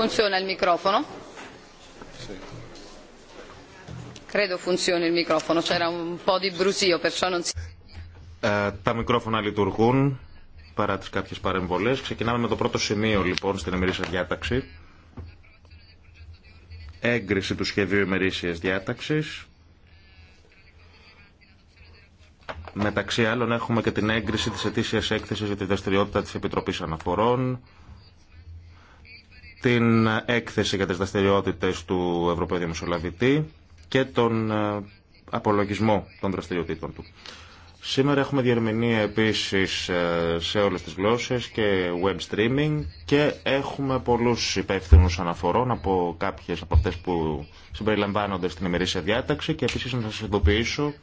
Funziona il microfono? Credo funzioni il microfono, c'era un po' di brusio, perciò non si... Eh, τα μικρόφωνα λειτουργούν παρά τις κάποιες παρεμβολές. Ξεκινάμε με το πρώτο σημείο λοιπόν στην ημερήσια διάταξη. Έγκριση του σχεδίου ημερήσιας διάταξης. Μεταξύ άλλων έχουμε και την έγκριση της ετήσιας έκθεσης για τη δραστηριότητα της Επιτροπής Αναφορών την έκθεση για τις δραστηριότητε του Ευρωπαίου Μεσολαβητή και τον ε, απολογισμό των δραστηριοτήτων του. Σήμερα έχουμε διερμηνία επίσης ε, σε όλες τις γλώσσες και web streaming και έχουμε πολλούς υπεύθυνους αναφορών από κάποιες από αυτές που συμπεριλαμβάνονται στην ημερήσια διάταξη και επίσης να σας ειδοποιήσω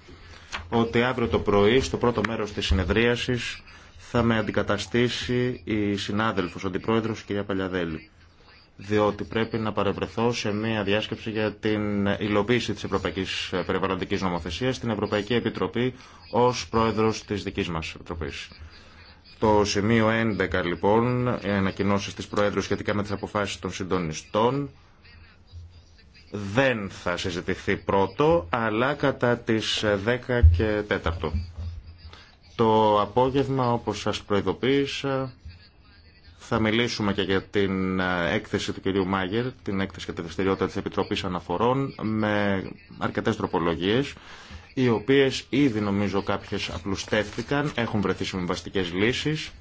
ότι αύριο το πρωί στο πρώτο μέρος της συνεδρίασης θα με αντικαταστήσει η συνάδελφος, ο αντιπρόεδρος κυρία Παλιαδέλη διότι πρέπει να παρευρεθώ σε μια διάσκεψη για την υλοποίηση της Ευρωπαϊκής Περιβαλλοντικής Νομοθεσίας στην Ευρωπαϊκή Επιτροπή ως πρόεδρος της δικής μας Επιτροπής. Το σημείο 11 λοιπόν, οι ανακοινώσεις της Προέδρου σχετικά με τις αποφάσεις των συντονιστών δεν θα συζητηθεί πρώτο, αλλά κατά τις 10 και 4. Το απόγευμα, όπως σας προειδοποίησα, θα μιλήσουμε και για την ε, έκθεση του κυρίου Μάγερ, την έκθεση για τη δραστηριότητα της Επιτροπής Αναφορών, με αρκετές τροπολογίες, οι οποίες ήδη νομίζω κάποιες απλουστεύτηκαν, έχουν βρεθεί συμβαστικέ λύσεις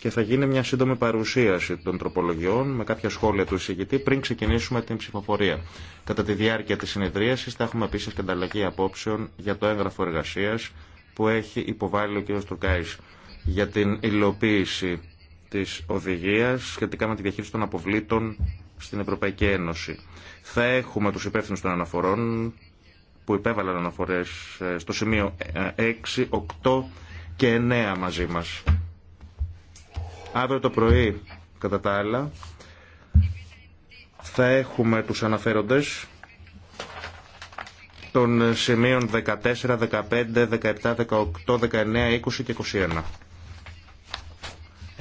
και θα γίνει μια σύντομη παρουσίαση των τροπολογιών με κάποια σχόλια του εισηγητή πριν ξεκινήσουμε την ψηφοφορία. Κατά τη διάρκεια της συνεδρίασης θα έχουμε επίσης και ανταλλαγή απόψεων για το έγγραφο εργασίας που έχει υποβάλει ο κ. Τουρκάης για την υλοποίηση τη οδηγία σχετικά με τη διαχείριση των αποβλήτων στην Ευρωπαϊκή Ένωση. Θα έχουμε του υπεύθυνου των αναφορών που υπέβαλαν αναφορέ ε, στο σημείο 6, ε, 8 και 9 μαζί μα. Αύριο το πρωί, κατά τα άλλα, θα έχουμε τους αναφέροντες των σημείων 14, 15, 17, 18, 19, 20 και 21.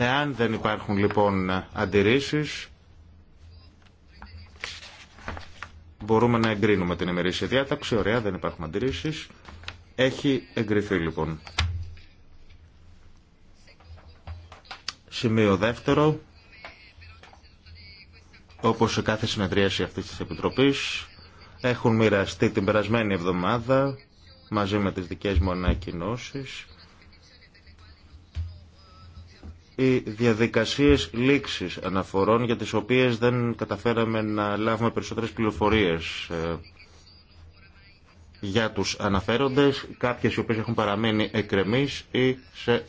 Εάν δεν υπάρχουν λοιπόν αντιρρήσεις, μπορούμε να εγκρίνουμε την ημερήσια διάταξη. Ωραία, δεν υπάρχουν αντιρρήσεις. Έχει εγκριθεί λοιπόν. Σημείο δεύτερο, όπως σε κάθε συνεδρίαση αυτής της Επιτροπής, έχουν μοιραστεί την περασμένη εβδομάδα μαζί με τις δικές μου ανακοινώσεις οι διαδικασίες λήξης αναφορών για τις οποίες δεν καταφέραμε να λάβουμε περισσότερες πληροφορίες ε, για τους αναφέροντες, κάποιες οι οποίες έχουν παραμείνει εκκρεμείς ή σε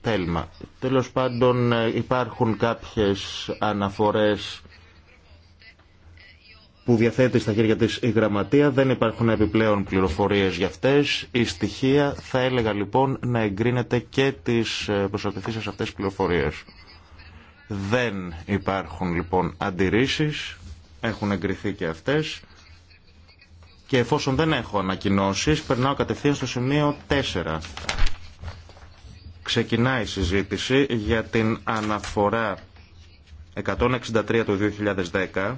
τέλμα. Τέλος πάντων ε, υπάρχουν κάποιες αναφορές που διαθέτει στα χέρια της η γραμματεία. Δεν υπάρχουν επιπλέον πληροφορίες για αυτές. Η στοιχεία θα έλεγα λοιπόν να εγκρίνεται και τις ε, προσαρτηθήσεις αυτές τις πληροφορίες. Δεν υπάρχουν λοιπόν αντιρρήσεις. Έχουν εγκριθεί και αυτές. Και εφόσον δεν έχω ανακοινώσει, περνάω κατευθείαν στο σημείο 4. Ξεκινάει η συζήτηση για την αναφορά 163 του 2010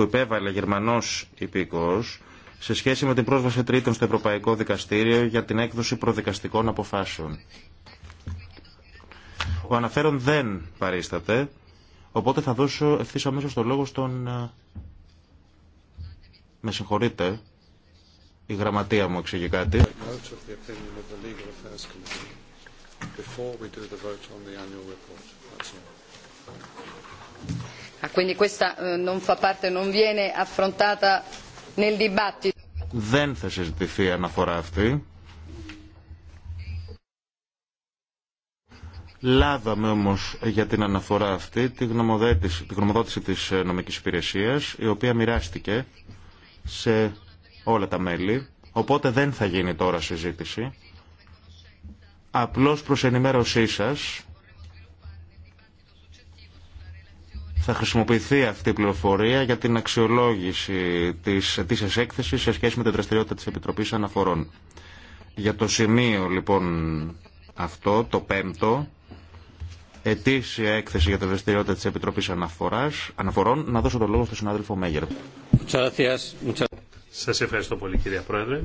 που υπέβαλε Γερμανός υπηκό σε σχέση με την πρόσβαση τρίτων στο Ευρωπαϊκό Δικαστήριο για την έκδοση προδικαστικών αποφάσεων. Ο αναφέρον δεν παρίσταται, οπότε θα δώσω ευθύ αμέσω το λόγο στον. Ε, με συγχωρείτε, η γραμματεία μου εξηγεί κάτι. Δεν θα συζητηθεί η αναφορά αυτή. Λάβαμε όμως για την αναφορά αυτή τη γνωμοδότηση, τη γνωμοδότηση της ε, νομικής υπηρεσίας, η οποία μοιράστηκε σε όλα τα μέλη, οπότε δεν θα γίνει τώρα συζήτηση. Απλώς προς ενημέρωσή σας, θα χρησιμοποιηθεί αυτή η πληροφορία για την αξιολόγηση της, της έκθεσης σε σχέση με την δραστηριότητα της Επιτροπής Αναφορών. Για το σημείο λοιπόν αυτό, το πέμπτο, ετήσια έκθεση για τη δραστηριότητα της Επιτροπής Αναφορών, να δώσω το λόγο στον συνάδελφο Μέγερ. Σας ευχαριστώ πολύ κυρία Πρόεδρε.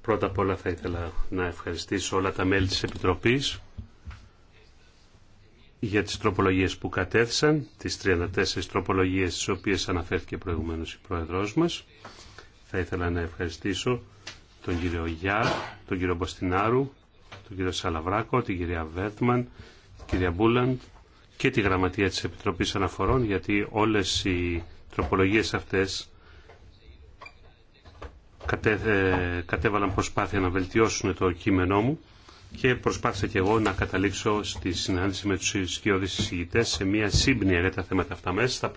Πρώτα απ' όλα θα ήθελα να ευχαριστήσω όλα τα μέλη της Επιτροπής για τις τροπολογίες που κατέθεσαν, τις 34 τροπολογίες τις οποίες αναφέρθηκε προηγουμένως η Πρόεδρός μας. Θα ήθελα να ευχαριστήσω τον κύριο Γιάν, τον κύριο Μποστινάρου, τον κύριο Σαλαβράκο, την κυρία Βέρτμαν, την κυρία Μπούλαντ και τη Γραμματεία της Επιτροπής Αναφορών γιατί όλες οι τροπολογίες αυτές ε, κατέβαλαν προσπάθεια να βελτιώσουν το κείμενό μου και προσπάθησα και εγώ να καταλήξω στη συνάντηση με τους σκιώδεις εισηγητές σε μια σύμπνη για τα θέματα αυτά μέσα στα,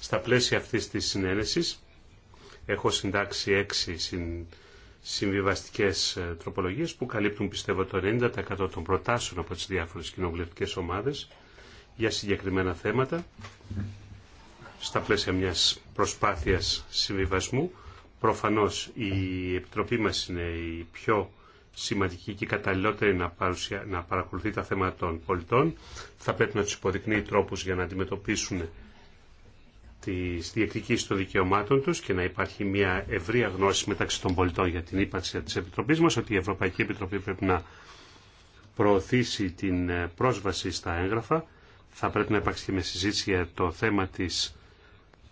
στα πλαίσια αυτής της συνένεσης. Έχω συντάξει έξι συν... συμβιβαστικές ε, τροπολογίες που καλύπτουν πιστεύω το 90% των προτάσεων από τις διάφορες κοινοβουλευτικές ομάδες για συγκεκριμένα θέματα στα πλαίσια μιας προσπάθειας συμβιβασμού. Προφανώς η Επιτροπή μας είναι η πιο σημαντική και καταλληλότερη να, παρουσια... να παρακολουθεί τα θέματα των πολιτών. Θα πρέπει να του υποδεικνύει τρόπους για να αντιμετωπίσουν τις διεκδικήσεις των δικαιωμάτων τους και να υπάρχει μια ευρία γνώση μεταξύ των πολιτών για την ύπαρξη της Επιτροπής μας, ότι η Ευρωπαϊκή Επιτροπή πρέπει να προωθήσει την ε, πρόσβαση στα έγγραφα. Θα πρέπει να υπάρξει και με συζήτηση για το θέμα της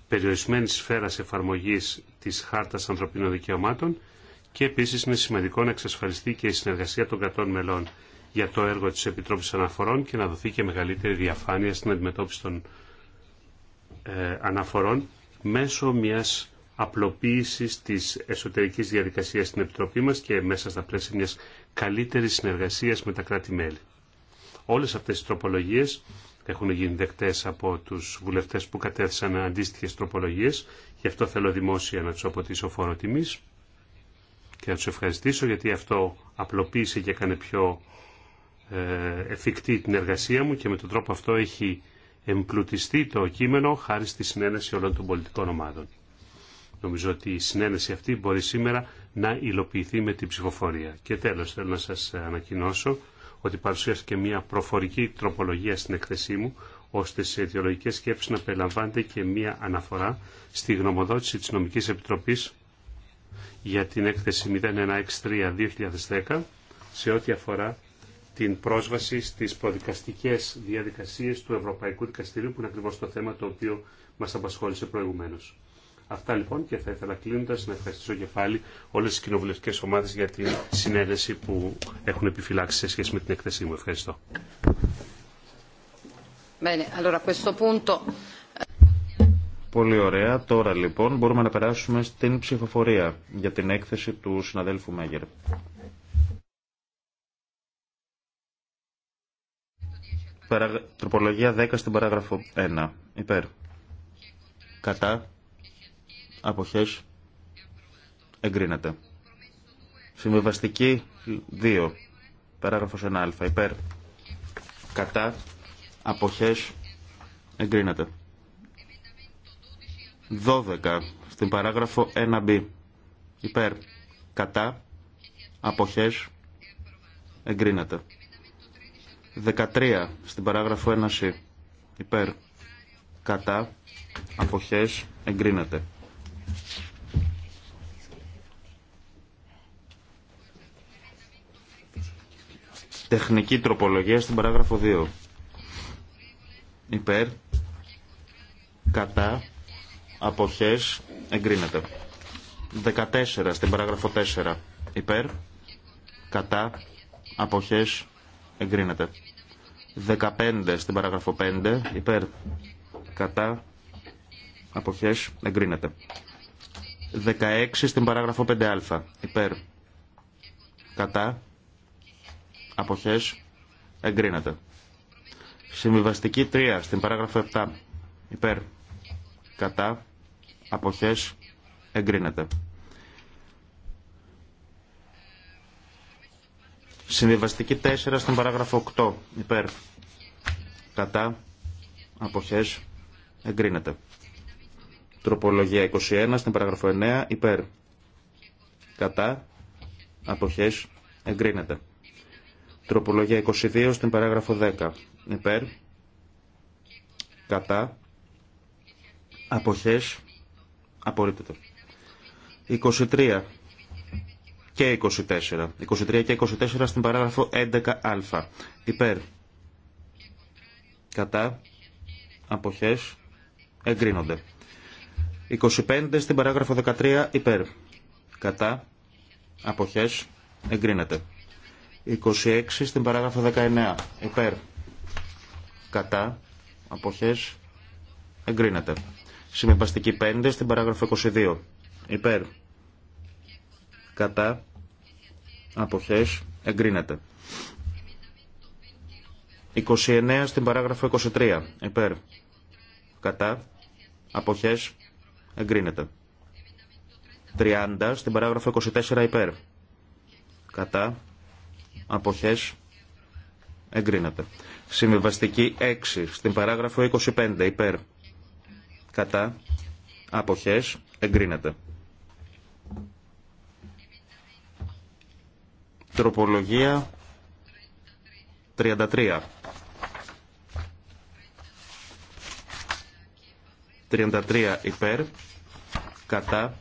περιορισμένης σφαίρας εφαρμογής της Χάρτας Ανθρωπίνων Δικαιωμάτων και επίσης είναι σημαντικό να εξασφαλιστεί και η συνεργασία των κρατών μελών για το έργο της Επιτρόπης Αναφορών και να δοθεί και μεγαλύτερη διαφάνεια στην αντιμετώπιση των ε, αναφορών μέσω μιας απλοποίησης της εσωτερικής διαδικασίας στην Επιτροπή μας και μέσα στα πλαίσια μιας καλύτερης συνεργασίας με τα κράτη-μέλη. Όλες αυτές οι τροπολογίες έχουν γίνει δεκτές από τους βουλευτές που κατέθεσαν αντίστοιχες τροπολογίες, γι' αυτό θέλω δημόσια να τους αποτίσω φόρο τιμή και να του ευχαριστήσω γιατί αυτό απλοποίησε και έκανε πιο ε, εφικτή την εργασία μου και με τον τρόπο αυτό έχει εμπλουτιστεί το κείμενο χάρη στη συνένεση όλων των πολιτικών ομάδων. Νομίζω ότι η συνένεση αυτή μπορεί σήμερα να υλοποιηθεί με την ψηφοφορία. Και τέλος θέλω να σας ανακοινώσω ότι παρουσίασε και μια προφορική τροπολογία στην εκθεσή μου, ώστε σε αιτιολογικές σκέψεις να περιλαμβάνεται και μια αναφορά στη γνωμοδότηση της Νομικής Επιτροπής για την έκθεση 0163-2010 σε ό,τι αφορά την πρόσβαση στις προδικαστικές διαδικασίες του Ευρωπαϊκού Δικαστηρίου που είναι ακριβώς το θέμα το οποίο μας απασχόλησε προηγουμένως. Αυτά λοιπόν και θα ήθελα κλείνοντα να ευχαριστήσω και πάλι όλε τι κοινοβουλευτικέ ομάδε για την συνένεση που έχουν επιφυλάξει σε σχέση με την εκθέσή μου. Ευχαριστώ. Πολύ ωραία. Τώρα λοιπόν μπορούμε να περάσουμε στην ψηφοφορία για την έκθεση του συναδέλφου Μέγερ. Τροπολογία 10 στην παράγραφο 1. Υπέρ. Κατά. Αποχές. Εγκρίνεται. Συμβιβαστική 2. Παράγραφος 1α. Υπέρ. Κατά. Αποχές. Εγκρίνεται. 12 στην παράγραφο 1b. Υπέρ. Κατά. Αποχές. Εγκρίνεται. 13 στην παράγραφο 1c. Υπέρ. Κατά. Αποχές. Εγκρίνεται. Τεχνική τροπολογία στην παράγραφο 2. Υπέρ. Κατά αποχές εγκρίνεται. 14 στην παράγραφο 4 υπέρ, κατά, αποχές εγκρίνεται. 15 στην παράγραφο 5 υπέρ, κατά, αποχές εγκρίνεται. 16 στην παράγραφο 5α υπέρ, κατά, αποχές εγκρίνεται. Συμβιβαστική 3 στην παράγραφο 7 υπέρ, κατά, αποχές εγκρίνεται. Συμβιβαστική 4 στην παράγραφο 8 υπέρ κατά αποχές εγκρίνεται. Τροπολογία 21 στην παράγραφο 9 υπέρ κατά αποχές εγκρίνεται. Τροπολογία 22 στην παράγραφο 10 υπέρ κατά αποχές Απορρίπτεται. 23 και 24. 23 και 24 στην παράγραφο 11α. Υπέρ. Κατά. Αποχές. Εγκρίνονται. 25 στην παράγραφο 13 υπέρ. Κατά. Αποχές. Εγκρίνεται. 26 στην παράγραφο 19 υπέρ. Κατά. Αποχές. Εγκρίνεται. Συμβαστική 5 στην παράγραφο 22. Υπέρ. Κατά. Αποχές. Εγκρίνεται. 29 στην παράγραφο 23. Υπέρ. Κατά. Αποχές. Εγκρίνεται. 30 στην παράγραφο 24. Υπέρ. Κατά. Αποχές. Εγκρίνεται. Συμβιβαστική 6 στην παράγραφο 25. Υπέρ κατά, αποχές, εγκρίνεται. Τροπολογία 33. 33 υπέρ, κατά,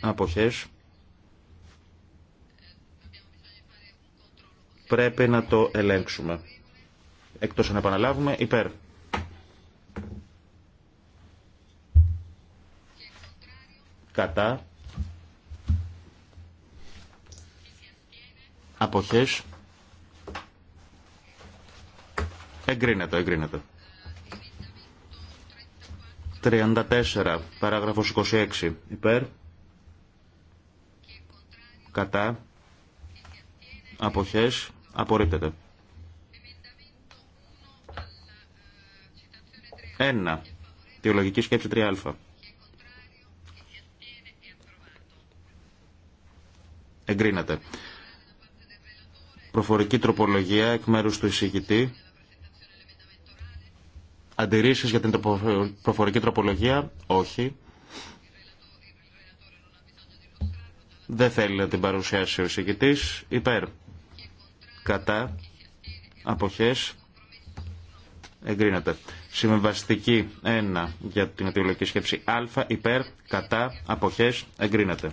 αποχές. Πρέπει να το ελέγξουμε. Εκτός να επαναλάβουμε, υπέρ. κατά αποχές εγκρίνεται, εγκρίνεται 34 παράγραφος 26 υπέρ κατά αποχές απορρίπτεται 1 τεολογικη σκεψη σκέψη 3α. Εγκρίνεται. Προφορική τροπολογία εκ μέρους του εισηγητή. Αντιρρήσεις για την προφορική τροπολογία. Όχι. Δεν θέλει να την παρουσιάσει ο εισηγητής. Υπέρ. Κατά. Αποχές. Εγκρίνεται. Συμβαστική 1 για την αιτιολογική σκέψη α. Υπέρ. Κατά. Αποχές. Εγκρίνεται.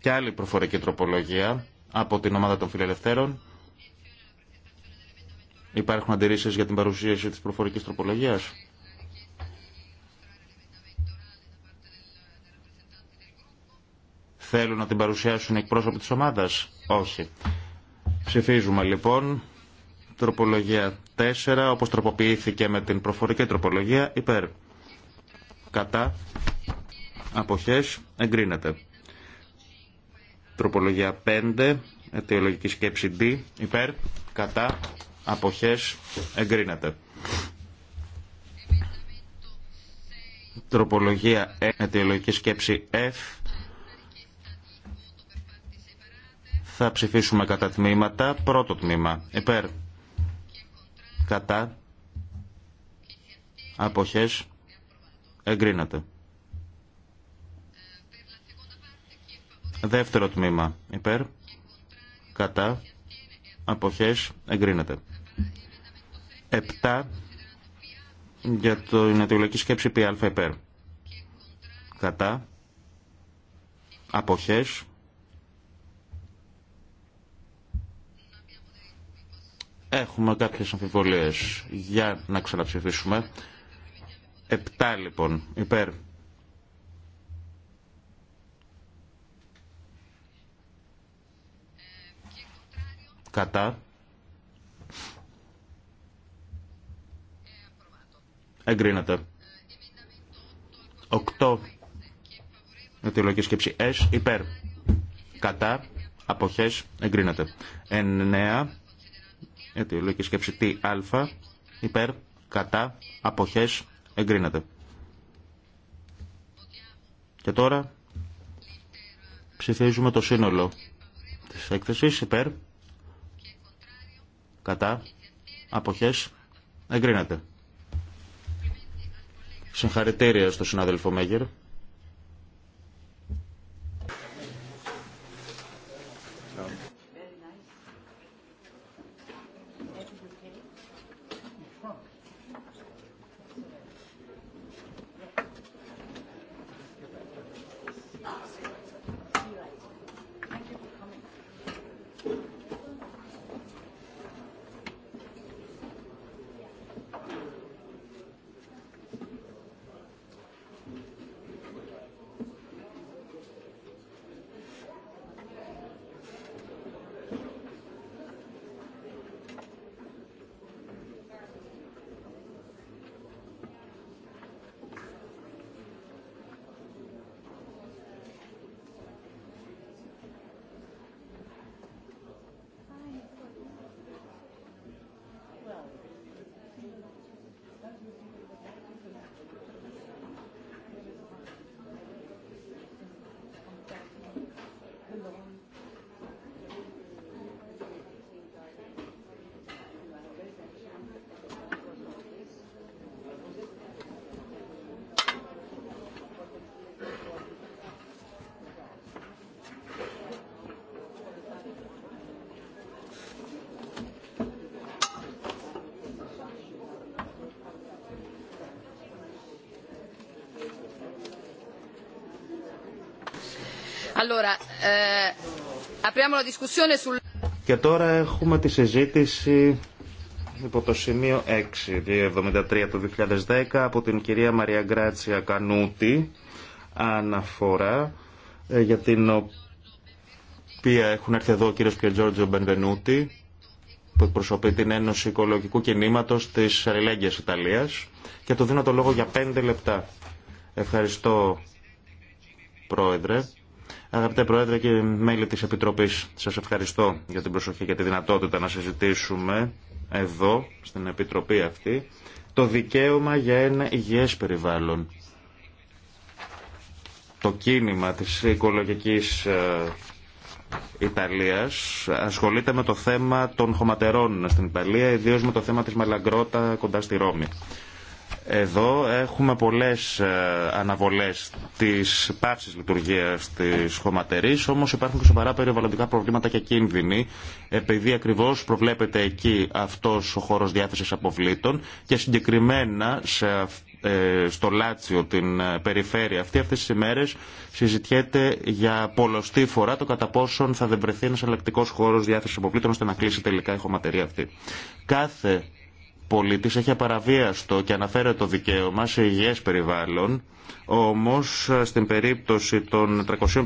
και άλλη προφορική τροπολογία από την ομάδα των φιλελευθέρων. Υπάρχουν αντιρρήσεις για την παρουσίαση της προφορικής τροπολογίας. Θέλουν να την παρουσιάσουν οι εκπρόσωποι της ομάδας. Όχι. Ψηφίζουμε λοιπόν τροπολογία 4 όπως τροποποιήθηκε με την προφορική τροπολογία υπέρ. Κατά. Αποχές εγκρίνεται. Τροπολογία 5, αιτιολογική σκέψη D, υπέρ, κατά, αποχές, εγκρίνεται. Τροπολογία E, αιτιολογική σκέψη F, θα ψηφίσουμε κατά τμήματα. Πρώτο τμήμα, υπέρ, κατά, αποχές, εγκρίνεται. Δεύτερο τμήμα. Υπέρ. Κατά. Αποχές. Εγκρίνεται. Επτά, για το νεοτιολογική σκέψη ΠΑ υπέρ. Κατά. Αποχές. Έχουμε κάποιες αμφιβολίες για να ξαναψηφίσουμε. επτά λοιπόν υπέρ. Κατά. Εγκρίνεται. 8. Αιτιολογική σκέψη S. Υπέρ. Κατά. Αποχές. Εγκρίνεται. 9. Αιτιολογική σκέψη T. Α. Υπέρ. Κατά. Αποχές. Εγκρίνεται. Και τώρα ψηφίζουμε το σύνολο της έκθεσης υπέρ Κατά. Αποχές. Εγκρίνεται. Συγχαρητήρια στο συνάδελφο Μέγερ. Eh, και τώρα έχουμε τη συζήτηση υπό το σημείο 6, 273 του 2010, από την κυρία Μαρία Γκράτσια Κανούτη, αναφορά ε, για την οποία έχουν έρθει εδώ ο κύριος Πιετζόρτζο Τζόρτζο Μπενβενούτη, που εκπροσωπεί την Ένωση Οικολογικού Κινήματος της Αριλέγγιας Ιταλίας και του δίνω το λόγο για 5 λεπτά. Ευχαριστώ, Πρόεδρε. Αγαπητέ Πρόεδρε και μέλη της Επιτροπής, σας ευχαριστώ για την προσοχή και τη δυνατότητα να συζητήσουμε εδώ, στην Επιτροπή αυτή, το δικαίωμα για ένα υγιές περιβάλλον. Το κίνημα της οικολογικής ε, Ιταλίας ασχολείται με το θέμα των χωματερών στην Ιταλία, ιδίως με το θέμα της Μαλαγκρότα κοντά στη Ρώμη. Εδώ έχουμε πολλές ε, αναβολές της πάυσης λειτουργίας της χωματερής, όμως υπάρχουν και σοβαρά περιβαλλοντικά προβλήματα και κίνδυνοι, επειδή ακριβώς προβλέπεται εκεί αυτός ο χώρος διάθεσης αποβλήτων και συγκεκριμένα σε ε, στο Λάτσιο, την ε, περιφέρεια αυτή, αυτές τις ημέρες συζητιέται για πολλωστή φορά το κατά πόσον θα δεν βρεθεί ένας αλλακτικός χώρος διάθεσης αποβλήτων ώστε να κλείσει τελικά η χωματερία αυτή. Κάθε Πολιτή έχει απαραβίαστο και αναφέρεται το δικαίωμα σε υγιέ περιβάλλον, όμω ε, στην περίπτωση των 350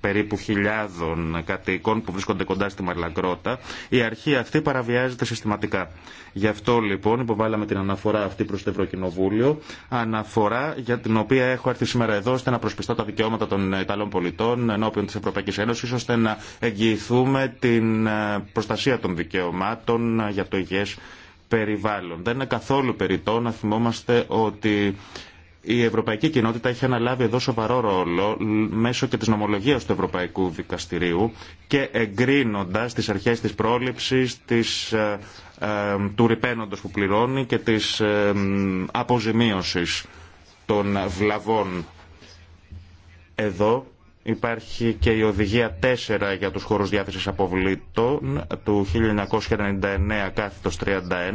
περίπου χιλιάδων κατοίκων που βρίσκονται κοντά στη Μαρλαγκρότα, η αρχή αυτή παραβιάζεται συστηματικά. Γι' αυτό λοιπόν υποβάλαμε την αναφορά αυτή προ το Ευρωκοινοβούλιο, αναφορά για την οποία έχω έρθει σήμερα εδώ ώστε να προσπιστώ τα δικαιώματα των Ιταλών πολιτών ενώπιον τη Ευρωπαϊκή Ένωση, ώστε να εγγυηθούμε την ε, προστασία των δικαιωμάτων για το υγιέ περιβάλλον. Δεν είναι καθόλου περιττό να θυμόμαστε ότι η ευρωπαϊκή κοινότητα έχει αναλάβει εδώ σοβαρό ρόλο μέσω και της νομολογίας του Ευρωπαϊκού Δικαστηρίου και εγκρίνοντας τις αρχές της πρόληψης, της, ε, ε, του ρηπαίνοντος που πληρώνει και της ε, αποζημίωσης των βλαβών. Εδώ Υπάρχει και η οδηγία 4 για τους χώρους διάθεσης αποβλήτων του 1999 κάθετος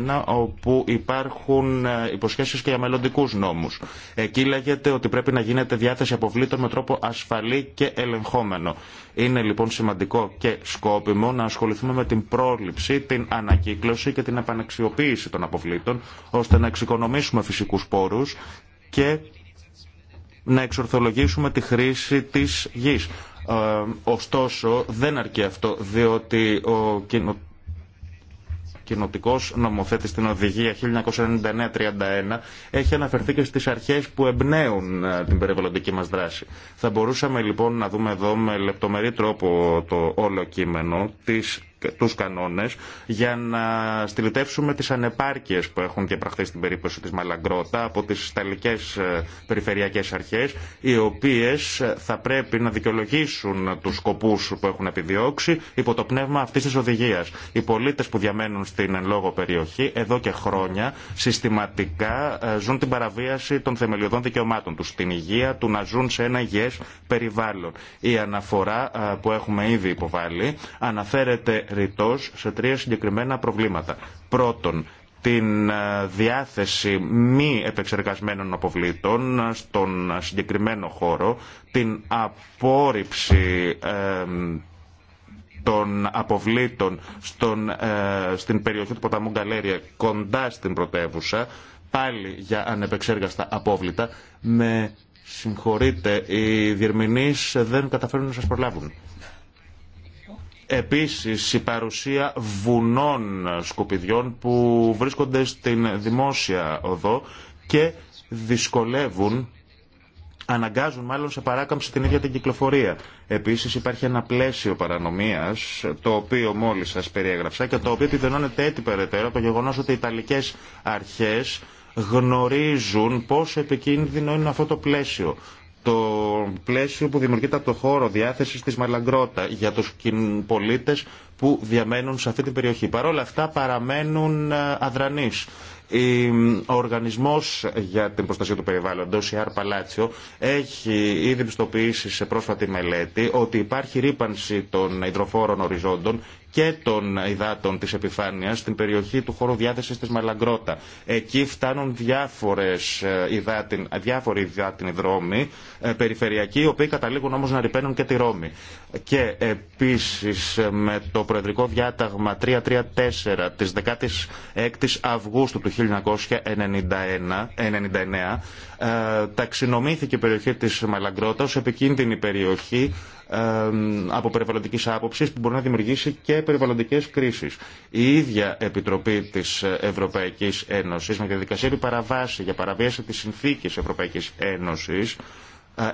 31 όπου υπάρχουν ε, υποσχέσεις και για μελλοντικού νόμους. Εκεί λέγεται ότι πρέπει να γίνεται διάθεση αποβλήτων με τρόπο ασφαλή και ελεγχόμενο. Είναι λοιπόν σημαντικό και σκόπιμο να ασχοληθούμε με την πρόληψη, την ανακύκλωση και την επαναξιοποίηση των αποβλήτων ώστε να εξοικονομήσουμε φυσικούς πόρους και να εξορθολογήσουμε τη χρήση της γης. Ε, ωστόσο δεν αρκεί αυτό, διότι ο κοινο... κοινοτικό νομοθέτης στην οδηγία 1999-31 έχει αναφερθεί και στις αρχές που εμπνέουν ε, την περιβαλλοντική μας δράση. Θα μπορούσαμε λοιπόν να δούμε εδώ με λεπτομερή τρόπο το όλο κείμενο, της τους κανόνες για να στυλιτεύσουμε τις ανεπάρκειες που έχουν διαπραχθεί στην περίπτωση της Μαλαγκρότα από τις σταλικές ε, Περιφερειακές Αρχές οι οποίες ε, θα πρέπει να δικαιολογήσουν τους σκοπούς που έχουν επιδιώξει υπό το πνεύμα αυτής της οδηγίας. Οι πολίτες που διαμένουν στην εν λόγω περιοχή εδώ και χρόνια συστηματικά ε, ζουν την παραβίαση των θεμελιωδών δικαιωμάτων τους, την υγεία, του να ζουν σε ένα υγιές περιβάλλον. Η αναφορά που έχουμε ήδη υποβάλει αναφέρεται σε τρία συγκεκριμένα προβλήματα. Πρώτον, την ε, διάθεση μη επεξεργασμένων αποβλήτων ε, στον συγκεκριμένο χώρο, την απόρριψη ε, των αποβλήτων στον, στην περιοχή του ποταμού Γκαλέρια κοντά στην πρωτεύουσα, πάλι για ανεπεξέργαστα απόβλητα. Με συγχωρείτε, οι διερμηνείς δεν καταφέρουν να σας προλάβουν. Επίσης η παρουσία βουνών σκουπιδιών που βρίσκονται στην δημόσια οδό και δυσκολεύουν αναγκάζουν μάλλον σε παράκαμψη την ίδια την κυκλοφορία. Επίσης υπάρχει ένα πλαίσιο παρανομίας, το οποίο μόλις σας περιέγραψα και το οποίο επιδενώνεται έτσι περαιτέρω το γεγονός ότι οι Ιταλικές αρχές γνωρίζουν πόσο επικίνδυνο είναι αυτό το πλαίσιο το πλαίσιο που δημιουργείται από το χώρο διάθεσης της Μαλαγκρότα για τους πολίτες που διαμένουν σε αυτή την περιοχή. Παρ' όλα αυτά παραμένουν ε, αδρανείς. Ο Οργανισμός για την Προστασία του Περιβάλλοντος, η Παλάτσιο, έχει ήδη πιστοποιήσει σε πρόσφατη μελέτη ότι υπάρχει ρήπανση των υδροφόρων οριζόντων και των υδάτων της επιφάνειας στην περιοχή του χώρου διάθεσης της Μαλαγκρότα. Εκεί φτάνουν διάφορες ε, υδάτιν, διάφοροι υδάτινοι δρόμοι, ε, περιφερειακοί, οι οποίοι καταλήγουν όμως να ρηπαίνουν και τη Ρώμη. Και επίσης ε, με το Προεδρικό Διάταγμα 334 της 16ης Αυγούστου του 1999, ε, ταξινομήθηκε η περιοχή της Μαλαγκρότα ως επικίνδυνη περιοχή ε, από περιβαλλοντική άποψη που μπορεί να δημιουργήσει και περιβαλλοντικέ κρίσει. Η ίδια Επιτροπή τη Ευρωπαϊκή Ένωση με διαδικασία επί για παραβίαση τη συνθήκη Ευρωπαϊκή Ένωση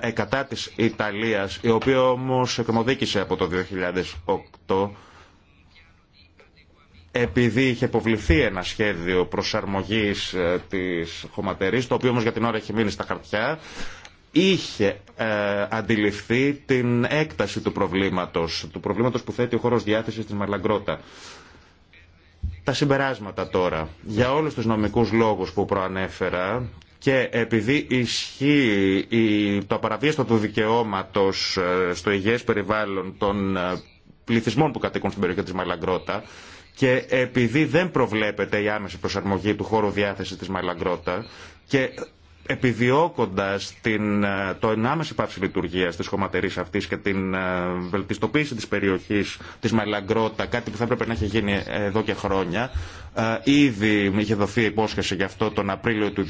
εκατά ε, της Ιταλίας, η οποία όμως εκμοδίκησε από το 2008 επειδή είχε υποβληθεί ένα σχέδιο προσαρμογής ε, της χωματερής, το οποίο όμως για την ώρα έχει μείνει στα χαρτιά, είχε ε, αντιληφθεί την έκταση του προβλήματος, του προβλήματος που θέτει ο χώρος διάθεσης της Μαρλαγκρότα. Τα συμπεράσματα τώρα. Για όλους τους νομικούς λόγους που προανέφερα και επειδή ισχύει η, το απαραβίαστο του δικαιώματος ε, στο υγιές περιβάλλον των πληθυσμών που κατοικούν στην περιοχή της Μαλαγκρότα, και επειδή δεν προβλέπεται η άμεση προσαρμογή του χώρου διάθεσης της Μαλαγκρότα και την ε, το ενάμεση πάυση λειτουργία της χωματερή αυτής και την ε, βελτιστοποίηση της περιοχής της Μαλαγκρότα, κάτι που θα έπρεπε να έχει γίνει εδώ και χρόνια, ε, ήδη είχε δοθεί υπόσχεση γι' αυτό τον Απρίλιο του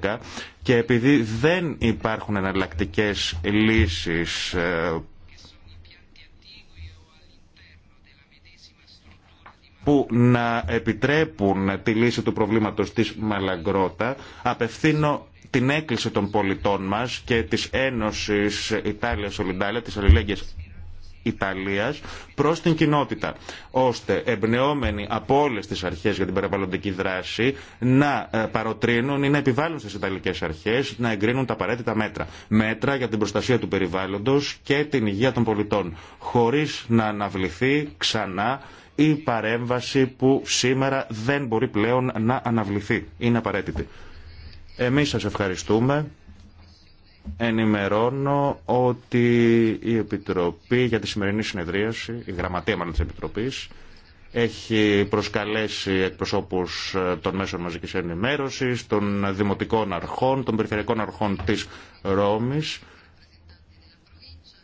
2011 και επειδή δεν υπάρχουν εναλλακτικέ λύσεις που να επιτρέπουν τη λύση του προβλήματος της Μαλαγκρότα. Απευθύνω την έκκληση των πολιτών μας και της Ένωσης Ιτάλια Σολιντάλια, της Αλληλέγγυας Ιταλίας προς την κοινότητα, ώστε εμπνεόμενοι από όλες τις αρχές για την περιβαλλοντική δράση να ε, παροτρύνουν ή να επιβάλλουν στις Ιταλικές αρχές να εγκρίνουν τα απαραίτητα μέτρα. Μέτρα για την προστασία του περιβάλλοντος και την υγεία των πολιτών, χωρίς να αναβληθεί ξανά η παρέμβαση που σήμερα δεν μπορεί πλέον να αναβληθεί. Είναι απαραίτητη. Εμείς σας ευχαριστούμε. Ενημερώνω ότι η Επιτροπή για τη σημερινή συνεδρίαση, η Γραμματεία μάλλον της Επιτροπής, έχει προσκαλέσει εκπροσώπους ε, των μέσων μαζικής ενημέρωσης, των δημοτικών αρχών, των περιφερειακών αρχών της Ρώμης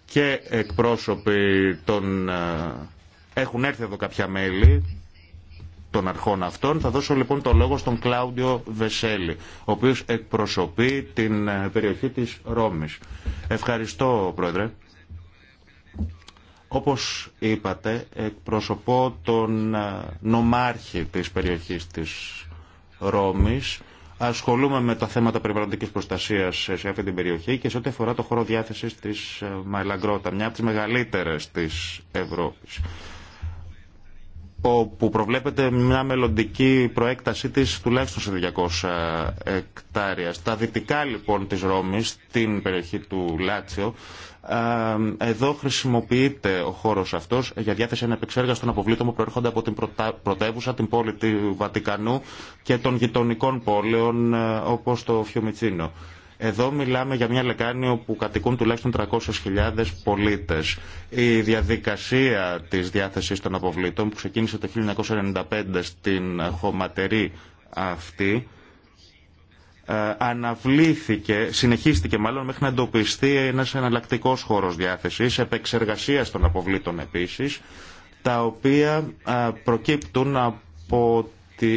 και εκπρόσωποι των ε, έχουν έρθει εδώ κάποια μέλη των αρχών αυτών. Θα δώσω λοιπόν το λόγο στον Κλάουντιο Βεσέλη, ο οποίος εκπροσωπεί την ε, περιοχή της Ρώμης. Ευχαριστώ, Πρόεδρε. Όπως είπατε, εκπροσωπώ τον ε, νομάρχη της περιοχής της Ρώμης. Ασχολούμαι με τα θέματα περιβαλλοντικής προστασίας σε αυτή την περιοχή και σε ό,τι αφορά το χώρο διάθεσης της ε, Μαϊλαγκρότα, μια από τις μεγαλύτερες της Ευρώπης όπου προβλέπεται μια μελλοντική προέκτασή της τουλάχιστον σε 200 εκτάρια. Στα δυτικά λοιπόν της Ρώμης, στην περιοχή του Λάτσιο, εδώ χρησιμοποιείται ο χώρος αυτός για διάθεση ανεπεξέργαση των αποβλήτων που προέρχονται από την πρωτεύουσα, την πόλη του Βατικανού και των γειτονικών πόλεων ε, όπως το Φιωμιτσίνο. Εδώ μιλάμε για μια λεκάνη όπου κατοικούν τουλάχιστον 300.000 πολίτες. Η διαδικασία της διάθεσης των αποβλήτων που ξεκίνησε το 1995 στην χωματερή αυτή ε, αναβλήθηκε, συνεχίστηκε μάλλον μέχρι να εντοπιστεί ένας εναλλακτικό χώρος διάθεσης, επεξεργασίας των αποβλήτων επίσης, τα οποία ε, προκύπτουν από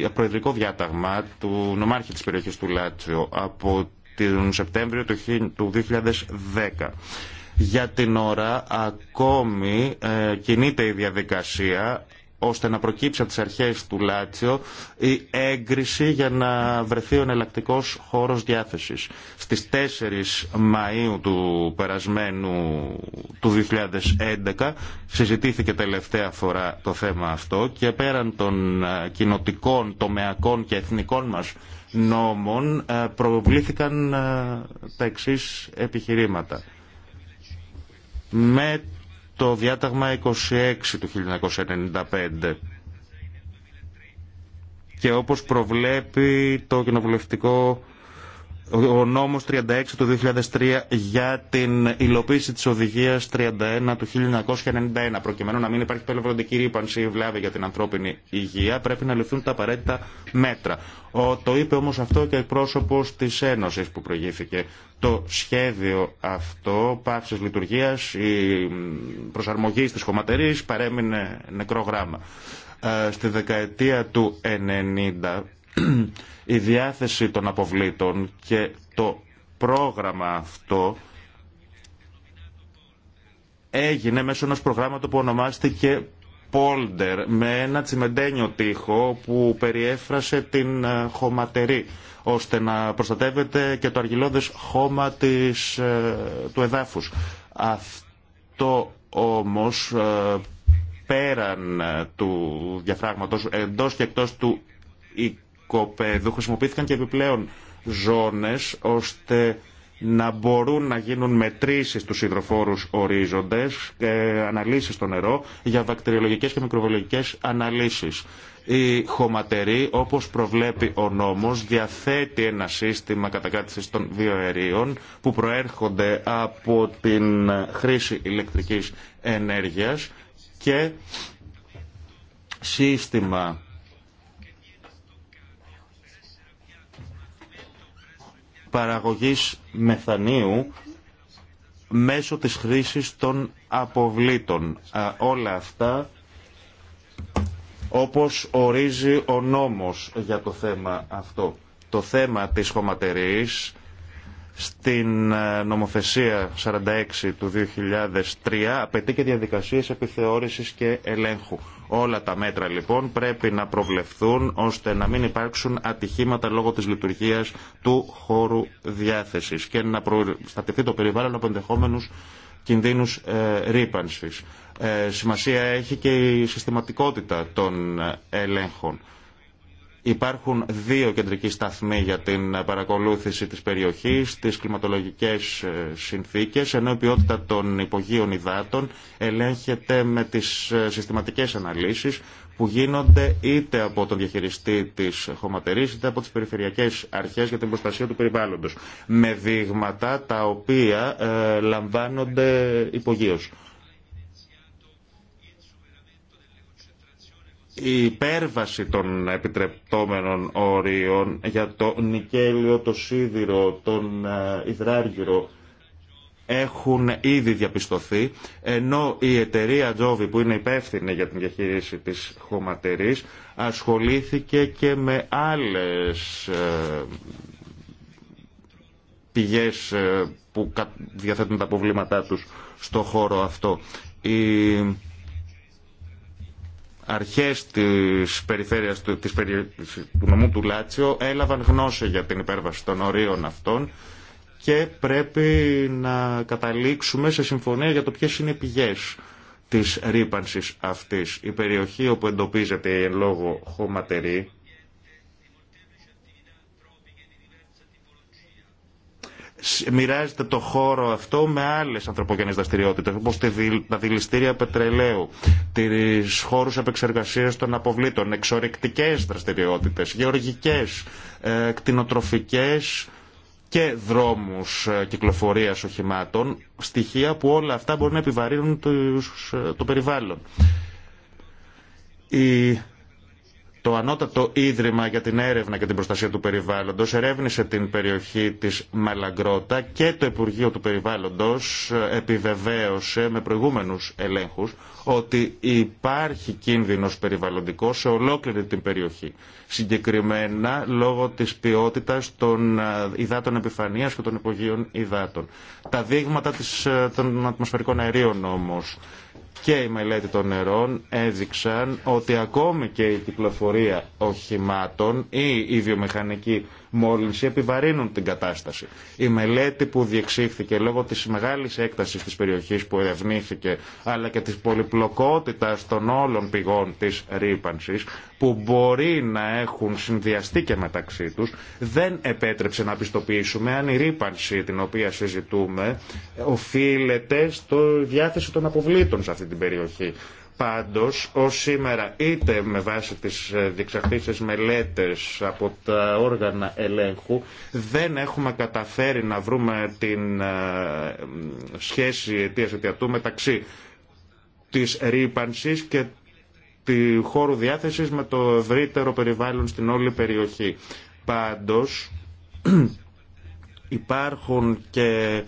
το προεδρικό διάταγμα του νομάρχη της περιοχής του Λάτσιο, από τον Σεπτέμβριο του 2010. Για την ώρα ακόμη ε, κινείται η διαδικασία ώστε να προκύψει από τις αρχές του Λάτσιο η έγκριση για να βρεθεί ο εναλλακτικό χώρος διάθεσης. Στις 4 Μαΐου του περασμένου του 2011 συζητήθηκε τελευταία φορά το θέμα αυτό και πέραν των ε, κοινοτικών, τομεακών και εθνικών μας νόμων ε, προβλήθηκαν ε, τα εξή επιχειρήματα. Με το διάταγμα 26 του 1995 και όπως προβλέπει το κοινοβουλευτικό ο νόμος 36 του 2003 για την υλοποίηση της οδηγίας 31 του 1991 προκειμένου να μην υπάρχει περιβαλλοντική ρήπανση ή βλάβη για την ανθρώπινη υγεία πρέπει να ληφθούν τα απαραίτητα μέτρα. Ο, το είπε όμως αυτό και πρόσωπος της Ένωσης που προηγήθηκε. Το σχέδιο αυτό πάυσης λειτουργίας, η προσαρμογή στις χωματερίες παρέμεινε νεκρό γράμμα. Ε, στη δεκαετία του 90 η διάθεση των αποβλήτων και το πρόγραμμα αυτό έγινε μέσω ενός προγράμματος που ονομάστηκε Polder, με ένα τσιμεντένιο τοίχο που περιέφρασε την ε, χωματερή ώστε να προστατεύεται και το αργυλώδες χώμα της, ε, του εδάφους. Αυτό όμως ε, πέραν του διαφράγματος εντός και εκτός του χρησιμοποιήθηκαν και επιπλέον ζώνες ώστε να μπορούν να γίνουν μετρήσεις του υδροφόρους ορίζοντες, και αναλύσεις στο νερό για βακτηριολογικές και μικροβιολογικές αναλύσεις. Η χωματερή, όπως προβλέπει ο νόμος, διαθέτει ένα σύστημα κατακράτησης των βιοαερίων που προέρχονται από την χρήση ηλεκτρικής ενέργειας και σύστημα παραγωγής μεθανίου μέσω της χρήσης των αποβλήτων. όλα αυτά όπως ορίζει ο νόμος για το θέμα αυτό. Το θέμα της χωματερής στην ε, νομοθεσία 46 του 2003 απαιτεί και διαδικασίες επιθεώρησης και ελέγχου. Όλα τα μέτρα λοιπόν πρέπει να προβλεφθούν ώστε να μην υπάρξουν ατυχήματα λόγω της λειτουργίας του χώρου διάθεσης και να προστατευτεί το περιβάλλον από ενδεχόμενους κινδύνους ε, ρήπανσης. Ε, σημασία έχει και η συστηματικότητα των ε, ελέγχων Υπάρχουν δύο κεντρικοί σταθμοί για την παρακολούθηση της περιοχής, τις κλιματολογικές ε, συνθήκες, ενώ η ποιότητα των υπογείων υδάτων ελέγχεται με τις ε, συστηματικές αναλύσεις που γίνονται είτε από τον διαχειριστή της χωματερής είτε από τις περιφερειακές αρχές για την προστασία του περιβάλλοντος, με δείγματα τα οποία ε, λαμβάνονται υπογείως. η υπέρβαση των επιτρεπτόμενων όριων για το νικέλιο, το σίδηρο, τον υδράργυρο ε, έχουν ήδη διαπιστωθεί, ενώ η εταιρεία Τζόβι που είναι υπεύθυνη για την διαχείριση της χωματερής ασχολήθηκε και με άλλες ε, πηγές ε, που διαθέτουν τα προβλήματά τους στο χώρο αυτό. Η αρχές της περιφέρειας του, της, του νομού του Λάτσιο έλαβαν γνώση για την υπέρβαση των ορίων αυτών και πρέπει να καταλήξουμε σε συμφωνία για το ποιες είναι οι πηγές της ρήπανσης αυτής. Η περιοχή όπου εντοπίζεται η εν λόγω χωματερή μοιράζεται το χώρο αυτό με άλλες ανθρωπογενείς δραστηριότητες όπως τα δηληστήρια πετρελαίου, τις χώρους επεξεργασίας των αποβλήτων, εξορρυκτικές δραστηριότητες, γεωργικές, ε, κτηνοτροφικές και δρόμους ε, κυκλοφορίας οχημάτων, στοιχεία που όλα αυτά μπορούν να επιβαρύνουν ε, το περιβάλλον. Το Ανώτατο Ίδρυμα για την Έρευνα και την Προστασία του Περιβάλλοντος ερεύνησε την περιοχή της Μαλαγκρότα και το Υπουργείο του Περιβάλλοντος επιβεβαίωσε με προηγούμενους ελέγχους ότι υπάρχει κίνδυνος περιβαλλοντικός σε ολόκληρη την περιοχή. Συγκεκριμένα λόγω της ποιότητας των ε, υδάτων επιφανείας και των υπογείων υδάτων. Τα δείγματα ε, των ατμοσφαιρικών αερίων όμως και η μελέτη των νερών έδειξαν ότι ακόμη και η κυκλοφορία οχημάτων ή η βιομηχανική μόλυνση επιβαρύνουν την κατάσταση. Η μελέτη που διεξήχθηκε λόγω τη μεγάλη έκταση τη περιοχής που ερευνήθηκε, αλλά και τη πολυπλοκότητα των όλων πηγών της ρήπανση, που μπορεί να έχουν συνδυαστεί και μεταξύ τους δεν επέτρεψε να πιστοποιήσουμε αν η ρήπανση την οποία συζητούμε οφείλεται στο διάθεση των αποβλήτων σε αυτή την περιοχή. Πάντως, ως σήμερα, είτε με βάση τις ε, διεξαχθήσεις μελέτες από τα όργανα ελέγχου, δεν έχουμε καταφέρει να βρούμε την ε, σχέση αιτίας-αιτιατού μεταξύ της ρήπανσης και του χώρου διάθεσης με το ευρύτερο περιβάλλον στην όλη περιοχή. Πάντως, υπάρχουν και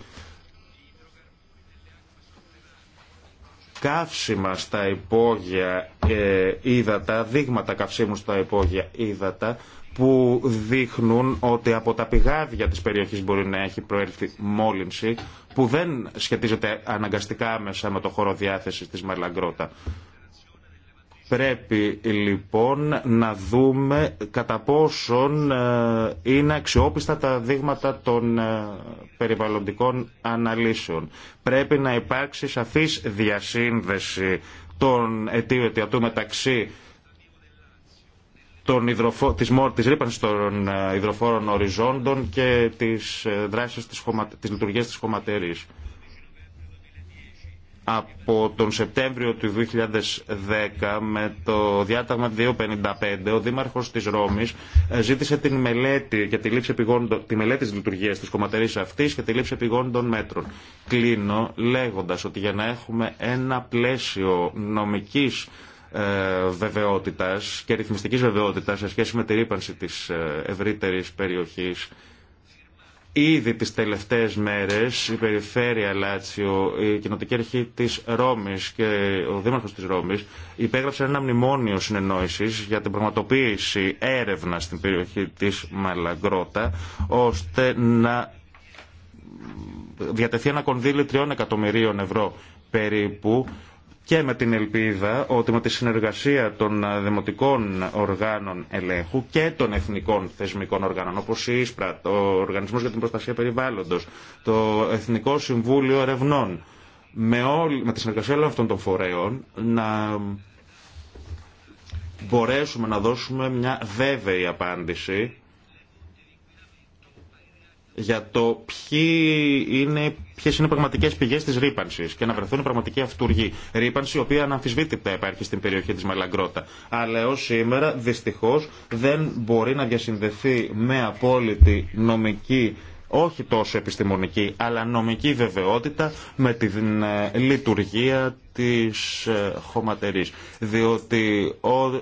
καύσιμα στα υπόγεια ε, ύδατα, δείγματα καυσίμου στα υπόγεια ύδατα, που δείχνουν ότι από τα πηγάδια της περιοχής μπορεί να έχει προέλθει μόλυνση, που δεν σχετίζεται αναγκαστικά άμεσα με το χώρο διάθεσης της Μαλαγκρότα. Πρέπει λοιπόν να δούμε κατά πόσον ε, είναι αξιόπιστα τα δείγματα των ε, περιβαλλοντικών αναλύσεων. Πρέπει να υπάρξει σαφής διασύνδεση των αιτίου αιτιατού μεταξύ των υδροφο... της, της ρήπανσης των ε, υδροφόρων οριζόντων και της δράσης της, χωμα... της λειτουργίας της χωματερής από τον Σεπτέμβριο του 2010 με το διάταγμα 255 ο Δήμαρχος της Ρώμης ε, ζήτησε την μελέτη για τη, λήψη επιγόντων, τη μελέτη της λειτουργίας της κομματερής αυτής και τη λήψη επιγόντων μέτρων. Κλείνω λέγοντας ότι για να έχουμε ένα πλαίσιο νομικής ε, βεβαιότητας και ρυθμιστικής βεβαιότητας σε σχέση με τη ρήπανση της ε, ευρύτερης περιοχής Ήδη τις τελευταίες μέρες η Περιφέρεια Λάτσιο, η Κοινοτική Αρχή της Ρώμης και ο Δήμαρχος της Ρώμης υπέγραψαν ένα μνημόνιο συνεννόησης για την πραγματοποίηση έρευνα στην περιοχή της Μαλαγκρότα ώστε να διατεθεί ένα κονδύλι 3 εκατομμυρίων ευρώ περίπου και με την ελπίδα ότι με τη συνεργασία των δημοτικών οργάνων ελέγχου και των εθνικών θεσμικών οργάνων, όπως η ΙΣΠΡΑ, το Οργανισμό για την Προστασία Περιβάλλοντος, το Εθνικό Συμβούλιο Ερευνών, με, όλη, με τη συνεργασία όλων αυτών των φορέων, να μπορέσουμε να δώσουμε μια βέβαιη απάντηση για το ποιοι είναι, ποιες είναι οι πραγματικές πηγές της ρήπανσης και να βρεθούν πραγματικοί αυτούργοι. Ρήπανση η οποία αναμφισβήτητα υπάρχει στην περιοχή της Μαλαγκρότα. Αλλά έως σήμερα δυστυχώς δεν μπορεί να διασυνδεθεί με απόλυτη νομική όχι τόσο επιστημονική, αλλά νομική βεβαιότητα με την ε, λειτουργία της ε, χωματερής. Διότι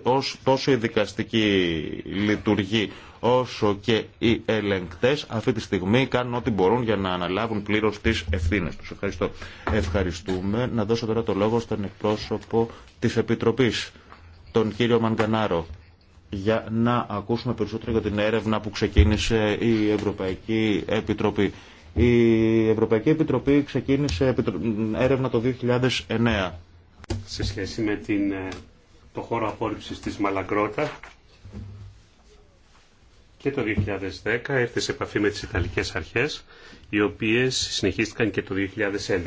ως τόσο η δικαστική λειτουργεί όσο και οι ελεγκτές αυτή τη στιγμή κάνουν ό,τι μπορούν για να αναλάβουν πλήρω τι ευθύνε του. Ευχαριστώ. Ευχαριστούμε. Να δώσω τώρα το λόγο στον εκπρόσωπο της Επιτροπής, τον κύριο Μαγκανάρο για να ακούσουμε περισσότερο για την έρευνα που ξεκίνησε η Ευρωπαϊκή Επιτροπή. Η Ευρωπαϊκή Επιτροπή ξεκίνησε έρευνα το 2009. Σε σχέση με την, ε, το χώρο απόρριψης της Μαλαγκρότα, και το 2010 έρθει σε επαφή με τις Ιταλικές αρχές, οι οποίες συνεχίστηκαν και το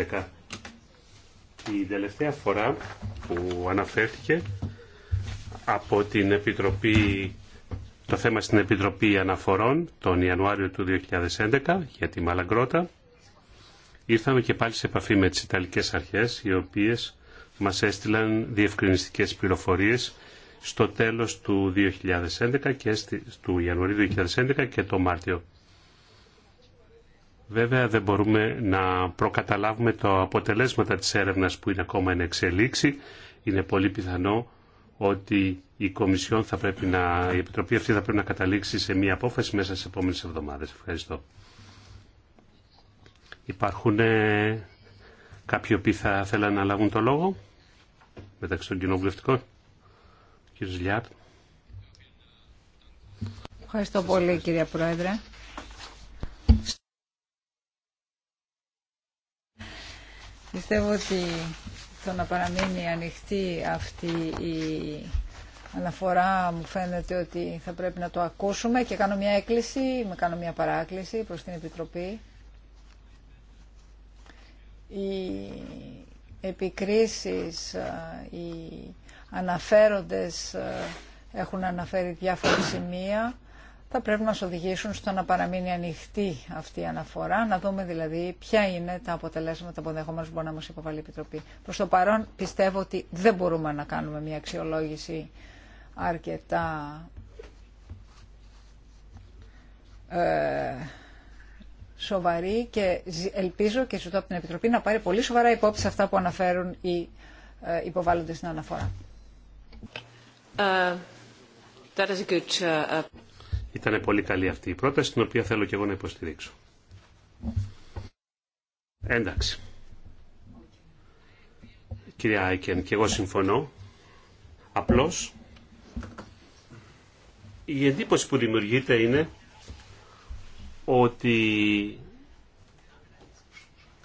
2011. Η τελευταία φορά που αναφέρθηκε από την Επιτροπή, το θέμα στην Επιτροπή Αναφορών τον Ιανουάριο του 2011 για τη Μαλαγκρότα, ήρθαμε και πάλι σε επαφή με τις Ιταλικές αρχές, οι οποίες μας έστειλαν διευκρινιστικές πληροφορίες στο τέλος του 2011 και στη, του Ιανουαρίου 2011 και το Μάρτιο. Βέβαια δεν μπορούμε να προκαταλάβουμε τα αποτελέσματα της έρευνας που είναι ακόμα εν εξελίξη. Είναι πολύ πιθανό ότι η Κομισιόν θα πρέπει να, η Επιτροπή αυτή θα πρέπει να καταλήξει σε μία απόφαση μέσα στις επόμενες εβδομάδες. Ευχαριστώ. Υπάρχουν ε, κάποιοι οποίοι θα θέλανε να λάβουν το λόγο μεταξύ των κοινοβουλευτικών. Ευχαριστώ πολύ κύριε Πρόεδρε. Πιστεύω ότι το να παραμείνει ανοιχτή αυτή η αναφορά μου φαίνεται ότι θα πρέπει να το ακούσουμε και κάνω μια έκκληση, με κάνω μια παράκληση προς την Επιτροπή. Οι επικρίσεις, οι αναφέροντες ε, έχουν αναφέρει διάφορα σημεία θα πρέπει να μας οδηγήσουν στο να παραμείνει ανοιχτή αυτή η αναφορά, να δούμε δηλαδή ποια είναι τα αποτελέσματα που ενδεχομένω μπορεί να μας υποβάλει η Επιτροπή. Προς το παρόν πιστεύω ότι δεν μπορούμε να κάνουμε μια αξιολόγηση αρκετά ε, σοβαρή και ελπίζω και ζητώ από την Επιτροπή να πάρει πολύ σοβαρά υπόψη αυτά που αναφέρουν οι ε, υποβάλλοντες στην αναφορά. Uh, uh, uh, Ήταν πολύ καλή αυτή η πρόταση, την οποία θέλω και εγώ να υποστηρίξω. Εντάξει. Κυρία Άικεν, και εγώ συμφωνώ. Απλώς, η εντύπωση που δημιουργείται είναι ότι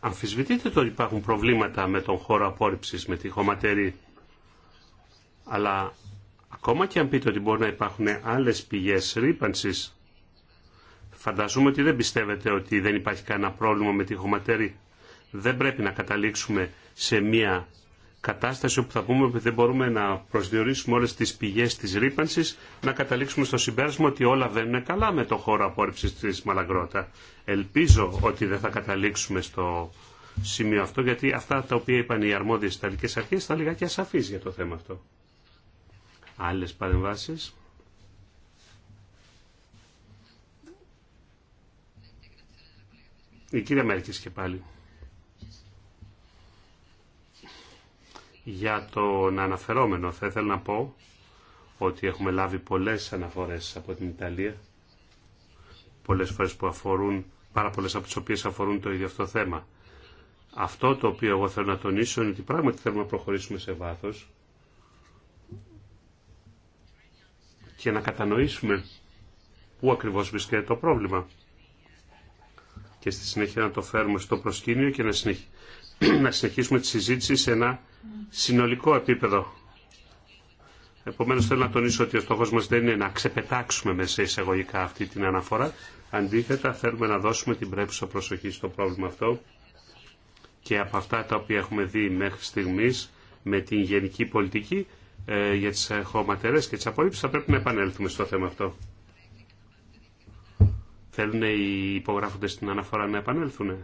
αμφισβητείτε το ότι υπάρχουν προβλήματα με τον χώρο απόρριψης, με τη χωματερή, αλλά Ακόμα και αν πείτε ότι μπορεί να υπάρχουν άλλες πηγές ρήπανσης, φανταζούμε ότι δεν πιστεύετε ότι δεν υπάρχει κανένα πρόβλημα με τη χωματέρη. Δεν πρέπει να καταλήξουμε σε μια κατάσταση όπου θα πούμε ότι δεν μπορούμε να προσδιορίσουμε όλες τις πηγές της ρήπανση, να καταλήξουμε στο συμπέρασμα ότι όλα δεν είναι καλά με το χώρο απόρριψης της Μαλαγκρότα. Ελπίζω ότι δεν θα καταλήξουμε στο σημείο αυτό, γιατί αυτά τα οποία είπαν οι αρμόδιες Ιταλικές Αρχές ήταν λιγάκι ασαφείς για το θέμα αυτό. Άλλες παρεμβάσεις. Η κυρία Μέρκης και πάλι. Για τον αναφερόμενο θα ήθελα να πω ότι έχουμε λάβει πολλές αναφορές από την Ιταλία, πολλές φορές που αφορούν, πάρα πολλές από τις οποίες αφορούν το ίδιο αυτό θέμα. Αυτό το οποίο εγώ θέλω να τονίσω είναι ότι πράγματι θέλουμε να προχωρήσουμε σε βάθος και να κατανοήσουμε πού ακριβώς βρίσκεται το πρόβλημα και στη συνέχεια να το φέρουμε στο προσκήνιο και να, να συνεχίσουμε τη συζήτηση σε ένα συνολικό επίπεδο. Επομένως, θέλω να τονίσω ότι ο στόχος μας δεν είναι να ξεπετάξουμε μέσα εισαγωγικά αυτή την αναφορά. Αντίθετα, θέλουμε να δώσουμε την πρέπει προσοχή στο πρόβλημα αυτό και από αυτά τα οποία έχουμε δει μέχρι στιγμής με την γενική πολιτική ε, για τις ε, χωματερές και τις απορρίψεις θα πρέπει να επανέλθουμε στο θέμα αυτό. Θέλουν οι υπογράφοντες την αναφορά να επανέλθουν.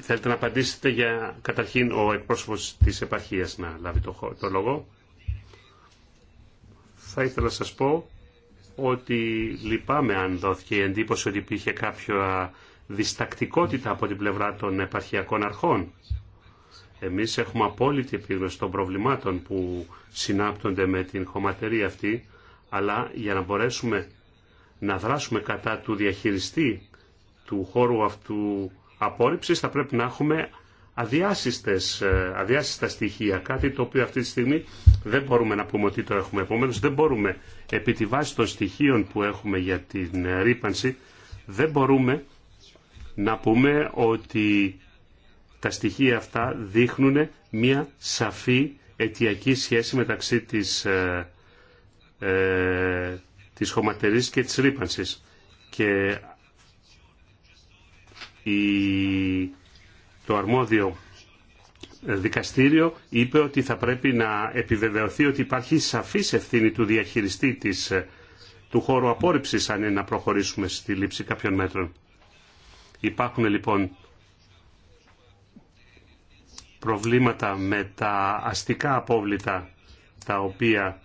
Θέλετε να απαντήσετε για καταρχήν ο εκπρόσωπος της επαρχίας να λάβει το, το λόγο. Θα ήθελα να σας πω ότι λυπάμαι αν δόθηκε η εντύπωση ότι υπήρχε κάποια διστακτικότητα από την πλευρά των επαρχιακών αρχών. Εμείς έχουμε απόλυτη επίγνωση των προβλημάτων που συνάπτονται με την χωματερία αυτή, αλλά για να μπορέσουμε να δράσουμε κατά του διαχειριστή του χώρου αυτού απόρριψης θα πρέπει να έχουμε αδιάσυστες, ε, αδιάσυστα στοιχεία, κάτι το οποίο αυτή τη στιγμή δεν μπορούμε να πούμε ότι το έχουμε. Επομένω, δεν μπορούμε, επί τη βάση των στοιχείων που έχουμε για την ρήπανση, δεν μπορούμε να πούμε ότι τα στοιχεία αυτά δείχνουν μια σαφή αιτιακή σχέση μεταξύ της, ε, ε της χωματερής και της ρήπανσης. Και το αρμόδιο δικαστήριο είπε ότι θα πρέπει να επιβεβαιωθεί ότι υπάρχει σαφής ευθύνη του διαχειριστή της, ε, του χώρου απόρριψης αν είναι να προχωρήσουμε στη λήψη κάποιων μέτρων. Υπάρχουν λοιπόν προβλήματα με τα αστικά απόβλητα τα οποία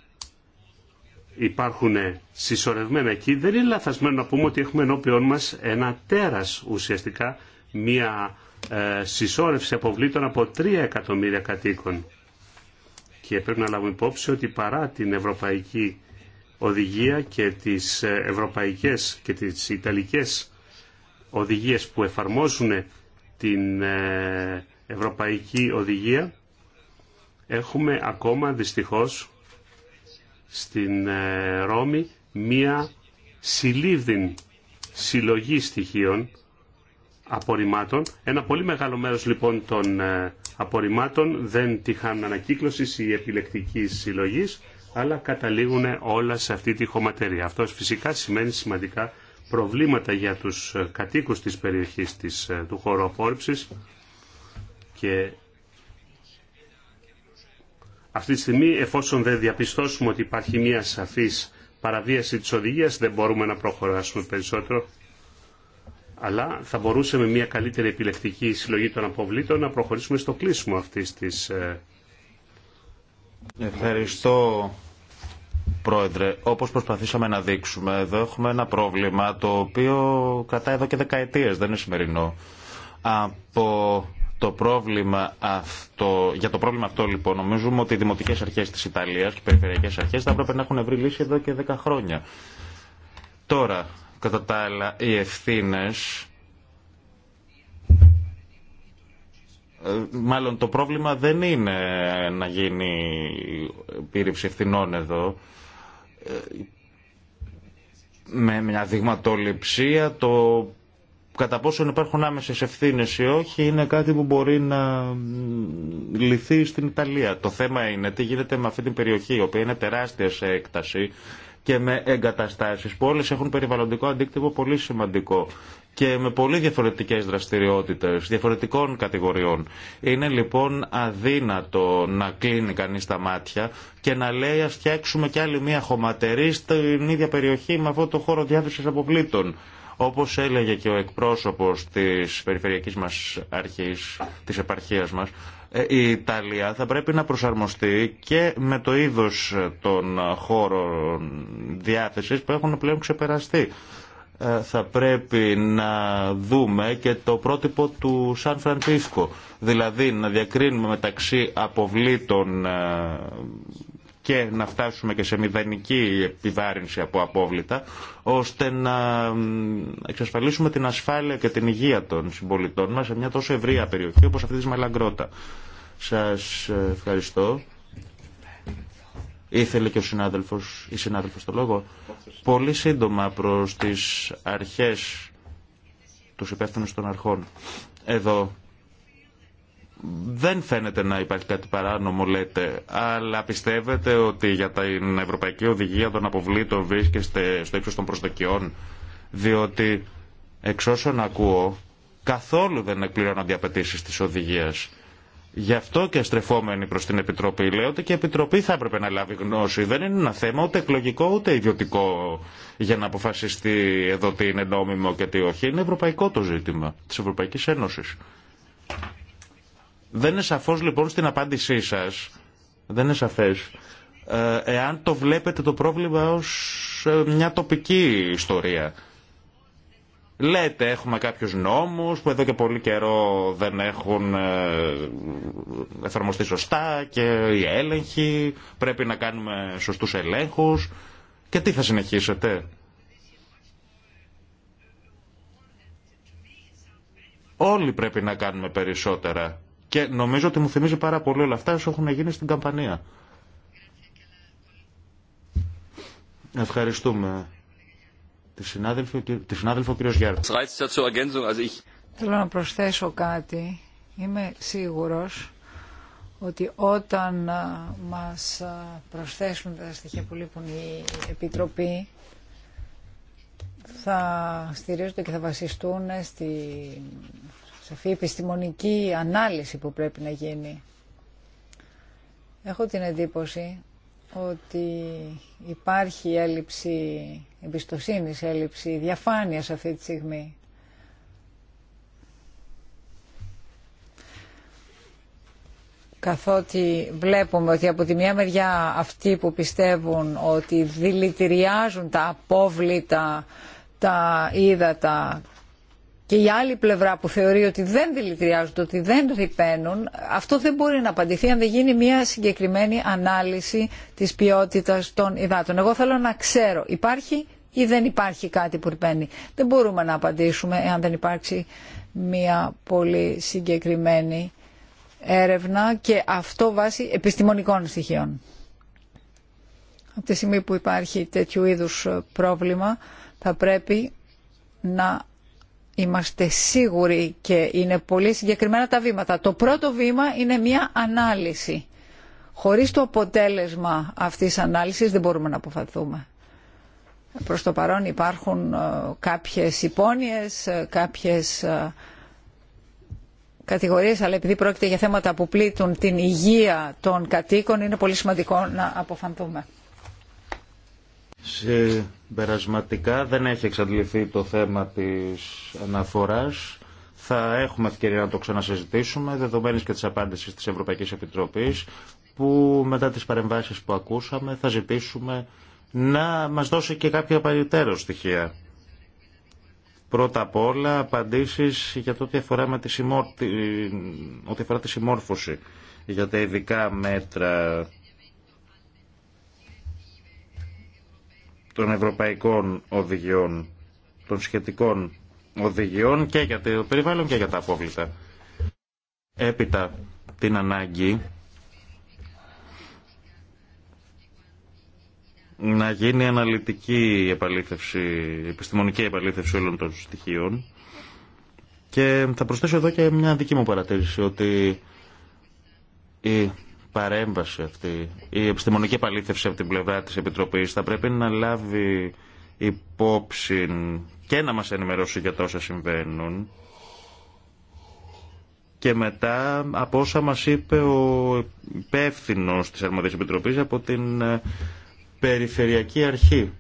υπάρχουν συσσωρευμένα εκεί. Δεν είναι λαθασμένο να πούμε ότι έχουμε ενώπιόν μας ένα τέρας ουσιαστικά, μία ε, συσσόρευση αποβλήτων από 3 εκατομμύρια κατοίκων. Και πρέπει να λάβουμε υπόψη ότι παρά την ευρωπαϊκή οδηγία και τις ε, ευρωπαϊκές και τις ιταλικές οδηγίες που εφαρμόσουν την ε, Ευρωπαϊκή Οδηγία έχουμε ακόμα δυστυχώς στην ε, Ρώμη μία συλλήβδην συλλογή στοιχείων απορριμμάτων. Ένα πολύ μεγάλο μέρος λοιπόν των ε, απορριμμάτων δεν τυχάνουν ανακύκλωση ή επιλεκτική συλλογή, αλλά καταλήγουν όλα σε αυτή τη χωματερία. Αυτό φυσικά σημαίνει σημαντικά προβλήματα για τους ε, κατοίκους της περιοχής της, ε, του χώρου απόρριψης και αυτή τη στιγμή εφόσον δεν διαπιστώσουμε ότι υπάρχει μια σαφής παραβίαση της οδηγίας δεν μπορούμε να προχωράσουμε περισσότερο αλλά θα μπορούσε με μια καλύτερη επιλεκτική συλλογή των αποβλήτων να προχωρήσουμε στο κλείσιμο αυτής της ε, Ευχαριστώ Πρόεδρε, όπως προσπαθήσαμε να δείξουμε, εδώ έχουμε ένα πρόβλημα το οποίο κρατάει εδώ και δεκαετίε, δεν είναι σημερινό. Από το πρόβλημα αυτό, για το πρόβλημα αυτό λοιπόν νομίζουμε ότι οι δημοτικές αρχές της Ιταλίας και οι περιφερειακές αρχές θα έπρεπε να έχουν βρει λύση εδώ και 10 χρόνια. Τώρα, κατά τα άλλα, οι ευθύνε. Ε, μάλλον το πρόβλημα δεν είναι να γίνει πύριψη ευθυνών εδώ με μια δειγματοληψία το κατά πόσον υπάρχουν άμεσες ευθύνες ή όχι είναι κάτι που μπορεί να λυθεί στην Ιταλία. Το θέμα είναι τι γίνεται με αυτή την περιοχή η οποία είναι τεράστια σε έκταση και με εγκαταστάσεις που όλες έχουν περιβαλλοντικό αντίκτυπο πολύ σημαντικό και με πολύ διαφορετικές δραστηριότητες, διαφορετικών κατηγοριών. Είναι λοιπόν αδύνατο να κλείνει κανείς τα μάτια και να λέει ας φτιάξουμε κι άλλη μία χωματερή στην ίδια περιοχή με αυτό το χώρο διάθεσης αποβλήτων. Όπως έλεγε και ο εκπρόσωπος της περιφερειακής μας αρχής, της επαρχίας μας, ε, η Ιταλία θα πρέπει να προσαρμοστεί και με το είδος των χώρων διάθεσης που έχουν πλέον ξεπεραστεί. Ε, θα πρέπει να δούμε και το πρότυπο του Σαν Φραντίσκο. Δηλαδή να διακρίνουμε μεταξύ αποβλήτων ε, και να φτάσουμε και σε μηδενική επιβάρυνση από απόβλητα, ώστε να εξασφαλίσουμε την ασφάλεια και την υγεία των συμπολιτών μας σε μια τόσο ευρεία περιοχή όπως αυτή της Μαλαγκρότα. Σας ε, ευχαριστώ. Ήθελε και ο συνάδελφος, η συνάδελφος το λόγο. Πολύ σύντομα προς τις αρχές, τους υπεύθυνου των αρχών. Εδώ δεν φαίνεται να υπάρχει κάτι παράνομο, λέτε, αλλά πιστεύετε ότι για την Ευρωπαϊκή Οδηγία των αποβλήτων βρίσκεστε στο ύψος των προσδοκιών, διότι εξ όσων ακούω, καθόλου δεν εκπληρώνονται οι απαιτήσει της οδηγίας. Γι' αυτό και στρεφόμενοι προ την Επιτροπή λέω ότι και η Επιτροπή θα έπρεπε να λάβει γνώση. Δεν είναι ένα θέμα ούτε εκλογικό ούτε ιδιωτικό για να αποφασιστεί εδώ τι είναι νόμιμο και τι όχι. Είναι ευρωπαϊκό το ζήτημα τη Ευρωπαϊκή Ένωση. Δεν είναι σαφώ λοιπόν στην απάντησή σα, δεν είναι σαφέ, ε, εάν το βλέπετε το πρόβλημα ω ε, μια τοπική ιστορία. Λέτε έχουμε κάποιους νόμους που εδώ και πολύ καιρό δεν έχουν ε, εφαρμοστεί σωστά και οι έλεγχοι, πρέπει να κάνουμε σωστούς ελέγχους και τι θα συνεχίσετε. Όλοι πρέπει να κάνουμε περισσότερα και νομίζω ότι μου θυμίζει πάρα πολύ όλα αυτά όσο έχουν γίνει στην καμπανία. Ευχαριστούμε τη συνάδελφο, κύριο συνάδελφο Θέλω να προσθέσω κάτι. Είμαι σίγουρος ότι όταν μας προσθέσουν τα στοιχεία που λείπουν η Επιτροπή θα στηρίζονται και θα βασιστούν στη σαφή επιστημονική ανάλυση που πρέπει να γίνει. Έχω την εντύπωση ότι υπάρχει έλλειψη εμπιστοσύνης, έλλειψη διαφάνεια αυτή τη στιγμή. καθότι βλέπουμε ότι από τη μια μεριά αυτοί που πιστεύουν ότι δηλητηριάζουν τα απόβλητα, τα ύδατα και η άλλη πλευρά που θεωρεί ότι δεν δηλητριάζονται, ότι δεν ρηπαίνουν, αυτό δεν μπορεί να απαντηθεί αν δεν γίνει μια συγκεκριμένη ανάλυση της ποιότητας των υδάτων. Εγώ θέλω να ξέρω, υπάρχει ή δεν υπάρχει κάτι που ρηπαίνει. Δεν μπορούμε να απαντήσουμε εάν δεν υπάρξει μια πολύ συγκεκριμένη έρευνα και αυτό βάσει επιστημονικών στοιχείων. Από τη στιγμή που υπάρχει τέτοιου είδους πρόβλημα θα πρέπει να είμαστε σίγουροι και είναι πολύ συγκεκριμένα τα βήματα. Το πρώτο βήμα είναι μια ανάλυση. Χωρίς το αποτέλεσμα αυτής της ανάλυσης δεν μπορούμε να αποφαθούμε. Προς το παρόν υπάρχουν ε, κάποιες υπόνοιες, ε, κάποιες ε, κατηγορίες, αλλά επειδή πρόκειται για θέματα που πλήττουν την υγεία των κατοίκων, είναι πολύ σημαντικό να αποφανθούμε. Περασματικά δεν έχει εξαντληθεί το θέμα της αναφοράς. Θα έχουμε ευκαιρία να το ξανασυζητήσουμε, δεδομένης και της απάντησεις της Ευρωπαϊκής Επιτροπής, που μετά τις παρεμβάσεις που ακούσαμε θα ζητήσουμε να μας δώσει και κάποια παλιτέρω στοιχεία. Πρώτα απ' όλα απαντήσεις για το ότι αφορά, με τη, συμμόρ... ότι αφορά τη συμμόρφωση, για τα ειδικά μέτρα των ευρωπαϊκών οδηγιών, των σχετικών οδηγιών και για το περιβάλλον και για τα απόβλητα. Έπειτα την ανάγκη να γίνει αναλυτική επαλήθευση, επιστημονική επαλήθευση όλων των στοιχείων και θα προσθέσω εδώ και μια δική μου παρατήρηση ότι η παρέμβαση αυτή, η επιστημονική επαλήθευση από την πλευρά της Επιτροπής θα πρέπει να λάβει υπόψη και να μας ενημερώσει για τόσα συμβαίνουν και μετά από όσα μας είπε ο υπεύθυνο της Αρμοδίας Επιτροπής από την ε, Περιφερειακή Αρχή.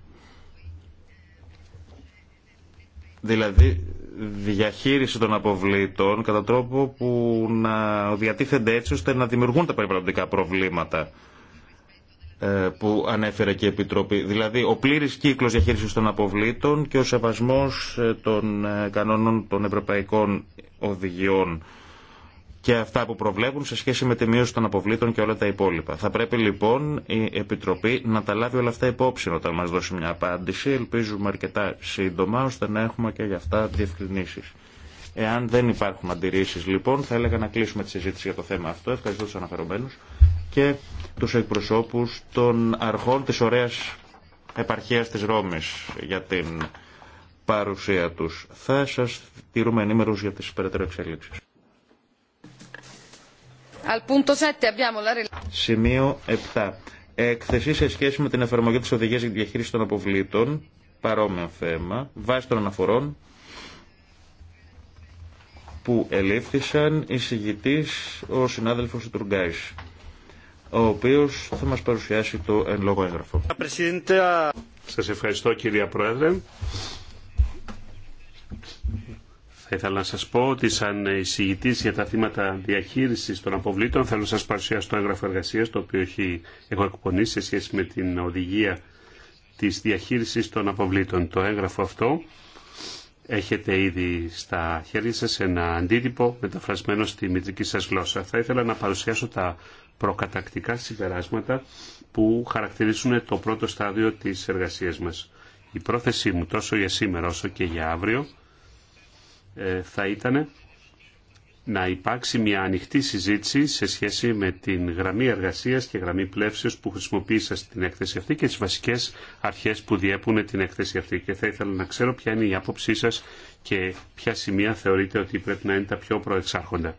Δηλαδή διαχείριση των αποβλήτων κατά τρόπο που να διατίθενται έτσι ώστε να δημιουργούν τα περιβαλλοντικά προβλήματα ε, που ανέφερε και η Επιτροπή. Δηλαδή, ο πλήρης κύκλος διαχείρισης των αποβλήτων και ο σεβασμός ε, των ε, κανόνων των ευρωπαϊκών οδηγιών και αυτά που προβλέπουν σε σχέση με τη μείωση των αποβλήτων και όλα τα υπόλοιπα. Θα πρέπει λοιπόν η Επιτροπή να τα λάβει όλα αυτά υπόψη όταν μας δώσει μια απάντηση. Ελπίζουμε αρκετά σύντομα ώστε να έχουμε και για αυτά διευκρινήσεις. Εάν δεν υπάρχουν αντιρρήσεις λοιπόν θα έλεγα να κλείσουμε τη συζήτηση για το θέμα αυτό. Ευχαριστώ τους αναφερομένους και τους εκπροσώπους των αρχών της ωραίας επαρχίας της Ρώμης για την παρουσία τους. Θα σας τηρούμε ενήμερους για τις περαιτέρω εξελίξεις. Σημείο 7. Έκθεση σε σχέση με την εφαρμογή τη οδηγία για τη διαχείριση των αποβλήτων. Παρόμοιο θέμα. Βάσει των αναφορών που ελήφθησαν εισηγητή ο συνάδελφο Τουργκάη, ο οποίο θα μα παρουσιάσει το εν λόγω έγγραφο. Σα ευχαριστώ, κυρία Πρόεδρε. Θα ήθελα να σας πω ότι σαν εισηγητής για τα θύματα διαχείρισης των αποβλήτων θέλω να σας παρουσιάσω το έγγραφο εργασίας το οποίο έχει, έχω εκπονήσει σε σχέση με την οδηγία της διαχείρισης των αποβλήτων. Το έγγραφο αυτό έχετε ήδη στα χέρια σας ένα αντίτυπο μεταφρασμένο στη μητρική σας γλώσσα. Θα ήθελα να παρουσιάσω τα προκατακτικά συμπεράσματα που χαρακτηρίζουν το πρώτο στάδιο της εργασίας μας. Η πρόθεσή μου τόσο για σήμερα όσο και για αύριο ε, θα ήταν να υπάρξει μια ανοιχτή συζήτηση σε σχέση με την γραμμή εργασίας και γραμμή πλεύσεως που χρησιμοποίησα στην έκθεση αυτή και τις βασικές αρχές που διέπουν την έκθεση αυτή. Και θα ήθελα να ξέρω ποια είναι η άποψή σας και ποια σημεία θεωρείτε ότι πρέπει να είναι τα πιο προεξάρχοντα.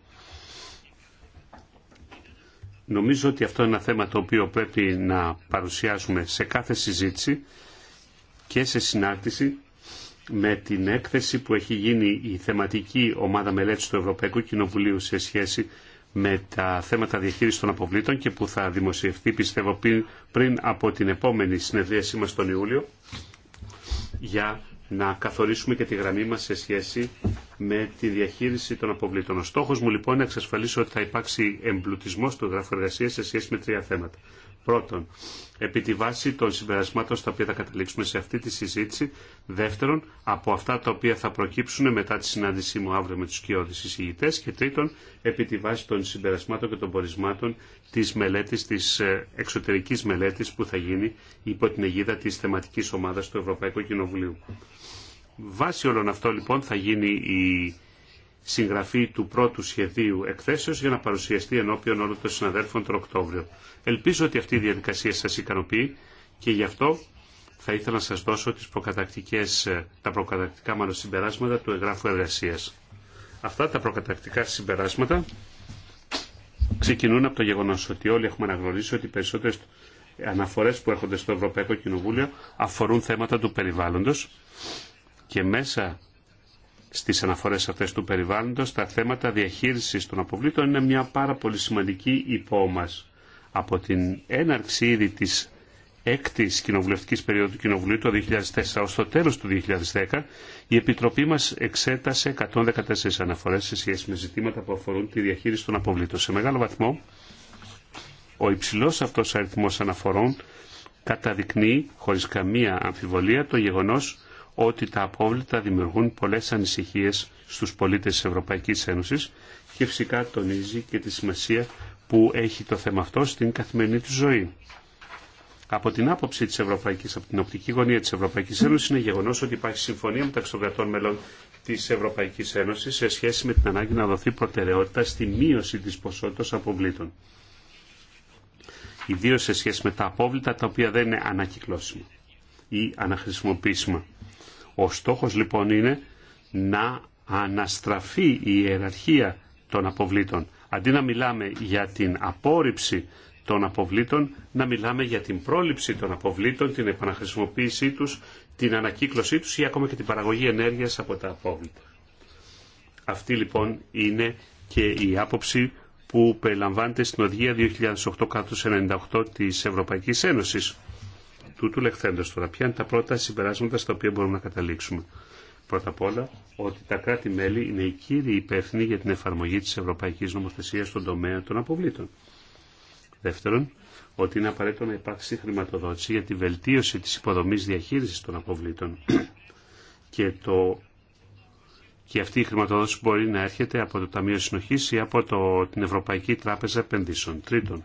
Νομίζω ότι αυτό είναι ένα θέμα το οποίο πρέπει να παρουσιάσουμε σε κάθε συζήτηση και σε συνάρτηση με την έκθεση που έχει γίνει η θεματική ομάδα μελέτης του Ευρωπαϊκού Κοινοβουλίου σε σχέση με τα θέματα διαχείρισης των αποβλήτων και που θα δημοσιευτεί πιστεύω πριν από την επόμενη συνεδρίασή μας τον Ιούλιο για να καθορίσουμε και τη γραμμή μας σε σχέση με τη διαχείριση των αποβλήτων. Ο στόχος μου λοιπόν είναι να εξασφαλίσω ότι θα υπάρξει εμπλουτισμός του γράφου εργασία σε σχέση με τρία θέματα. Πρώτον, επί τη βάση των συμπερασμάτων στα οποία θα καταλήξουμε σε αυτή τη συζήτηση. Δεύτερον, από αυτά τα οποία θα προκύψουν μετά τη συνάντησή μου αύριο με τους κοιόδης εισηγητές. Και τρίτον, επί τη βάση των συμπερασμάτων και των πορισμάτων της μελέτης, της ε, εξωτερικής μελέτης που θα γίνει υπό την αιγίδα της θεματικής ομάδας του Ευρωπαϊκού Κοινοβουλίου. Βάσει όλων αυτών λοιπόν θα γίνει η συγγραφή του πρώτου σχεδίου εκθέσεως για να παρουσιαστεί ενώπιον όλων των συναδέλφων τον Οκτώβριο. Ελπίζω ότι αυτή η διαδικασία σας ικανοποιεί και γι' αυτό θα ήθελα να σας δώσω τις προκατακτικές, τα προκατακτικά μάλλον συμπεράσματα του εγγράφου εργασίας. Αυτά τα προκατακτικά συμπεράσματα ξεκινούν από το γεγονός ότι όλοι έχουμε αναγνωρίσει ότι οι περισσότερες αναφορές που έρχονται στο Ευρωπαϊκό Κοινοβούλιο αφορούν θέματα του περιβάλλοντο και μέσα στις αναφορές αυτές του περιβάλλοντος τα θέματα διαχείρισης των αποβλήτων είναι μια πάρα πολύ σημαντική υπό μας. Από την έναρξη ήδη της έκτης κοινοβουλευτικής περίοδου του Κοινοβουλίου το 2004 ως το τέλος του 2010 η Επιτροπή μας εξέτασε 114 αναφορές σε σχέση με ζητήματα που αφορούν τη διαχείριση των αποβλήτων. Σε μεγάλο βαθμό ο υψηλός αυτός αριθμός αναφορών καταδεικνύει χωρίς καμία αμφιβολία το γεγονός ότι τα απόβλητα δημιουργούν πολλές ανησυχίες στους πολίτες της Ευρωπαϊκής Ένωσης και φυσικά τονίζει και τη σημασία που έχει το θέμα αυτό στην καθημερινή του ζωή. Από την άποψη της Ευρωπαϊκής, από την οπτική γωνία της Ευρωπαϊκής Ένωσης είναι γεγονός ότι υπάρχει συμφωνία μεταξύ των κρατών μελών της Ευρωπαϊκής Ένωσης σε σχέση με την ανάγκη να δοθεί προτεραιότητα στη μείωση της ποσότητας αποβλήτων. Ιδίω σε σχέση με τα απόβλητα τα οποία δεν είναι ανακυκλώσιμα ή αναχρησιμοποιήσιμα. Ο στόχος λοιπόν είναι να αναστραφεί η ιεραρχία των αποβλήτων. Αντί να μιλάμε για την απόρριψη των αποβλήτων, να μιλάμε για την πρόληψη των αποβλήτων, την επαναχρησιμοποίησή τους, την ανακύκλωσή τους ή ακόμα και την παραγωγή ενέργειας από τα απόβλητα. Αυτή λοιπόν είναι και η άποψη που περιλαμβάνεται στην Οδηγία 2008-98 της Ευρωπαϊκής Ένωσης τούτου λεχθέντος τώρα. Ποια είναι τα πρώτα συμπεράσματα στα οποία μπορούμε να καταλήξουμε. Πρώτα απ' όλα ότι τα κράτη-μέλη είναι οι κύριοι υπεύθυνοι για την εφαρμογή της Ευρωπαϊκής Νομοθεσίας στον τομέα των αποβλήτων. Δεύτερον, ότι είναι απαραίτητο να υπάρξει χρηματοδότηση για τη βελτίωση της υποδομής διαχείρισης των αποβλήτων. και, το... και αυτή η χρηματοδότηση μπορεί να έρχεται από το Ταμείο Συνοχής ή από το... την Ευρωπαϊκή Τράπεζα Επενδύσεων. Τρίτον,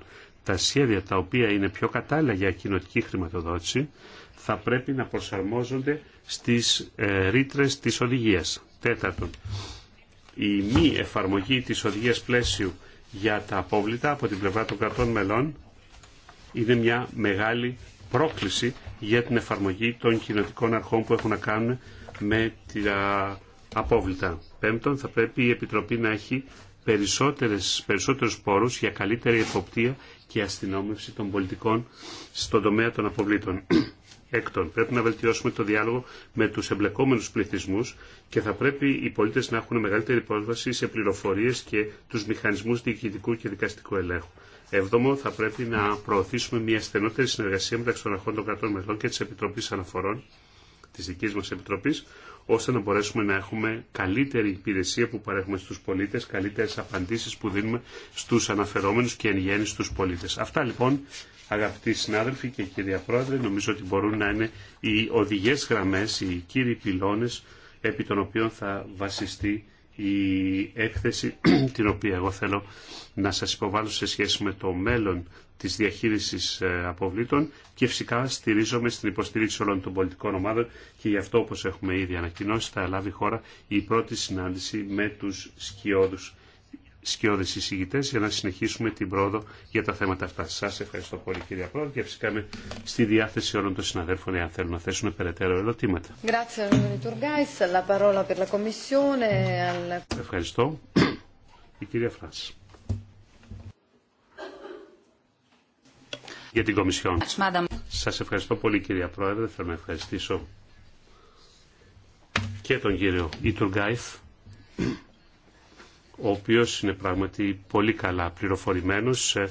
τα σχέδια τα οποία είναι πιο κατάλληλα για κοινοτική χρηματοδότηση θα πρέπει να προσαρμόζονται στις ε, ρήτρε της οδηγίας. Τέταρτον, η μη εφαρμογή της οδηγίας πλαίσιου για τα απόβλητα από την πλευρά των κρατών μελών είναι μια μεγάλη πρόκληση για την εφαρμογή των κοινοτικών αρχών που έχουν να κάνουν με τα απόβλητα. Πέμπτον, θα πρέπει η Επιτροπή να έχει περισσότερους πόρους για καλύτερη εποπτεία και αστυνόμευση των πολιτικών στον τομέα των αποβλήτων. Έκτον, πρέπει να βελτιώσουμε το διάλογο με του εμπλεκόμενου πληθυσμού και θα πρέπει οι πολίτε να έχουν μεγαλύτερη πρόσβαση σε πληροφορίε και του μηχανισμού διοικητικού και δικαστικού ελέγχου. Εβδόμο, θα πρέπει να προωθήσουμε μια στενότερη συνεργασία μεταξύ των αρχών των κρατών μελών και τη Επιτροπή Αναφορών, τη δική μα Επιτροπή, ώστε να μπορέσουμε να έχουμε καλύτερη υπηρεσία που παρέχουμε στους πολίτες, καλύτερες απαντήσεις που δίνουμε στους αναφερόμενους και εν γέννη στους πολίτες. Αυτά λοιπόν αγαπητοί συνάδελφοι και κυρία Πρόεδρε, νομίζω ότι μπορούν να είναι οι οδηγές γραμμές, οι κύριοι πυλώνες επί των οποίων θα βασιστεί η έκθεση την οποία εγώ θέλω να σας υποβάλω σε σχέση με το μέλλον της διαχείρισης ε, αποβλήτων και φυσικά στηρίζομαι στην υποστήριξη όλων των πολιτικών ομάδων και γι' αυτό όπως έχουμε ήδη ανακοινώσει θα λάβει χώρα η πρώτη συνάντηση με τους σκιώδους σκιώδες εισηγητές για να συνεχίσουμε την πρόοδο για τα θέματα αυτά. Σας ευχαριστώ πολύ κυρία Πρόεδρε και φυσικά είμαι στη διάθεση όλων των συναδέλφων εάν θέλουν να θέσουν περαιτέρω ερωτήματα. Ευχαριστώ. Η κυρία Φράση. για την Κομισιόν. Σας ευχαριστώ πολύ κυρία Πρόεδρε. Θέλω να ευχαριστήσω και τον κύριο Ιτουργκάιφ ο οποίος είναι πράγματι πολύ καλά πληροφορημένος ε,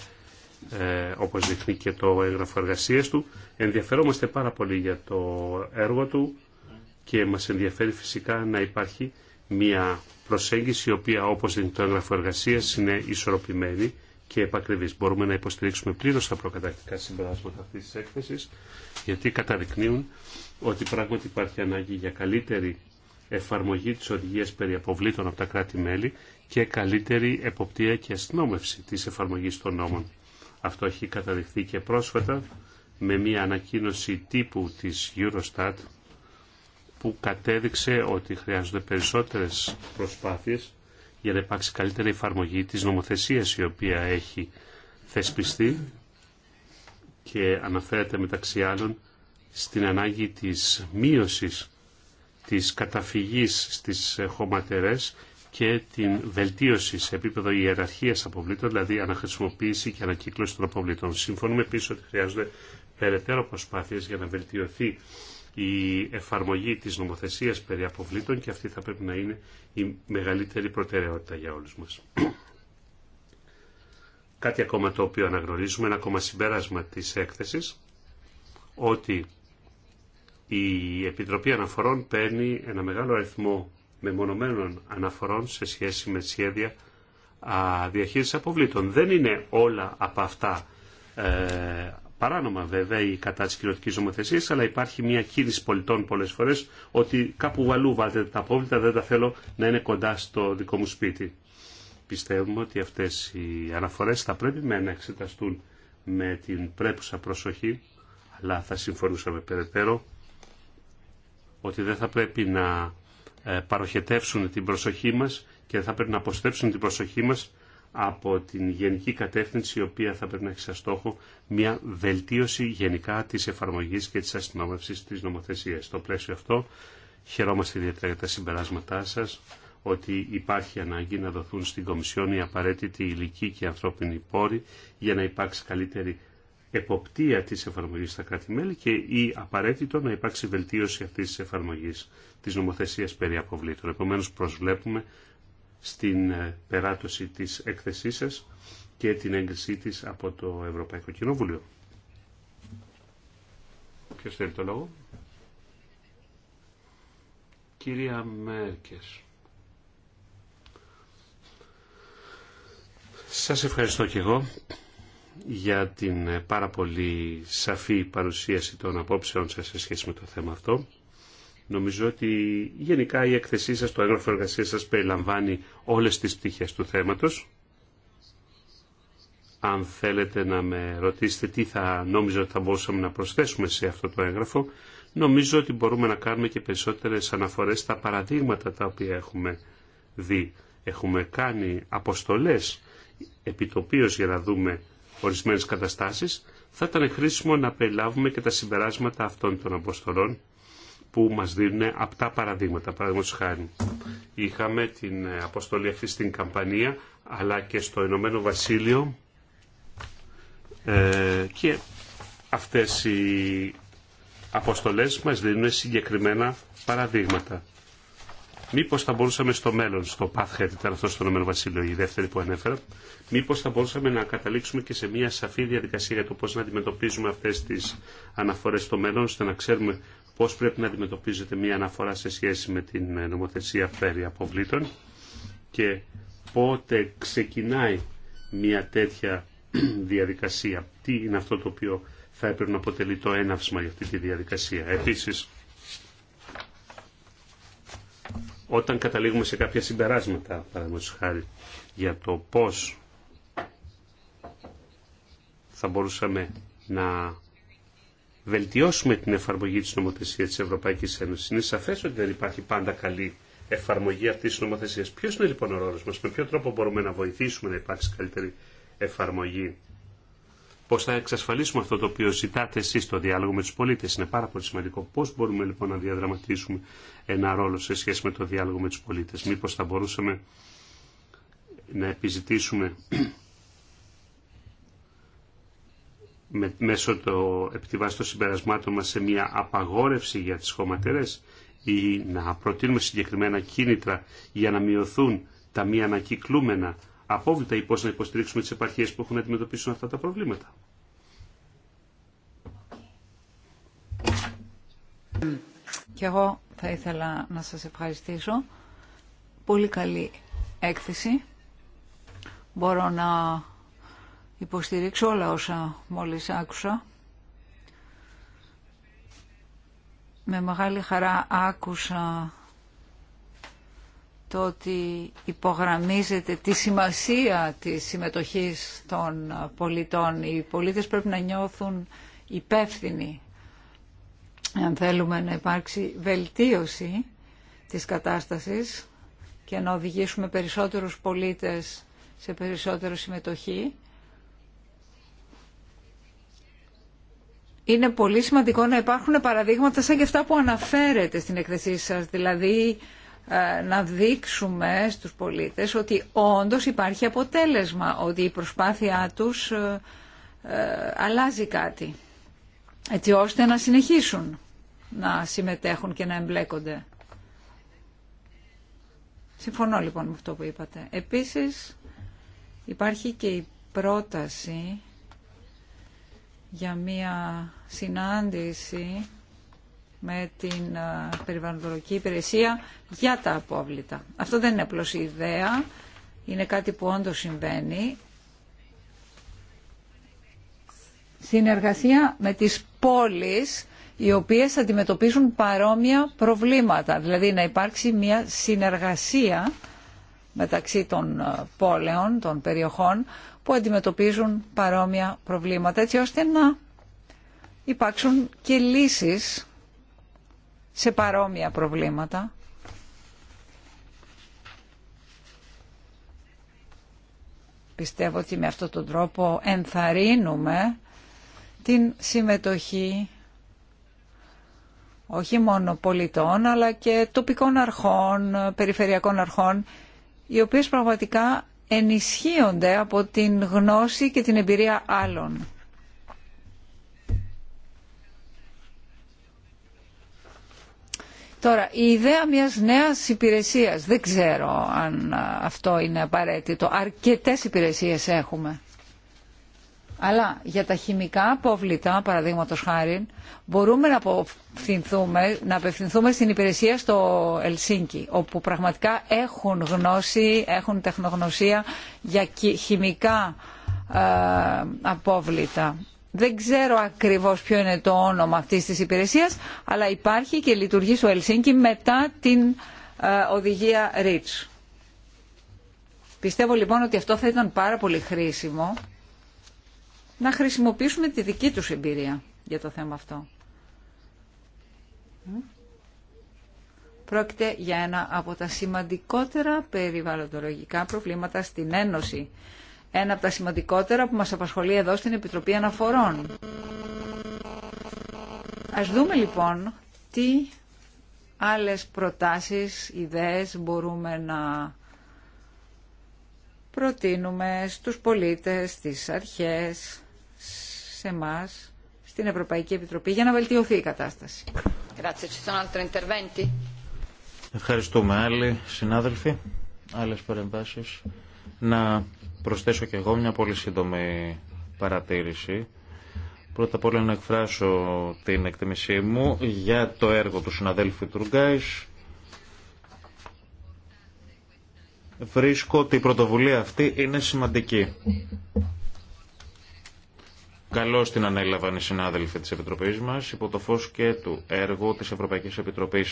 ε όπως δείχνει και το έγγραφο εργασία του. Ενδιαφερόμαστε πάρα πολύ για το έργο του και μας ενδιαφέρει φυσικά να υπάρχει μια προσέγγιση η οποία όπως δείχνει το έγγραφο εργασία είναι ισορροπημένη και επακριβής. Μπορούμε να υποστηρίξουμε πλήρως τα προκατακτικά συμπεράσματα αυτής της έκθεσης, γιατί καταδεικνύουν ότι πράγματι υπάρχει ανάγκη για καλύτερη εφαρμογή της οδηγίας περί αποβλήτων από τα κράτη-μέλη και καλύτερη εποπτεία και αστυνόμευση της εφαρμογής των νόμων. Αυτό έχει καταδειχθεί και πρόσφατα με μια ανακοίνωση τύπου της Eurostat που κατέδειξε ότι χρειάζονται περισσότερες προσπάθειες για να υπάρξει καλύτερη εφαρμογή της νομοθεσίας η οποία έχει θεσπιστεί και αναφέρεται μεταξύ άλλων στην ανάγκη της μείωσης της καταφυγής στις χωματερές και την βελτίωση σε επίπεδο ιεραρχίας αποβλήτων, δηλαδή αναχρησιμοποίηση και ανακύκλωση των αποβλήτων. Συμφωνούμε επίσης ότι χρειάζονται περαιτέρω προσπάθειες για να βελτιωθεί η εφαρμογή της νομοθεσίας περί αποβλήτων και αυτή θα πρέπει να είναι η μεγαλύτερη προτεραιότητα για όλους μας. Κάτι ακόμα το οποίο αναγνωρίζουμε, ένα ακόμα συμπέρασμα της έκθεσης, ότι η Επιτροπή Αναφορών παίρνει ένα μεγάλο αριθμό μεμονωμένων αναφορών σε σχέση με σχέδια διαχείρισης αποβλήτων. Δεν είναι όλα από αυτά ε, παράνομα βέβαια η κατά της ομοθεσία, αλλά υπάρχει μια κίνηση πολιτών πολλέ φορές ότι κάπου αλλού βάλτε τα απόβλητα, δεν τα θέλω να είναι κοντά στο δικό μου σπίτι. Πιστεύουμε ότι αυτές οι αναφορές θα πρέπει με να εξεταστούν με την πρέπουσα προσοχή, αλλά θα συμφωνούσαμε περαιτέρω ότι δεν θα πρέπει να ε, παροχετεύσουν την προσοχή μας και δεν θα πρέπει να αποστρέψουν την προσοχή μας από την γενική κατεύθυνση η οποία θα πρέπει να έχει σαν στόχο μια βελτίωση γενικά της εφαρμογής και της αστυνόμευσης της νομοθεσίας. Στο πλαίσιο αυτό χαιρόμαστε ιδιαίτερα για τα συμπεράσματά σας ότι υπάρχει ανάγκη να δοθούν στην Κομισιόν οι απαραίτητοι υλικοί και ανθρώπινοι πόροι για να υπάρξει καλύτερη εποπτεία της εφαρμογής στα κράτη-μέλη και ή απαραίτητο να υπάρξει βελτίωση αυτής της εφαρμογής της νομοθεσίας περί αποβλήτων. Επομένως προσβλέπουμε στην ε, περάτωση της έκθεσής σας και την έγκρισή της από το Ευρωπαϊκό Κοινοβούλιο. Ποιος θέλει το λόγο? Κυρία Μέρκες. Σας ευχαριστώ και εγώ για την ε, πάρα πολύ σαφή παρουσίαση των απόψεων σας σε σχέση με το θέμα αυτό. Νομίζω ότι γενικά η έκθεσή σας, το έγγραφο εργασία σας περιλαμβάνει όλες τις πτυχές του θέματος. Αν θέλετε να με ρωτήσετε τι θα νόμιζα ότι θα μπορούσαμε να προσθέσουμε σε αυτό το έγγραφο, νομίζω ότι μπορούμε να κάνουμε και περισσότερες αναφορές στα παραδείγματα τα οποία έχουμε δει. Έχουμε κάνει αποστολές επιτοπίως για να δούμε ορισμένες καταστάσεις. Θα ήταν χρήσιμο να περιλάβουμε και τα συμπεράσματα αυτών των αποστολών που μας δίνουν απτά παραδείγματα. Παραδείγματος χάρη, είχαμε την ε, αποστολή αυτή στην Καμπανία, αλλά και στο Ηνωμένο Βασίλειο ε, και αυτές οι αποστολές μας δίνουν συγκεκριμένα παραδείγματα. Μήπως θα μπορούσαμε στο μέλλον, στο Pathhead ήταν αυτό στο Ηνωμένο Βασίλειο, η δεύτερη που ανέφερα, μήπως θα μπορούσαμε να καταλήξουμε και σε μια σαφή διαδικασία για το πώς να αντιμετωπίζουμε αυτές τις αναφορές στο μέλλον, ώστε να ξέρουμε πώς πρέπει να αντιμετωπίζεται μια αναφορά σε σχέση με την νομοθεσία φέρει αποβλήτων και πότε ξεκινάει μια τέτοια διαδικασία. Τι είναι αυτό το οποίο θα έπρεπε να αποτελεί το έναυσμα για αυτή τη διαδικασία. Επίσης, όταν καταλήγουμε σε κάποια συμπεράσματα, παραδείγματος χάρη, για το πώς θα μπορούσαμε να βελτιώσουμε την εφαρμογή της νομοθεσίας της Ευρωπαϊκής Ένωσης. Είναι σαφές ότι δεν υπάρχει πάντα καλή εφαρμογή αυτής της νομοθεσίας. Ποιος είναι λοιπόν ο ρόλος μας, με ποιο τρόπο μπορούμε να βοηθήσουμε να υπάρξει καλύτερη εφαρμογή. Πώς θα εξασφαλίσουμε αυτό το οποίο ζητάτε εσείς στο διάλογο με τους πολίτες. Είναι πάρα πολύ σημαντικό. Πώς μπορούμε λοιπόν να διαδραματίσουμε ένα ρόλο σε σχέση με το διάλογο με τους πολίτες. Μήπως θα μπορούσαμε να επιζητήσουμε με, μέσω το επιβάσει των συμπερασμάτων μας σε μια απαγόρευση για τις χωματερές ή να προτείνουμε συγκεκριμένα κίνητρα για να μειωθούν τα μη ανακυκλούμενα απόβλητα ή πώς να υποστηρίξουμε τις επαρχίες που έχουν να αντιμετωπίσουν αυτά τα προβλήματα. Και εγώ θα ήθελα να σας ευχαριστήσω. Πολύ καλή έκθεση. Μπορώ να υποστηρίξω όλα όσα μόλις άκουσα. Με μεγάλη χαρά άκουσα το ότι υπογραμμίζεται τη σημασία της συμμετοχής των πολιτών. Οι πολίτες πρέπει να νιώθουν υπεύθυνοι αν θέλουμε να υπάρξει βελτίωση της κατάστασης και να οδηγήσουμε περισσότερους πολίτες σε περισσότερη συμμετοχή είναι πολύ σημαντικό να υπάρχουν παραδείγματα σαν και αυτά που αναφέρετε στην εκθεσή σας, δηλαδή ε, να δείξουμε στους πολίτες ότι όντως υπάρχει αποτέλεσμα, ότι η προσπάθειά τους ε, ε, αλλάζει κάτι, έτσι ώστε να συνεχίσουν να συμμετέχουν και να εμπλέκονται. Συμφωνώ λοιπόν με αυτό που είπατε. Επίσης υπάρχει και η πρόταση για μία συνάντηση με την ε, περιβαλλοντολογική υπηρεσία για τα απόβλητα. Αυτό δεν είναι απλώς ιδέα, είναι κάτι που όντως συμβαίνει. Συνεργασία με τις πόλεις οι οποίες αντιμετωπίζουν παρόμοια προβλήματα. Δηλαδή να υπάρξει μια συνεργασία μεταξύ των ε, πόλεων, των περιοχών, που αντιμετωπίζουν παρόμοια προβλήματα έτσι ώστε να υπάρξουν και λύσεις σε παρόμοια προβλήματα. Πιστεύω ότι με αυτόν τον τρόπο ενθαρρύνουμε την συμμετοχή όχι μόνο πολιτών αλλά και τοπικών αρχών, περιφερειακών αρχών οι οποίες πραγματικά ενισχύονται από την γνώση και την εμπειρία άλλων. Τώρα, η ιδέα μιας νέας υπηρεσίας, δεν ξέρω αν αυτό είναι απαραίτητο. Αρκετές υπηρεσίες έχουμε. Αλλά για τα χημικά απόβλητα, παραδείγματο χάρη, μπορούμε να, απευθυνθούμε, να απευθυνθούμε στην υπηρεσία στο Ελσίνκι, όπου πραγματικά έχουν γνώση, έχουν τεχνογνωσία για χημικά ε, απόβλητα. Δεν ξέρω ακριβώς ποιο είναι το όνομα αυτής της υπηρεσίας, αλλά υπάρχει και λειτουργεί στο Ελσίνκι μετά την ε, οδηγία REACH. Πιστεύω λοιπόν ότι αυτό θα ήταν πάρα πολύ χρήσιμο να χρησιμοποιήσουμε τη δική τους εμπειρία για το θέμα αυτό. Πρόκειται για ένα από τα σημαντικότερα περιβαλλοντολογικά προβλήματα στην Ένωση. Ένα από τα σημαντικότερα που μας απασχολεί εδώ στην Επιτροπή Αναφορών. Ας δούμε λοιπόν τι άλλες προτάσεις, ιδέες μπορούμε να προτείνουμε στους πολίτες, στις αρχές σε εμά, στην Ευρωπαϊκή Επιτροπή, για να βελτιωθεί η κατάσταση. Ευχαριστούμε. Άλλοι συνάδελφοι, άλλες παρεμβάσεις. Να προσθέσω και εγώ μια πολύ σύντομη παρατήρηση. Πρώτα απ' όλα να εκφράσω την εκτιμησή μου για το έργο του συναδέλφου Τουργκάης. Βρίσκω ότι η πρωτοβουλία αυτή είναι σημαντική. Καλώ την ανέλαβαν οι συνάδελφοι τη Επιτροπή μα υπό το φω και του έργου τη Ευρωπαϊκή Επιτροπή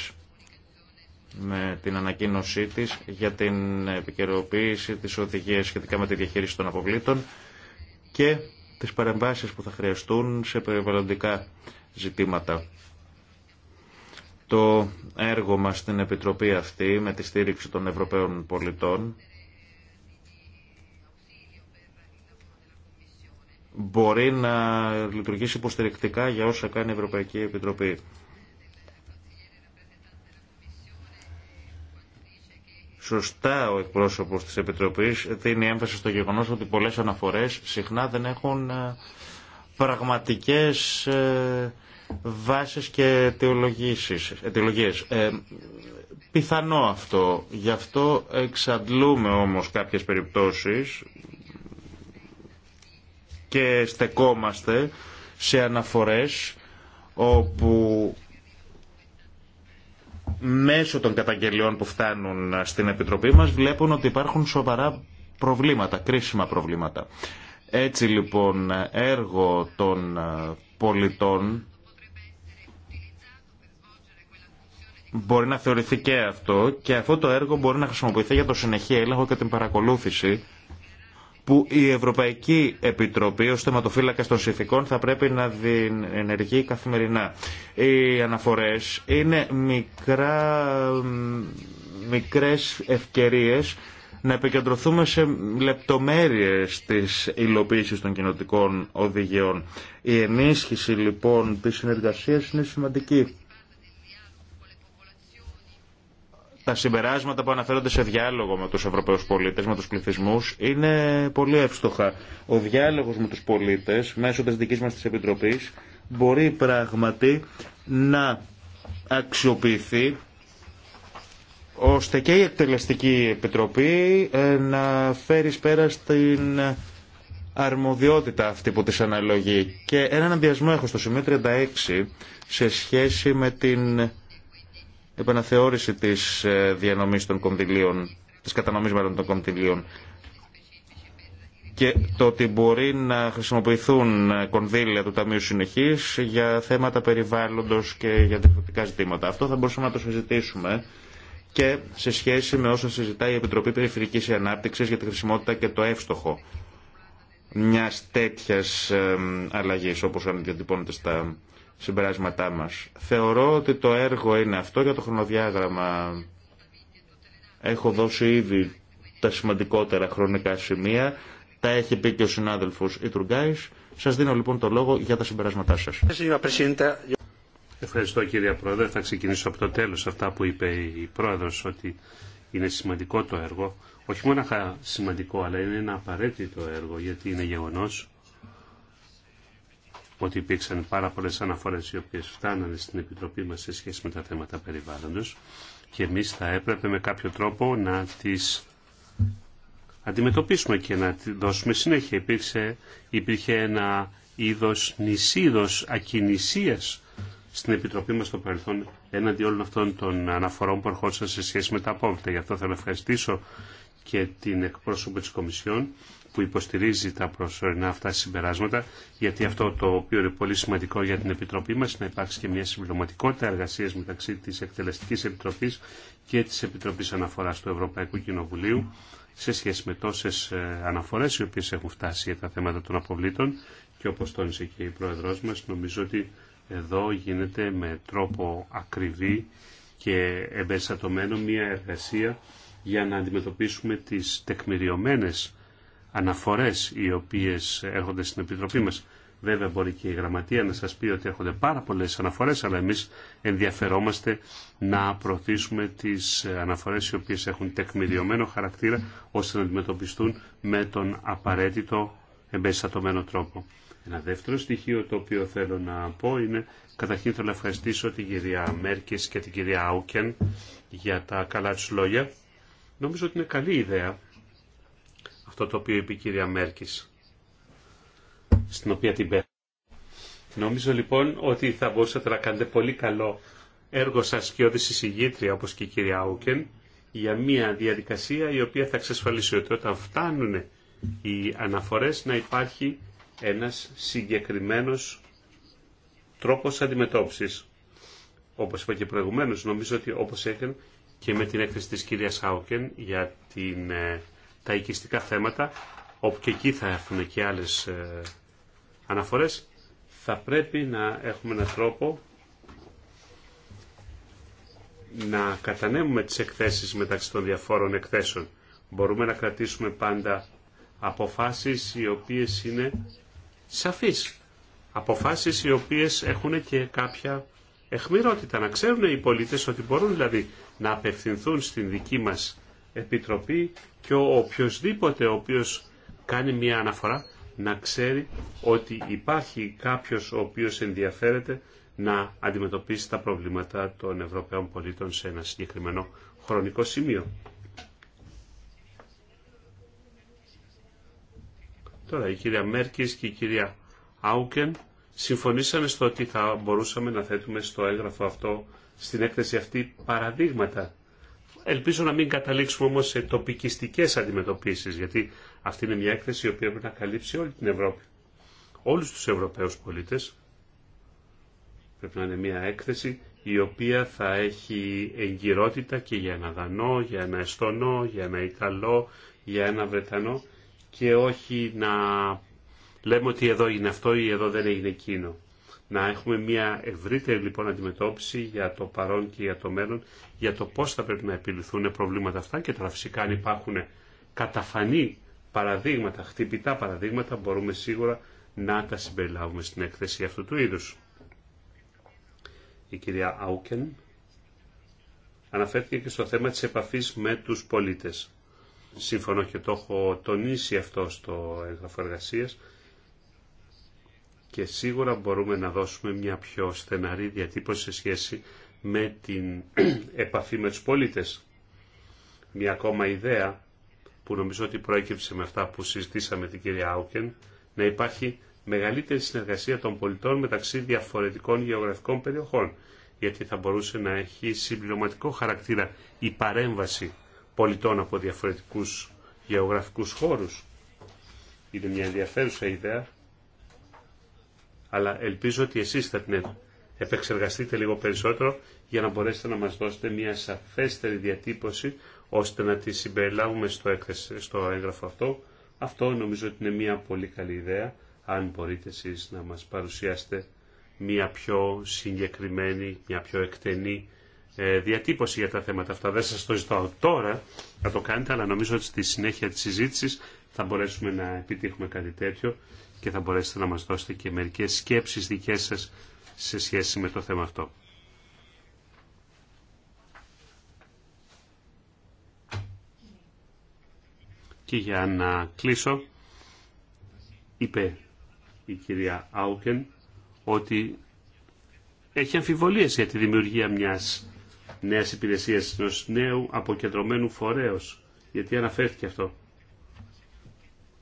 με την ανακοίνωσή της για την επικαιροποίηση της οδηγίας σχετικά με τη διαχείριση των αποβλήτων και τι παρεμβάσεις που θα χρειαστούν σε περιβαλλοντικά ζητήματα. Το έργο μας στην Επιτροπή αυτή με τη στήριξη των Ευρωπαίων πολιτών μπορεί να λειτουργήσει υποστηρικτικά για όσα κάνει η Ευρωπαϊκή Επιτροπή. Σωστά ο εκπρόσωπος της Επιτροπής δίνει έμφαση στο γεγονός ότι πολλές αναφορές συχνά δεν έχουν ε, πραγματικές ε, βάσεις και αιτιολογίες. Ε, πιθανό αυτό. Γι' αυτό εξαντλούμε όμως κάποιες περιπτώσεις και στεκόμαστε σε αναφορές όπου μέσω των καταγγελιών που φτάνουν στην Επιτροπή μας βλέπουν ότι υπάρχουν σοβαρά προβλήματα, κρίσιμα προβλήματα. Έτσι λοιπόν έργο των πολιτών μπορεί να θεωρηθεί και αυτό και αυτό το έργο μπορεί να χρησιμοποιηθεί για το συνεχή έλεγχο και την παρακολούθηση που η Ευρωπαϊκή Επιτροπή ως θεματοφύλακας των συνθηκών θα πρέπει να ενεργεί καθημερινά. Οι αναφορές είναι μικρά, μικρές ευκαιρίες να επικεντρωθούμε σε λεπτομέρειες της υλοποίησης των κοινοτικών οδηγιών. Η ενίσχυση λοιπόν της συνεργασίας είναι σημαντική τα συμπεράσματα που αναφέρονται σε διάλογο με τους Ευρωπαίους πολίτες, με τους πληθυσμούς, είναι πολύ εύστοχα. Ο διάλογος με τους πολίτες, μέσω της δικής μας της Επιτροπής, μπορεί πράγματι να αξιοποιηθεί ώστε και η Εκτελεστική Επιτροπή ε, να φέρει πέρα στην αρμοδιότητα αυτή που της αναλογεί. Και έναν αντιασμό έχω στο σημείο 36 σε σχέση με την επαναθεώρηση της ε, διανομής των κονδυλίων, της κατανομής μάλλον των κονδυλίων και το ότι μπορεί να χρησιμοποιηθούν ε, κονδύλια του Ταμείου Συνεχής για θέματα περιβάλλοντος και για διαφορετικά ζητήματα. Αυτό θα μπορούσαμε να το συζητήσουμε και σε σχέση με όσα συζητάει η Επιτροπή Περιφερικής Ανάπτυξης για τη χρησιμότητα και το εύστοχο μιας τέτοιας ε, αλλαγής όπως αντιτυπώνεται στα συμπεράσματά μας. Θεωρώ ότι το έργο είναι αυτό για το χρονοδιάγραμμα. Έχω δώσει ήδη τα σημαντικότερα χρονικά σημεία. Τα έχει πει και ο συνάδελφος Ιτρουγκάης. Σας δίνω λοιπόν το λόγο για τα συμπεράσματά σας. Ευχαριστώ κύριε Πρόεδρε. Θα ξεκινήσω από το τέλος αυτά που είπε η Πρόεδρος ότι είναι σημαντικό το έργο. Όχι μόνο σημαντικό αλλά είναι ένα απαραίτητο έργο γιατί είναι γεγονός ότι υπήρξαν πάρα πολλέ αναφορέ οι οποίες φτάνανε στην Επιτροπή μας σε σχέση με τα θέματα περιβάλλοντος και εμεί θα έπρεπε με κάποιο τρόπο να τις αντιμετωπίσουμε και να δώσουμε συνέχεια. Υπήρξε, υπήρχε ένα είδος νησίδος ακινησίας στην Επιτροπή μας στο παρελθόν έναντι όλων αυτών των αναφορών που ερχόντουσαν σε σχέση με τα απόβλητα. Γι' αυτό θα ευχαριστήσω και την εκπρόσωπο τη Κομισιόν που υποστηρίζει τα προσωρινά αυτά συμπεράσματα, γιατί αυτό το οποίο είναι πολύ σημαντικό για την Επιτροπή μας να υπάρξει και μια συμπληρωματικότητα εργασία μεταξύ της Εκτελεστικής Επιτροπής και της Επιτροπής Αναφοράς του Ευρωπαϊκού Κοινοβουλίου σε σχέση με τόσες ε, αναφορές οι οποίες έχουν φτάσει για τα θέματα των αποβλήτων και όπως τόνισε και η Πρόεδρός μας νομίζω ότι εδώ γίνεται με τρόπο ακριβή και εμπεριστατωμένο μια εργασία για να αντιμετωπίσουμε τις τεκμηριωμένες αναφορές οι οποίες έρχονται στην Επιτροπή μας. Βέβαια μπορεί και η Γραμματεία να σας πει ότι έρχονται πάρα πολλές αναφορές, αλλά εμείς ενδιαφερόμαστε να προωθήσουμε τις αναφορές οι οποίες έχουν τεκμηριωμένο χαρακτήρα, ώστε να αντιμετωπιστούν με τον απαραίτητο εμπεριστατωμένο τρόπο. Ένα δεύτερο στοιχείο το οποίο θέλω να πω είναι καταρχήν θέλω να ευχαριστήσω την κυρία Μέρκης και την κυρία Άουκεν για τα καλά τους λόγια. Νομίζω ότι είναι καλή ιδέα αυτό το οποίο είπε η κυρία Μέρκης, στην οποία την πέρα. Νομίζω λοιπόν ότι θα μπορούσατε να κάνετε πολύ καλό έργο σας και όδηση συγγήτρια όπως και η κυρία Άουκεν για μια διαδικασία η οποία θα εξασφαλίσει ότι όταν φτάνουν οι αναφορές να υπάρχει ένας συγκεκριμένος τρόπος αντιμετώπισης. Όπως είπα και προηγουμένως, νομίζω ότι όπως έκανε και με την έκθεση της κυρίας Άουκεν για την ε, τα οικιστικά θέματα, όπου και εκεί θα έρθουν και άλλες ε, αναφορές, θα πρέπει να έχουμε έναν τρόπο να κατανέμουμε τις εκθέσεις μεταξύ των διαφόρων εκθέσεων. Μπορούμε να κρατήσουμε πάντα αποφάσεις οι οποίες είναι σαφείς. Αποφάσεις οι οποίες έχουν και κάποια εχμηρότητα. Να ξέρουν οι πολίτες ότι μπορούν δηλαδή να απευθυνθούν στην δική μας Επιτροπή και ο οποιοδήποτε ο οποίος κάνει μια αναφορά να ξέρει ότι υπάρχει κάποιος ο οποίος ενδιαφέρεται να αντιμετωπίσει τα προβλήματα των Ευρωπαίων πολίτων σε ένα συγκεκριμένο χρονικό σημείο. Τώρα η κυρία Μέρκης και η κυρία Άουκεν συμφωνήσαμε στο ότι θα μπορούσαμε να θέτουμε στο έγγραφο αυτό, στην έκθεση αυτή, παραδείγματα Ελπίζω να μην καταλήξουμε όμως σε τοπικιστικές αντιμετωπίσεις, γιατί αυτή είναι μια έκθεση η οποία πρέπει να καλύψει όλη την Ευρώπη. Όλους τους Ευρωπαίους πολίτες πρέπει να είναι μια έκθεση η οποία θα έχει εγκυρότητα και για ένα Δανό, για ένα Εστονό, για ένα Ιταλό, για ένα Βρετανό και όχι να λέμε ότι εδώ είναι αυτό ή εδώ δεν έγινε εκείνο να έχουμε μια ευρύτερη λοιπόν αντιμετώπιση για το παρόν και για το μέλλον, για το πώς θα πρέπει να επιληθούν προβλήματα αυτά και τώρα φυσικά αν υπάρχουν καταφανή παραδείγματα, χτυπητά παραδείγματα, μπορούμε σίγουρα να τα συμπεριλάβουμε στην έκθεση αυτού του είδους. Η κυρία Άουκεν αναφέρθηκε και στο θέμα της επαφής με τους πολίτες. Σύμφωνο και το έχω τονίσει αυτό στο έγγραφο εργασίας, και σίγουρα μπορούμε να δώσουμε μια πιο στεναρή διατύπωση σε σχέση με την επαφή με τους πολίτες. Μια ακόμα ιδέα που νομίζω ότι προέκυψε με αυτά που συζητήσαμε την κυρία Άουκεν, να υπάρχει μεγαλύτερη συνεργασία των πολιτών μεταξύ διαφορετικών γεωγραφικών περιοχών, γιατί θα μπορούσε να έχει συμπληρωματικό χαρακτήρα η παρέμβαση πολιτών από διαφορετικούς γεωγραφικούς χώρους. Είναι μια ενδιαφέρουσα ιδέα αλλά ελπίζω ότι εσείς θα την επεξεργαστείτε λίγο περισσότερο για να μπορέσετε να μας δώσετε μια σαφέστερη διατύπωση ώστε να τη συμπεριλάβουμε στο, έκθεση, στο έγγραφο αυτό. Αυτό νομίζω ότι είναι μια πολύ καλή ιδέα, αν μπορείτε εσείς να μας παρουσιάσετε μια πιο συγκεκριμένη, μια πιο εκτενή ε, διατύπωση για τα θέματα αυτά. Δεν σας το ζητάω τώρα να το κάνετε, αλλά νομίζω ότι στη συνέχεια της συζήτησης θα μπορέσουμε να επιτύχουμε κάτι τέτοιο και θα μπορέσετε να μας δώσετε και μερικές σκέψεις δικές σας σε σχέση με το θέμα αυτό. Και για να κλείσω, είπε η κυρία Άουκεν ότι έχει αμφιβολίες για τη δημιουργία μιας νέας υπηρεσίας, ενός νέου αποκεντρωμένου φορέως. Γιατί αναφέρθηκε αυτό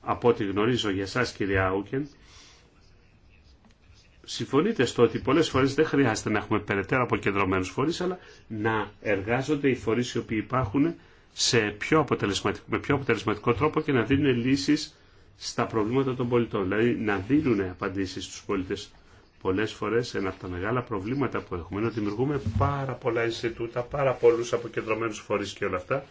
από ό,τι γνωρίζω για εσάς κύριε Άουκεν, συμφωνείτε στο ότι πολλές φορές δεν χρειάζεται να έχουμε περαιτέρω αποκεντρωμένους φορείς, αλλά να εργάζονται οι φορείς οι οποίοι υπάρχουν σε πιο αποτελεσματικό, με πιο αποτελεσματικό τρόπο και να δίνουν λύσεις στα προβλήματα των πολιτών, δηλαδή να δίνουν απαντήσεις στους πολίτες. Πολλές φορές ένα από τα μεγάλα προβλήματα που έχουμε είναι ότι δημιουργούμε πάρα πολλά εισιτούτα, πάρα πολλούς αποκεντρωμένους φορείς και όλα αυτά.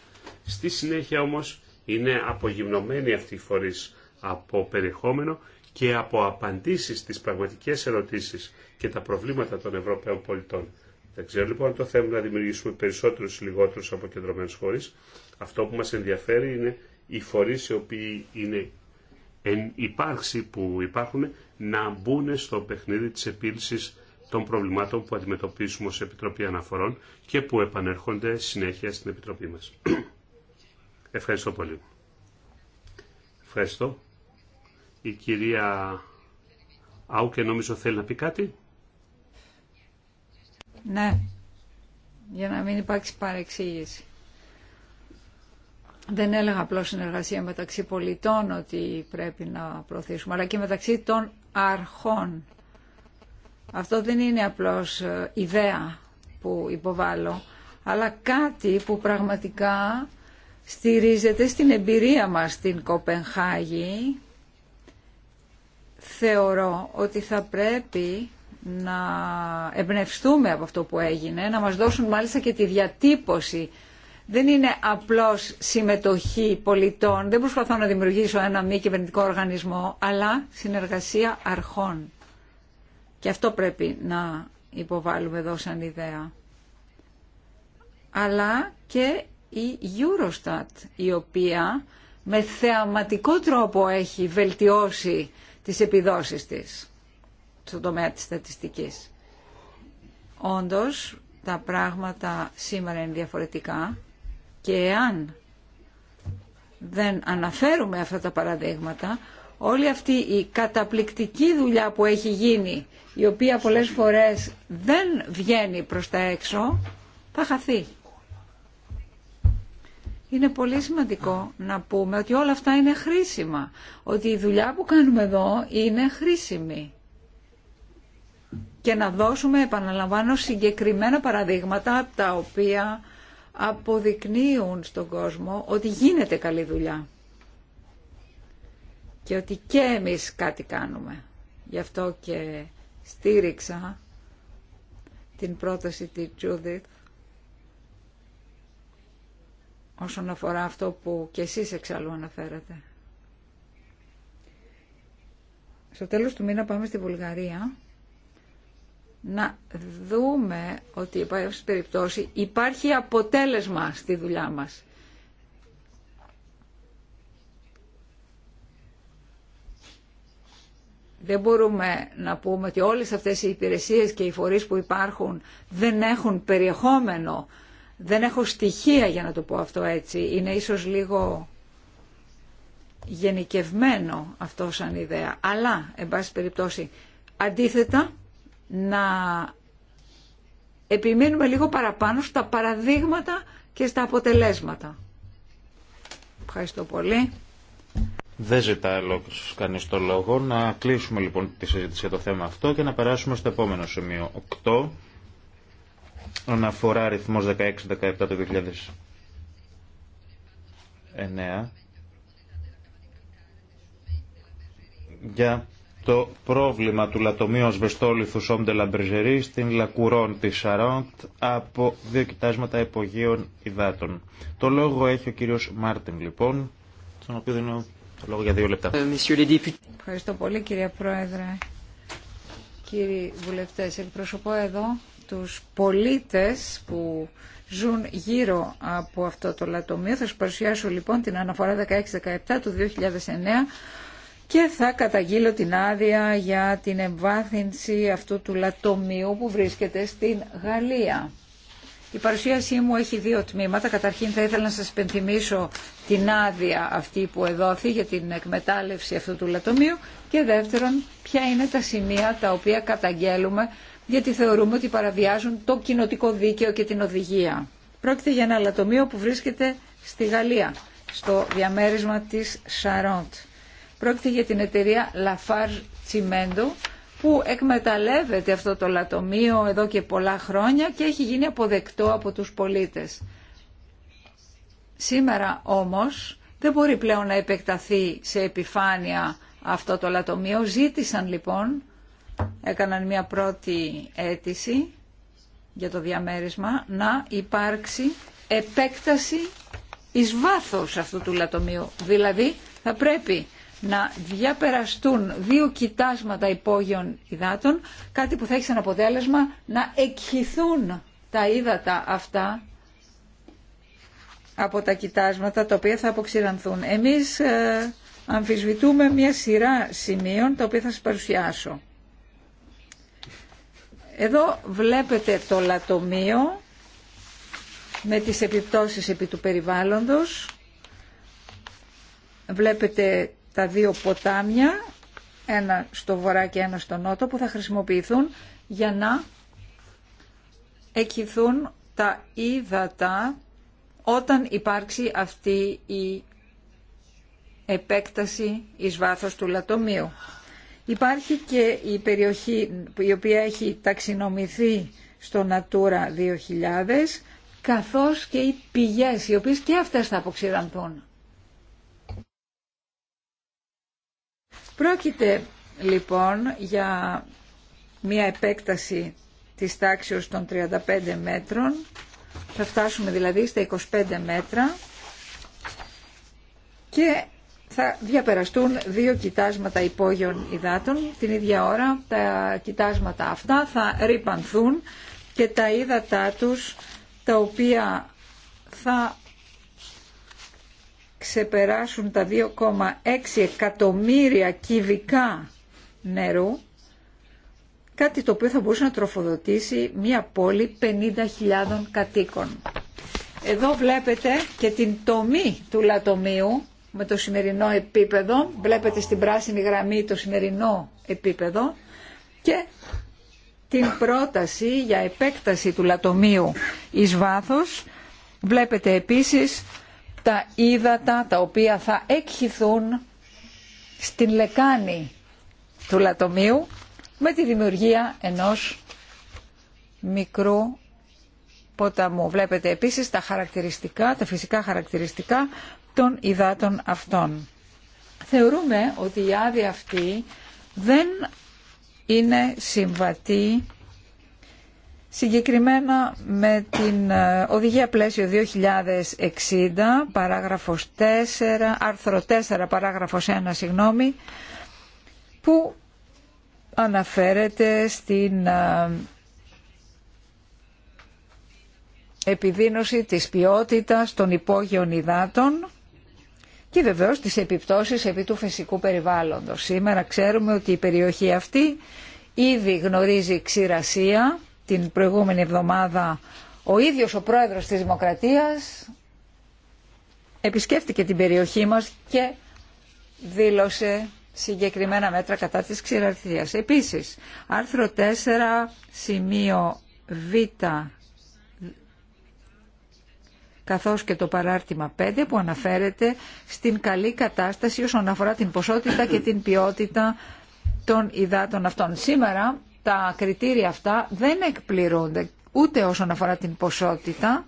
Στη συνέχεια όμως είναι απογυμνωμένοι αυτή η φορείς από περιεχόμενο και από απαντήσεις στις πραγματικές ερωτήσεις και τα προβλήματα των Ευρωπαίων πολιτών. Δεν ξέρω λοιπόν αν το θέλουμε να δημιουργήσουμε περισσότερους ή λιγότερους αποκεντρωμένους φορείς. Αυτό που μας ενδιαφέρει είναι οι φορείς οι οποίοι είναι εν υπάρξει που υπάρχουν να μπουν στο παιχνίδι της επίλυσης των προβλημάτων που αντιμετωπίσουμε ως Επιτροπή Αναφορών και που επανέρχονται συνέχεια στην Επιτροπή μας. Ευχαριστώ πολύ. Ευχαριστώ. Η κυρία Άουκε νομίζω θέλει να πει κάτι. Ναι, για να μην υπάρξει παρεξήγηση. Δεν έλεγα απλώ συνεργασία μεταξύ πολιτών ότι πρέπει να προωθήσουμε, αλλά και μεταξύ των αρχών. Αυτό δεν είναι απλώς ε, ιδέα που υποβάλλω, αλλά κάτι που πραγματικά στηρίζεται στην εμπειρία μας στην Κοπενχάγη. Θεωρώ ότι θα πρέπει να εμπνευστούμε από αυτό που έγινε, να μας δώσουν μάλιστα και τη διατύπωση. Δεν είναι απλώς συμμετοχή πολιτών, δεν προσπαθώ να δημιουργήσω ένα μη κυβερνητικό οργανισμό, αλλά συνεργασία αρχών. Και αυτό πρέπει να υποβάλουμε εδώ σαν ιδέα. Αλλά και η Eurostat, η οποία με θεαματικό τρόπο έχει βελτιώσει τις επιδόσεις της στον τομέα της στατιστικής. Όντως, τα πράγματα σήμερα είναι διαφορετικά και εάν δεν αναφέρουμε αυτά τα παραδείγματα, όλη αυτή η καταπληκτική δουλειά που έχει γίνει, η οποία πολλές φορές δεν βγαίνει προς τα έξω, θα χαθεί. Είναι πολύ σημαντικό να πούμε ότι όλα αυτά είναι χρήσιμα, ότι η δουλειά που κάνουμε εδώ είναι χρήσιμη και να δώσουμε, επαναλαμβάνω, συγκεκριμένα παραδείγματα τα οποία αποδεικνύουν στον κόσμο ότι γίνεται καλή δουλειά και ότι και εμείς κάτι κάνουμε. Γι' αυτό και στήριξα την πρόταση της Τζούδιθ όσον αφορά αυτό που και εσείς εξάλλου αναφέρατε. Στο τέλος του μήνα πάμε στη Βουλγαρία να δούμε ότι υπάρχει περιπτώση υπάρχει αποτέλεσμα στη δουλειά μας. Δεν μπορούμε να πούμε ότι όλες αυτές οι υπηρεσίες και οι φορείς που υπάρχουν δεν έχουν περιεχόμενο δεν έχω στοιχεία για να το πω αυτό έτσι. Είναι ίσως λίγο γενικευμένο αυτό σαν ιδέα. Αλλά, εν πάση περιπτώσει, αντίθετα να επιμείνουμε λίγο παραπάνω στα παραδείγματα και στα αποτελέσματα. Ευχαριστώ πολύ. Δεν ζητά κανεί το λόγο. Να κλείσουμε λοιπόν τη συζήτηση για το θέμα αυτό και να περάσουμε στο επόμενο σημείο 8 αναφορά αριθμός 16-17 το 2009 για το πρόβλημα του λατομείου ασβεστόλιθου Σόμντε Λαμπριζερή στην Λακουρών τη Σαρόντ από δύο κοιτάσματα υπογείων υδάτων. Το λόγο έχει ο κύριος Μάρτιν λοιπόν, στον οποίο δίνω το λόγο για δύο λεπτά. Ε, Ευχαριστώ πολύ κύριε Πρόεδρε, κύριοι βουλευτές. Εκπροσωπώ εδώ τους πολίτες που ζουν γύρω από αυτό το λατομείο. Θα σας παρουσιάσω λοιπόν την αναφορά 16-17 του 2009 και θα καταγγείλω την άδεια για την εμβάθυνση αυτού του λατομείου που βρίσκεται στην Γαλλία. Η παρουσίασή μου έχει δύο τμήματα. Καταρχήν θα ήθελα να σας πενθυμίσω την άδεια αυτή που εδόθη για την εκμετάλλευση αυτού του λατομείου και δεύτερον ποια είναι τα σημεία τα οποία καταγγέλουμε γιατί θεωρούμε ότι παραβιάζουν το κοινοτικό δίκαιο και την οδηγία. Πρόκειται για ένα λατομείο που βρίσκεται στη Γαλλία, στο διαμέρισμα της Σαρόντ. Πρόκειται για την εταιρεία Lafarge Cimento που εκμεταλλεύεται αυτό το λατομείο εδώ και πολλά χρόνια και έχει γίνει αποδεκτό από τους πολίτες. Σήμερα όμως δεν μπορεί πλέον να επεκταθεί σε επιφάνεια αυτό το λατομείο. Ζήτησαν λοιπόν έκαναν μια πρώτη αίτηση για το διαμέρισμα να υπάρξει επέκταση εις βάθος αυτού του λατομείου. Δηλαδή θα πρέπει να διαπεραστούν δύο κοιτάσματα υπόγειων υδάτων, κάτι που θα έχει σαν αποτέλεσμα να εκχυθούν τα ύδατα αυτά από τα κοιτάσματα τα οποία θα αποξηρανθούν. Εμείς ε, αμφισβητούμε μια σειρά σημείων τα οποία θα σας παρουσιάσω. Εδώ βλέπετε το λατομείο με τις επιπτώσεις επί του περιβάλλοντος. Βλέπετε τα δύο ποτάμια, ένα στο βορρά και ένα στο νότο, που θα χρησιμοποιηθούν για να εκχυθούν τα ύδατα όταν υπάρξει αυτή η επέκταση εις βάθος του λατομείου. Υπάρχει και η περιοχή η οποία έχει ταξινομηθεί στο Natura 2000 καθώς και οι πηγές οι οποίες και αυτές θα αποξηρανθούν. Πρόκειται λοιπόν για μια επέκταση της τάξης των 35 μέτρων. Θα φτάσουμε δηλαδή στα 25 μέτρα και θα διαπεραστούν δύο κοιτάσματα υπόγειων υδάτων την ίδια ώρα. Τα κοιτάσματα αυτά θα ρηπανθούν και τα ύδατά τους τα οποία θα ξεπεράσουν τα 2,6 εκατομμύρια κυβικά νερού, κάτι το οποίο θα μπορούσε να τροφοδοτήσει μια πόλη 50.000 κατοίκων. Εδώ βλέπετε και την τομή του λατομείου με το σημερινό επίπεδο. Βλέπετε στην πράσινη γραμμή το σημερινό επίπεδο και την πρόταση για επέκταση του λατομείου εις βάθος. Βλέπετε επίσης τα ύδατα τα οποία θα εκχυθούν στην λεκάνη του λατομείου με τη δημιουργία ενός μικρού ποταμού. Βλέπετε επίσης τα χαρακτηριστικά, τα φυσικά χαρακτηριστικά των υδάτων αυτών. Θεωρούμε ότι η άδεια αυτή δεν είναι συμβατή συγκεκριμένα με την ε, Οδηγία Πλαίσιο 2060, παράγραφος 4, άρθρο 4, παράγραφος 1, συγγνώμη, που αναφέρεται στην ε, επιδίνωση της ποιότητας των υπόγειων υδάτων και βεβαίως τις επιπτώσεις επί του φυσικού περιβάλλοντος. Σήμερα ξέρουμε ότι η περιοχή αυτή ήδη γνωρίζει ξηρασία. Την προηγούμενη εβδομάδα ο ίδιος ο πρόεδρος της Δημοκρατίας επισκέφτηκε την περιοχή μας και δήλωσε συγκεκριμένα μέτρα κατά της ξηρασίας. Επίσης, άρθρο 4, σημείο Β καθώς και το παράρτημα 5 που αναφέρεται στην καλή κατάσταση όσον αφορά την ποσότητα και την ποιότητα των υδάτων αυτών. Σήμερα τα κριτήρια αυτά δεν εκπληρούνται ούτε όσον αφορά την ποσότητα,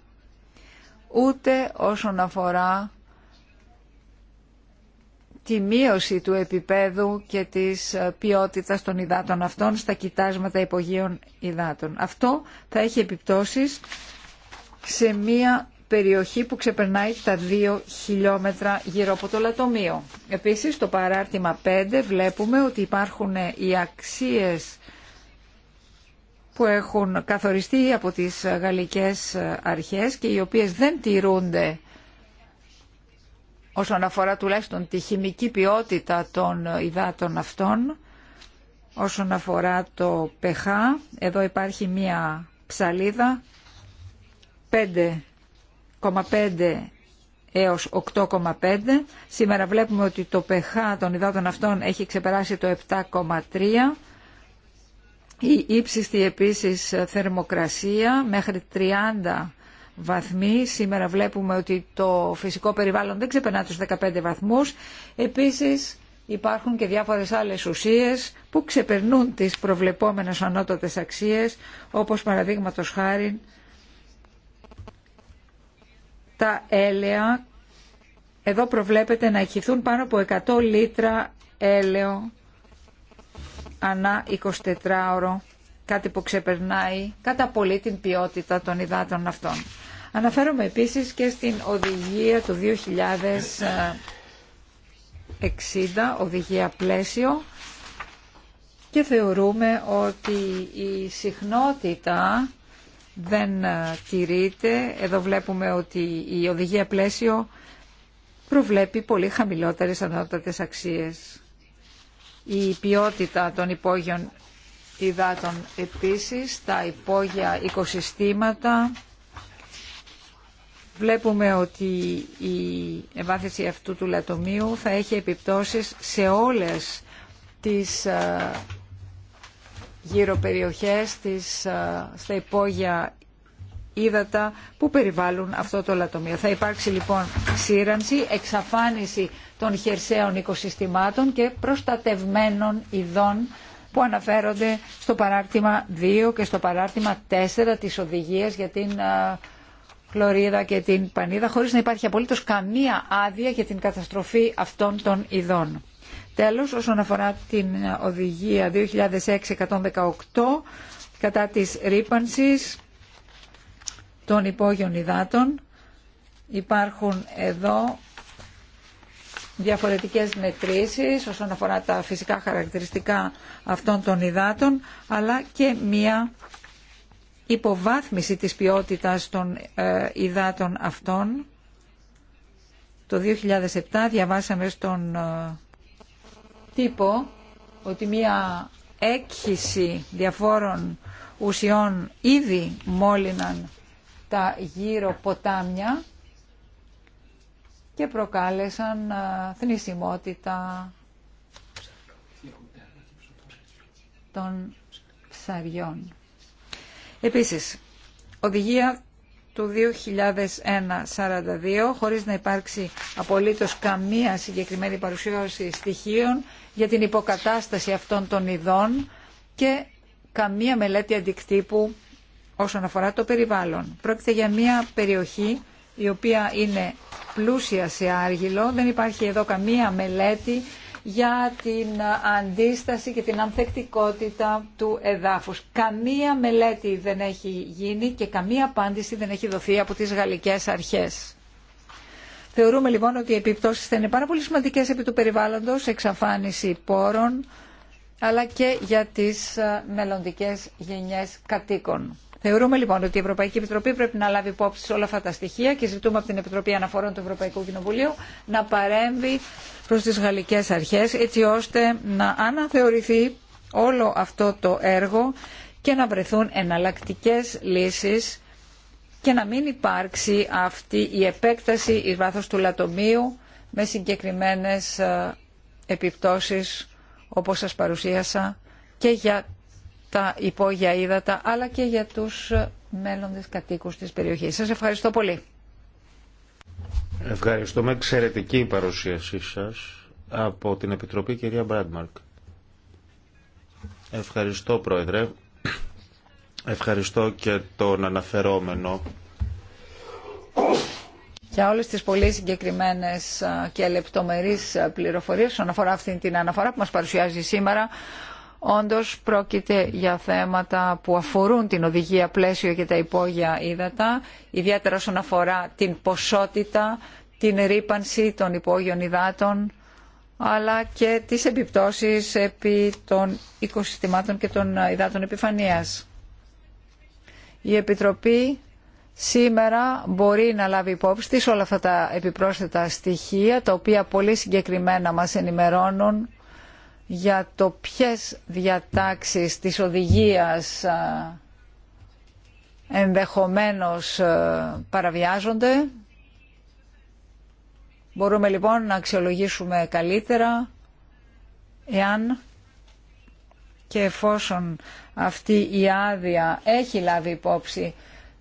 ούτε όσον αφορά τη μείωση του επίπεδου και της ε, ποιότητας των υδάτων αυτών στα κοιτάσματα υπογείων υδάτων. Αυτό θα έχει επιπτώσεις σε μία περιοχή που ξεπερνάει τα 2 χιλιόμετρα γύρω από το λατομείο. Επίσης, στο παράρτημα 5 βλέπουμε ότι υπάρχουν οι αξίες που έχουν καθοριστεί από τις γαλλικές αρχές και οι οποίες δεν τηρούνται όσον αφορά τουλάχιστον τη χημική ποιότητα των υδάτων αυτών, όσον αφορά το pH, εδώ υπάρχει μία ψαλίδα 5 6,5 έως 8,5. Σήμερα βλέπουμε ότι το pH των υδάτων αυτών έχει ξεπεράσει το 7,3. Η ύψιστη επίσης θερμοκρασία μέχρι 30 βαθμοί. Σήμερα βλέπουμε ότι το φυσικό περιβάλλον δεν ξεπερνά τους 15 βαθμούς. Επίσης υπάρχουν και διάφορες άλλες ουσίες που ξεπερνούν τις προβλεπόμενες ανώτατες αξίες, όπως παραδείγματο χάρη τα έλαια εδώ προβλέπεται να ηχηθούν πάνω από 100 λίτρα έλαιο ανά 24 ώρο, κάτι που ξεπερνάει κατά πολύ την ποιότητα των υδάτων αυτών. Αναφέρομαι επίσης και στην οδηγία του 2060, οδηγία πλαίσιο, και θεωρούμε ότι η συχνότητα δεν ε, τηρείται. Εδώ βλέπουμε ότι η οδηγία πλαίσιο προβλέπει πολύ χαμηλότερες ανώτατες αξίες. Η ποιότητα των υπόγειων υδάτων επίσης, τα υπόγεια οικοσυστήματα. Βλέπουμε ότι η εμβάθυνση αυτού του λατομείου θα έχει επιπτώσεις σε όλες τις ε, γύρω περιοχές, της στα υπόγεια ύδατα που περιβάλλουν αυτό το λατομείο. Θα υπάρξει λοιπόν σύρανση, εξαφάνιση των χερσαίων οικοσυστημάτων και προστατευμένων ειδών που αναφέρονται στο παράρτημα 2 και στο παράρτημα 4 της οδηγίας για την χλωρίδα και την πανίδα, χωρίς να υπάρχει απολύτως καμία άδεια για την καταστροφή αυτών των ειδών. Τέλος, όσον αφορά την οδηγία 2006-118 κατά της ρήπανσης των υπόγειων υδάτων, υπάρχουν εδώ διαφορετικές μετρήσεις όσον αφορά τα φυσικά χαρακτηριστικά αυτών των υδάτων, αλλά και μία υποβάθμιση της ποιότητας των ε, υδάτων αυτών. Το 2007 διαβάσαμε στον ε, τύπο ότι μία έκχυση διαφόρων ουσιών ήδη μόλυναν τα γύρω ποτάμια και προκάλεσαν θνησιμότητα των ψαριών. Επίσης, οδηγία του 2001-42 χωρίς να υπάρξει απολύτως καμία συγκεκριμένη παρουσίαση στοιχείων για την υποκατάσταση αυτών των ειδών και καμία μελέτη αντικτύπου όσον αφορά το περιβάλλον. Πρόκειται για μια περιοχή η οποία είναι πλούσια σε άργυλο, δεν υπάρχει εδώ καμία μελέτη για την αντίσταση και την ανθεκτικότητα του εδάφους. Καμία μελέτη δεν έχει γίνει και καμία απάντηση δεν έχει δοθεί από τις γαλλικές αρχές. Θεωρούμε λοιπόν ότι οι επιπτώσεις θα είναι πάρα πολύ σημαντικές επί του περιβάλλοντος, εξαφάνιση πόρων, αλλά και για τις μελλοντικές γενιές κατοίκων. Θεωρούμε λοιπόν ότι η Ευρωπαϊκή Επιτροπή πρέπει να λάβει υπόψη σε όλα αυτά τα στοιχεία και ζητούμε από την Επιτροπή Αναφορών του Ευρωπαϊκού Κοινοβουλίου να παρέμβει προς τις γαλλικές αρχές έτσι ώστε να αναθεωρηθεί όλο αυτό το έργο και να βρεθούν εναλλακτικές λύσεις και να μην υπάρξει αυτή η επέκταση εις βάθος του λατομείου με συγκεκριμένες ε, επιπτώσεις όπως σας παρουσίασα και για τα υπόγεια ύδατα αλλά και για τους μέλλοντες κατοίκους της περιοχής. Σας ευχαριστώ πολύ. Ευχαριστώ με εξαιρετική παρουσίασή σας από την Επιτροπή κυρία Μπράντμαρκ. Ευχαριστώ Πρόεδρε. Ευχαριστώ και τον αναφερόμενο για όλες τις πολύ συγκεκριμένες και λεπτομερείς πληροφορίες όσον αφορά αυτή την αναφορά που μας παρουσιάζει σήμερα Όντως πρόκειται για θέματα που αφορούν την οδηγία πλαίσιο και τα υπόγεια ύδατα, ιδιαίτερα όσον αφορά την ποσότητα, την ρήπανση των υπόγειων υδάτων, αλλά και τις επιπτώσεις επί των οικοσυστημάτων και των υδάτων επιφανείας. Η Επιτροπή σήμερα μπορεί να λάβει υπόψη της όλα αυτά τα επιπρόσθετα στοιχεία, τα οποία πολύ συγκεκριμένα μας ενημερώνουν για το ποιες διατάξεις της οδηγίας ενδεχομένως παραβιάζονται. Μπορούμε λοιπόν να αξιολογήσουμε καλύτερα εάν και εφόσον αυτή η άδεια έχει λάβει υπόψη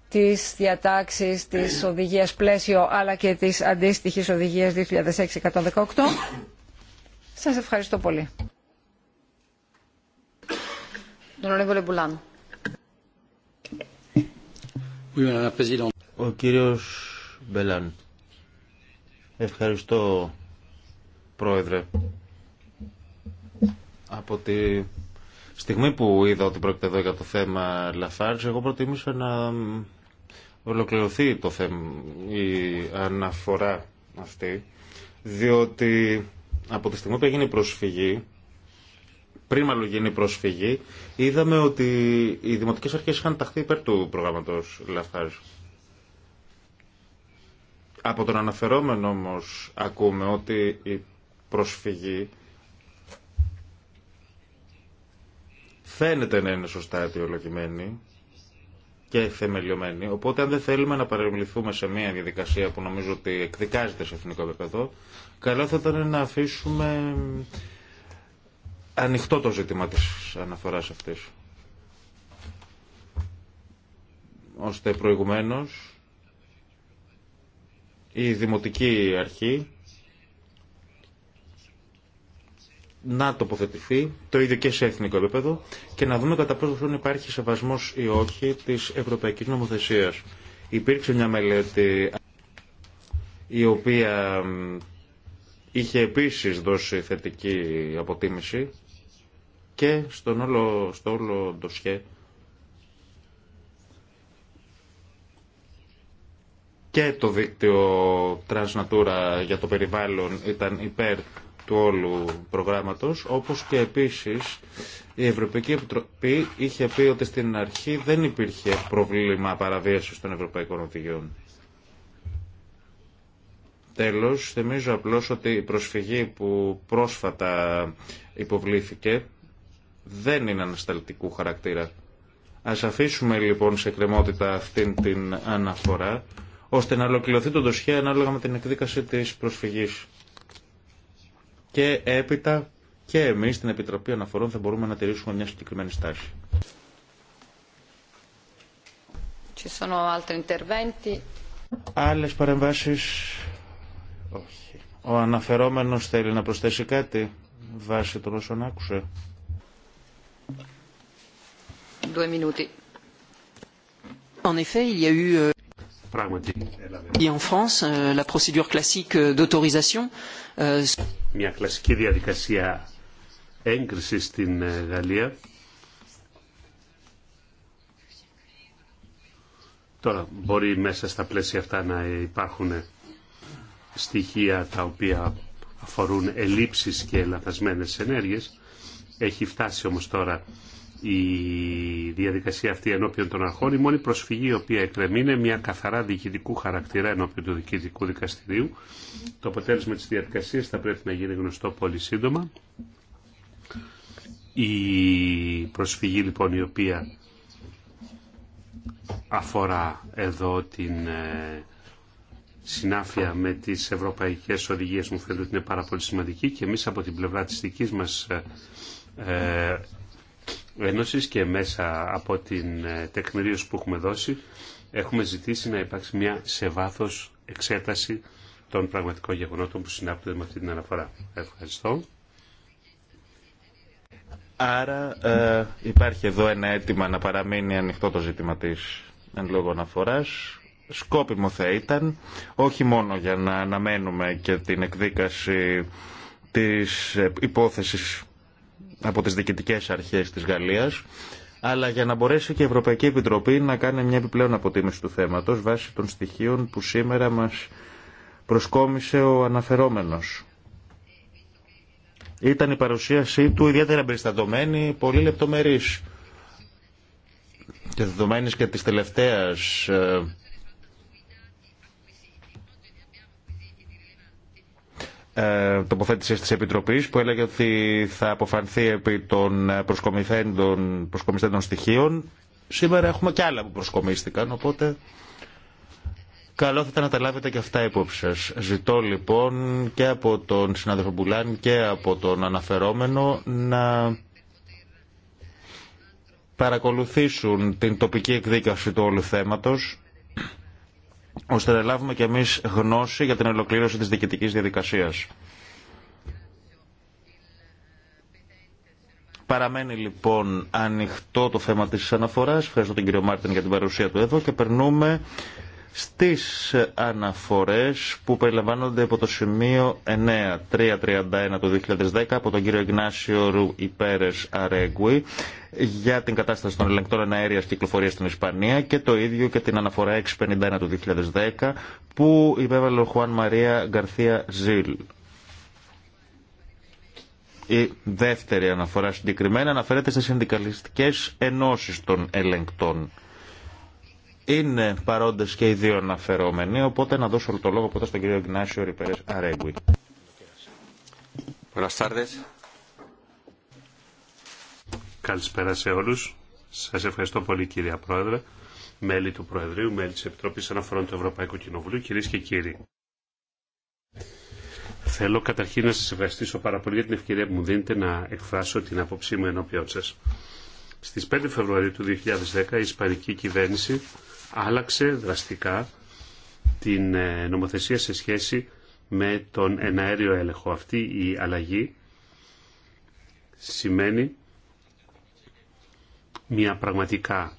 τις διατάξεις της οδηγίας πλαίσιο αλλά και της αντίστοιχης οδηγίας 2006-118. Σας ευχαριστώ πολύ. Ο κύριος Μπελάν. Ευχαριστώ, Πρόεδρε. Από τη στιγμή που είδα ότι πρόκειται εδώ για το θέμα Λαφάρτζ, εγώ προτιμήσα να ολοκληρωθεί το θέμα, η αναφορά αυτή, διότι από τη στιγμή που έγινε η προσφυγή, πριν μάλλον γίνει η προσφυγή, είδαμε ότι οι δημοτικές αρχές είχαν ταχθεί υπέρ του προγράμματος Λαφάζ. Από τον αναφερόμενο όμως ακούμε ότι η προσφυγή φαίνεται να είναι σωστά αιτιολογημένη και θεμελιωμένη. Οπότε, αν δεν θέλουμε να παρεμβληθούμε σε μια διαδικασία που νομίζω ότι εκδικάζεται σε εθνικό επίπεδο, καλό θα ήταν να αφήσουμε ανοιχτό το ζήτημα της αναφοράς αυτής. Ώστε προηγουμένως η Δημοτική Αρχή να τοποθετηθεί το ίδιο και σε εθνικό επίπεδο και να δούμε κατά πόσο υπάρχει σεβασμός ή όχι της Ευρωπαϊκής Νομοθεσίας. Υπήρξε μια μελέτη η οποία είχε επίσης δώσει θετική αποτίμηση και στον όλο, στο όλο ντοσιέ και το δίκτυο Transnatura για το περιβάλλον ήταν υπέρ του όλου προγράμματος, όπως και επίσης η Ευρωπαϊκή Επιτροπή είχε πει ότι στην αρχή δεν υπήρχε πρόβλημα παραβίασης των ευρωπαϊκών οδηγιών. Τέλος, θυμίζω απλώς ότι η προσφυγή που πρόσφατα υποβλήθηκε δεν είναι ανασταλτικού χαρακτήρα. Ας αφήσουμε λοιπόν σε κρεμότητα αυτήν την αναφορά, ώστε να ολοκληρωθεί το ντοσιέ ανάλογα με την εκδίκαση της προσφυγής. Και έπειτα και εμείς στην Επιτροπή Αναφορών θα μπορούμε να τηρήσουμε μια συγκεκριμένη στάση. Άλλες παρεμβάσεις. Όχι. Ο αναφερόμενος θέλει να προσθέσει κάτι βάσει των όσων άκουσε. Μια κλασική διαδικασία έγκριση στην ε, Γαλλία. Τώρα μπορεί μέσα στα πλαίσια αυτά να υπάρχουν στοιχεία τα οποία αφορούν ελλείψεις και λαθασμένες ενέργειες. Έχει φτάσει όμως τώρα η διαδικασία αυτή ενώπιον των αρχών. Η μόνη προσφυγή η οποία εκκρεμεί είναι μια καθαρά διοικητικού χαρακτήρα ενώπιον του διοικητικού δικαστηρίου. Το αποτέλεσμα της διαδικασίας θα πρέπει να γίνει γνωστό πολύ σύντομα. Η προσφυγή λοιπόν η οποία αφορά εδώ την ε, συνάφεια με τις ευρωπαϊκές οδηγίες μου φαίνεται ότι είναι πάρα πολύ σημαντική και εμείς από την πλευρά της δικής μας ε, ε Ένωσης και μέσα από την ε, τεκμηρίωση που έχουμε δώσει έχουμε ζητήσει να υπάρξει μια σε εξέταση των πραγματικών γεγονότων που συνάπτονται με αυτή την αναφορά. Ευχαριστώ. Άρα ε, υπάρχει εδώ ένα αίτημα να παραμείνει ανοιχτό το ζήτημα της εν λόγω αναφοράς. Σκόπιμο θα ήταν, όχι μόνο για να αναμένουμε και την εκδίκαση της ε, υπόθεσης από τις διοικητικές αρχές της Γαλλίας, αλλά για να μπορέσει και η Ευρωπαϊκή Επιτροπή να κάνει μια επιπλέον αποτίμηση του θέματος βάσει των στοιχείων που σήμερα μας προσκόμισε ο αναφερόμενος. Ήταν η παρουσίασή του ιδιαίτερα περιστατωμένη, πολύ λεπτομερής και δεδομένης και της τελευταίας ε, Ε, τοποθέτησης της Επιτροπής που έλεγε ότι θα αποφανθεί επί των προσκομιστέντων στοιχείων. Σήμερα έχουμε και άλλα που προσκομίστηκαν, οπότε καλό θα ήταν να τα λάβετε και αυτά υπόψη σας. Ζητώ λοιπόν και από τον συνάδελφο Μπουλάν και από τον αναφερόμενο να παρακολουθήσουν την τοπική εκδίκαση του όλου θέματος ώστε να λάβουμε κι εμείς γνώση για την ολοκλήρωση της διοικητικής διαδικασίας. Παραμένει λοιπόν ανοιχτό το θέμα της αναφοράς. Ευχαριστώ τον κύριο Μάρτιν για την παρουσία του εδώ και περνούμε στις αναφορές που περιλαμβάνονται από το σημείο 9.331 του 2010 από τον κύριο Ιγνάσιο Ρου Υπέρες Αρέγκουι για την κατάσταση των ελεγκτών αναέρειας κυκλοφορία στην Ισπανία και το ίδιο και την αναφορά 651 του 2010 που υπέβαλε ο Χουάν Μαρία Γκαρθία Ζιλ. Η δεύτερη αναφορά συγκεκριμένα αναφέρεται στις συνδικαλιστικές ενώσεις των ελεγκτών. Είναι παρόντες και οι δύο αναφερόμενοι, οπότε να δώσω το λόγο πρώτα στον κύριο Γνάσιο Ριπέρες Αρέγκουι. Καλησπέρα σε όλους. Σας ευχαριστώ πολύ κυρία Πρόεδρε, μέλη του Προεδρείου, μέλη της Επιτροπής Αναφορών του Ευρωπαϊκού Κοινοβουλίου, κυρίες και κύριοι. Θέλω καταρχήν να σας ευχαριστήσω πάρα πολύ για την ευκαιρία που μου δίνετε να εκφράσω την άποψή μου ενώπιόν σας. Στις 5 Φεβρουαρίου του 2010 η Ισπανική κυβέρνηση άλλαξε δραστικά την ε, νομοθεσία σε σχέση με τον εναέριο έλεγχο. Αυτή η αλλαγή σημαίνει μια πραγματικά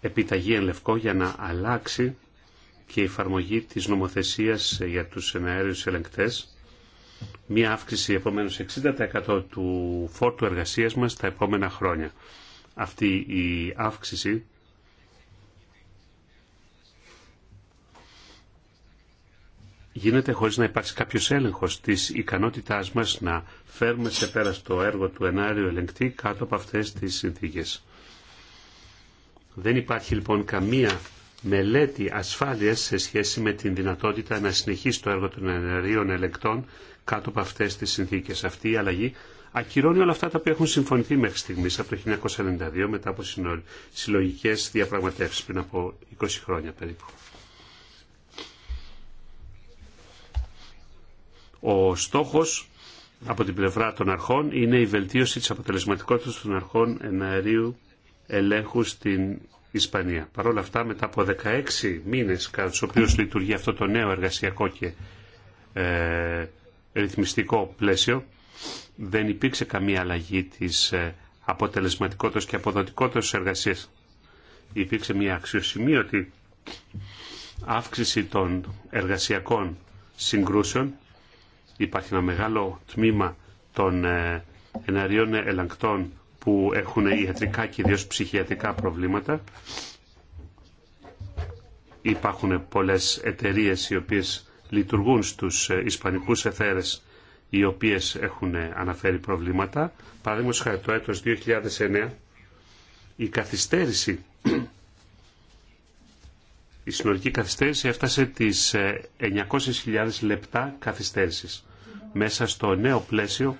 επιταγή εν λευκό για να αλλάξει και η εφαρμογή της νομοθεσίας για τους εναέριους ελεγκτές. Μία αύξηση επομένως 60% του φόρτου εργασίας μας τα επόμενα χρόνια. Αυτή η αύξηση γίνεται χωρίς να υπάρξει κάποιος έλεγχος της ικανότητάς μας να φέρουμε σε πέρα στο έργο του ενάριου ελεγκτή κάτω από αυτές τις συνθήκες. Δεν υπάρχει λοιπόν καμία μελέτη ασφάλειας σε σχέση με την δυνατότητα να συνεχίσει το έργο των ενάριων ελεγκτών κάτω από αυτές τις συνθήκες. Αυτή η αλλαγή ακυρώνει όλα αυτά τα οποία έχουν συμφωνηθεί μέχρι στιγμής από το 1992 μετά από συλλογικές διαπραγματεύσεις πριν από 20 χρόνια περίπου. Ο στόχος από την πλευρά των αρχών είναι η βελτίωση της αποτελεσματικότητας των αρχών εναερίου ελέγχου στην Ισπανία. Παρ' όλα αυτά, μετά από 16 μήνες, κατά τους οποίους λειτουργεί αυτό το νέο εργασιακό και ε, ρυθμιστικό πλαίσιο, δεν υπήρξε καμία αλλαγή της ε, αποτελεσματικότητας και αποδοτικότητας της εργασίας. Υπήρξε μια αξιοσημείωτη αύξηση των εργασιακών συγκρούσεων Υπάρχει ένα μεγάλο τμήμα των ε, εναρίων ελαγκτών που έχουν ιατρικά και ιδίως ψυχιατρικά προβλήματα. Υπάρχουν πολλές εταιρείες οι οποίες λειτουργούν στους ε, ισπανικούς εθέρες οι οποίες έχουν ε, αναφέρει προβλήματα. Παραδείγματος χάρη το έτος 2009 η καθυστέρηση η συνολική καθυστέρηση έφτασε τις 900.000 ε, λεπτά καθυστέρησης. Μέσα στο νέο πλαίσιο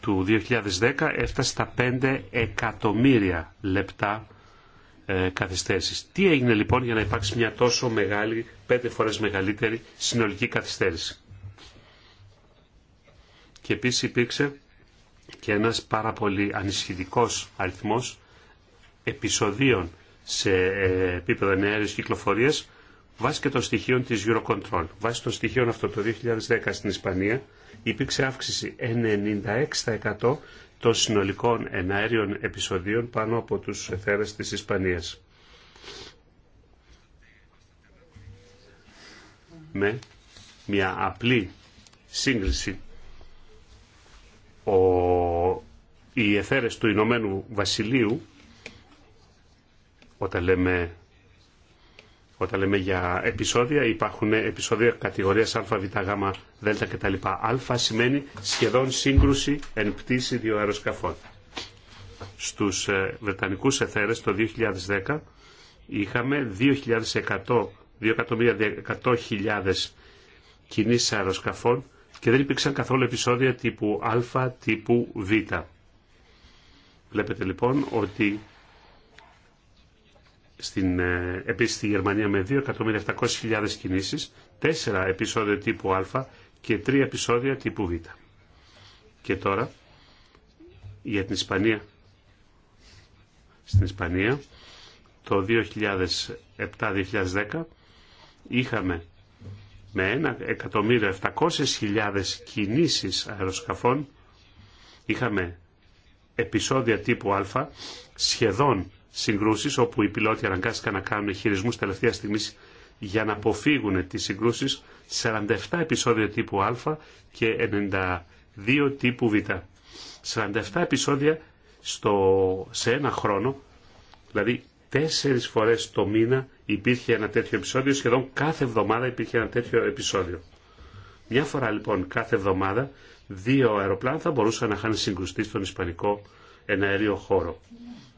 του 2010 έφτασε στα 5 εκατομμύρια λεπτά ε, καθυστέρησης. Τι έγινε λοιπόν για να υπάρξει μια τόσο μεγάλη, πέντε φορές μεγαλύτερη συνολική καθυστέρηση. Και επίσης υπήρξε και ένας πάρα πολύ ανησυχητικός αριθμός επεισοδίων σε ε, επίπεδο ενέργειας κυκλοφορίας βάσει και των στοιχείων της Eurocontrol. Βάσει των στοιχείων αυτό το 2010 στην Ισπανία υπήρξε αύξηση 96% των συνολικών εναέριων επεισοδίων πάνω από τους εθέρες της Ισπανίας. Με μια απλή σύγκριση ο... οι εθέρες του Ηνωμένου Βασιλείου όταν λέμε, όταν λέμε για επεισόδια, υπάρχουν επεισόδια κατηγορίας α, β, γ, δ κτλ. Α σημαίνει σχεδόν σύγκρουση εν πτήση δύο αεροσκαφών. Στους ε, Βρετανικούς εθέρες το 2010 είχαμε 2.100 2.100.000 κινήσεις αεροσκαφών και δεν υπήρξαν καθόλου επεισόδια τύπου α, τύπου β. Βλέπετε λοιπόν ότι στην, ε, επίσης στη Γερμανία με 2.700.000 κινήσεις, 4 επεισόδια τύπου Α και 3 επεισόδια τύπου Β. Και τώρα για την Ισπανία. Στην Ισπανία το 2007-2010 είχαμε με 1.700.000 κινήσεις αεροσκαφών είχαμε επεισόδια τύπου Α σχεδόν συγκρούσεις όπου οι πιλότοι αναγκάστηκαν να κάνουν χειρισμούς τελευταία στιγμή για να αποφύγουν τις συγκρούσεις 47 επεισόδια τύπου Α και 92 τύπου Β. 47 επεισόδια στο, σε ένα χρόνο, δηλαδή τέσσερις φορές το μήνα υπήρχε ένα τέτοιο επεισόδιο, σχεδόν κάθε εβδομάδα υπήρχε ένα τέτοιο επεισόδιο. Μια φορά λοιπόν κάθε εβδομάδα δύο αεροπλάνα θα μπορούσαν να είχαν συγκρουστεί στον Ισπανικό εναέριο χώρο.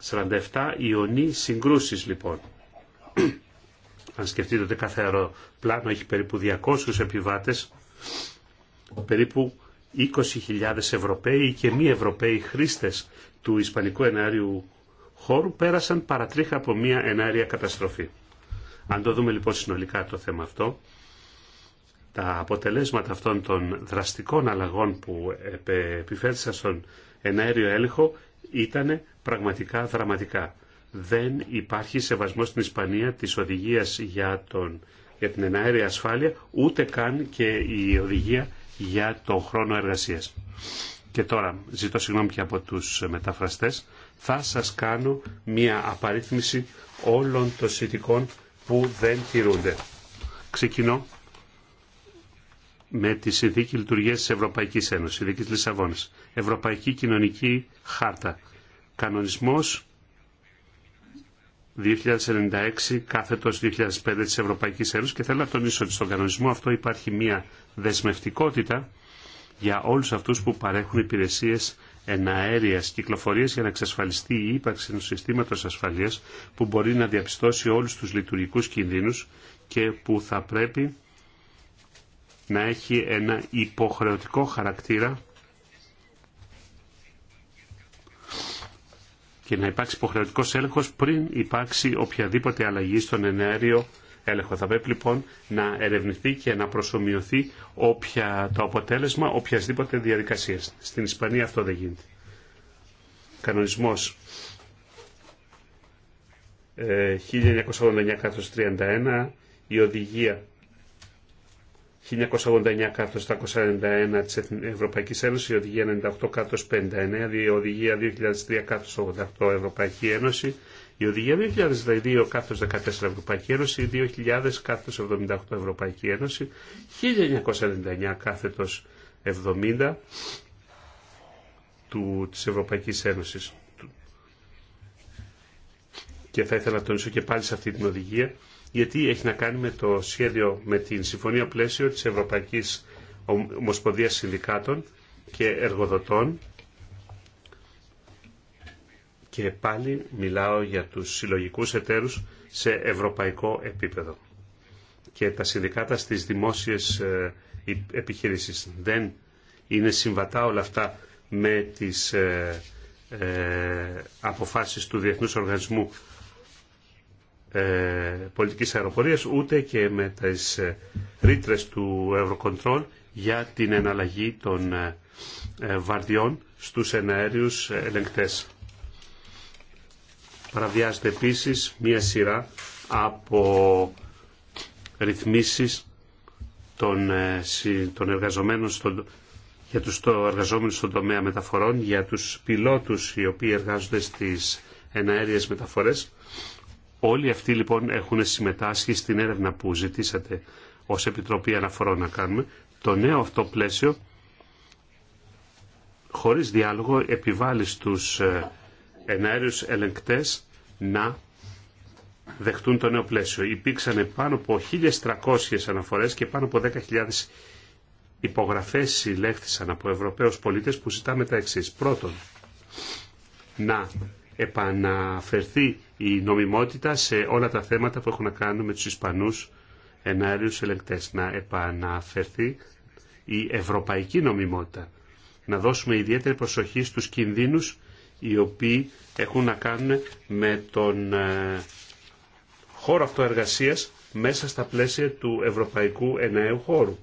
47 Ιωνί συγκρούσεις λοιπόν. Αν σκεφτείτε ότι κάθε αεροπλάνο έχει περίπου 200 επιβάτες, περίπου 20.000 Ευρωπαίοι και μη Ευρωπαίοι χρήστες του Ισπανικού ενάριου χώρου πέρασαν παρατρίχα από μια ενάρια καταστροφή. Αν το δούμε λοιπόν συνολικά το θέμα αυτό, τα αποτελέσματα αυτών των δραστικών αλλαγών που επιφέρθησαν στον ενάριο έλεγχο ήταν πραγματικά δραματικά. Δεν υπάρχει σεβασμός στην Ισπανία της οδηγίας για, τον, για την εναέρια ασφάλεια, ούτε καν και η οδηγία για τον χρόνο εργασίας. Και τώρα, ζητώ συγγνώμη και από τους μεταφραστές, θα σας κάνω μία απαρίθμηση όλων των συνθηκών που δεν τηρούνται. Ξεκινώ με τη Συνθήκη Λειτουργίας της Ευρωπαϊκής Ένωσης, τη Λισαβόνης. Ευρωπαϊκή Κοινωνική Χάρτα. Κανονισμός 2096 κάθετος 2005 της Ευρωπαϊκής Ένωσης και θέλω να τονίσω ότι στον κανονισμό αυτό υπάρχει μια δεσμευτικότητα για όλους αυτούς που παρέχουν υπηρεσίες εναέριας κυκλοφορίας για να εξασφαλιστεί η ύπαρξη ενός συστήματος ασφαλείας που μπορεί να διαπιστώσει όλους τους λειτουργικούς κινδύνους και που θα πρέπει να έχει ένα υποχρεωτικό χαρακτήρα και να υπάρξει υποχρεωτικό έλεγχο πριν υπάρξει οποιαδήποτε αλλαγή στον ενέργειο έλεγχο. Θα πρέπει λοιπόν να ερευνηθεί και να προσωμιωθεί όποια, το αποτέλεσμα οποιασδήποτε διαδικασία. Στην Ισπανία αυτό δεν γίνεται. Κανονισμός 1989-31, ε, η οδηγία 1989 κάτω 791 της Ευρωπαϊκής Ένωσης, η Οδηγία 98 κάτω 59, η Οδηγία 2003 κάτω 88 Ευρωπαϊκή Ένωση, η Οδηγία 2002 κάτω 14 Ευρωπαϊκή Ένωση, η 2000 κάτω 78 Ευρωπαϊκή Ένωση, 1999 κάθετο 70 του, της Ευρωπαϊκής Ένωσης. Και θα ήθελα να τονίσω και πάλι σε αυτή την οδηγία γιατί έχει να κάνει με το σχέδιο, με την συμφωνία πλαίσιο της Ευρωπαϊκής Ομοσπονδίας Συνδικάτων και Εργοδοτών και πάλι μιλάω για τους συλλογικούς εταίρους σε ευρωπαϊκό επίπεδο. Και τα συνδικάτα στις δημόσιες ε, επιχειρήσεις δεν είναι συμβατά όλα αυτά με τις ε, ε, αποφάσεις του Διεθνούς Οργανισμού ε, πολιτικής αεροπορίας ούτε και με τις ε, ρήτρε του Eurocontrol για την εναλλαγή των ε, βαρδιών στους εναέριους ελεγκτές. Παραβιάζεται επίσης μία σειρά από ρυθμίσεις των, των εργαζομένων για τους το, εργαζόμενους στον τομέα μεταφορών, για τους πιλότους οι οποίοι εργάζονται στις εναέριες μεταφορές Όλοι αυτοί λοιπόν έχουν συμμετάσχει στην έρευνα που ζητήσατε ως Επιτροπή Αναφορών να κάνουμε. Το νέο αυτό πλαίσιο, χωρίς διάλογο, επιβάλλει στους ε, ενάριους ελεγκτές να δεχτούν το νέο πλαίσιο. Υπήρξαν πάνω από 1.300 αναφορές και πάνω από 10.000 υπογραφές συλλέχθησαν από Ευρωπαίους πολίτες που ζητάμε τα εξής. Πρώτον, να επαναφερθεί η νομιμότητα σε όλα τα θέματα που έχουν να κάνουν με τους Ισπανούς ενάριους ελεγκτές. Να επαναφερθεί η ευρωπαϊκή νομιμότητα. Να δώσουμε ιδιαίτερη προσοχή στους κινδύνους οι οποίοι έχουν να κάνουν με τον ε, χώρο αυτοεργασίας μέσα στα πλαίσια του ευρωπαϊκού ενέου χώρου.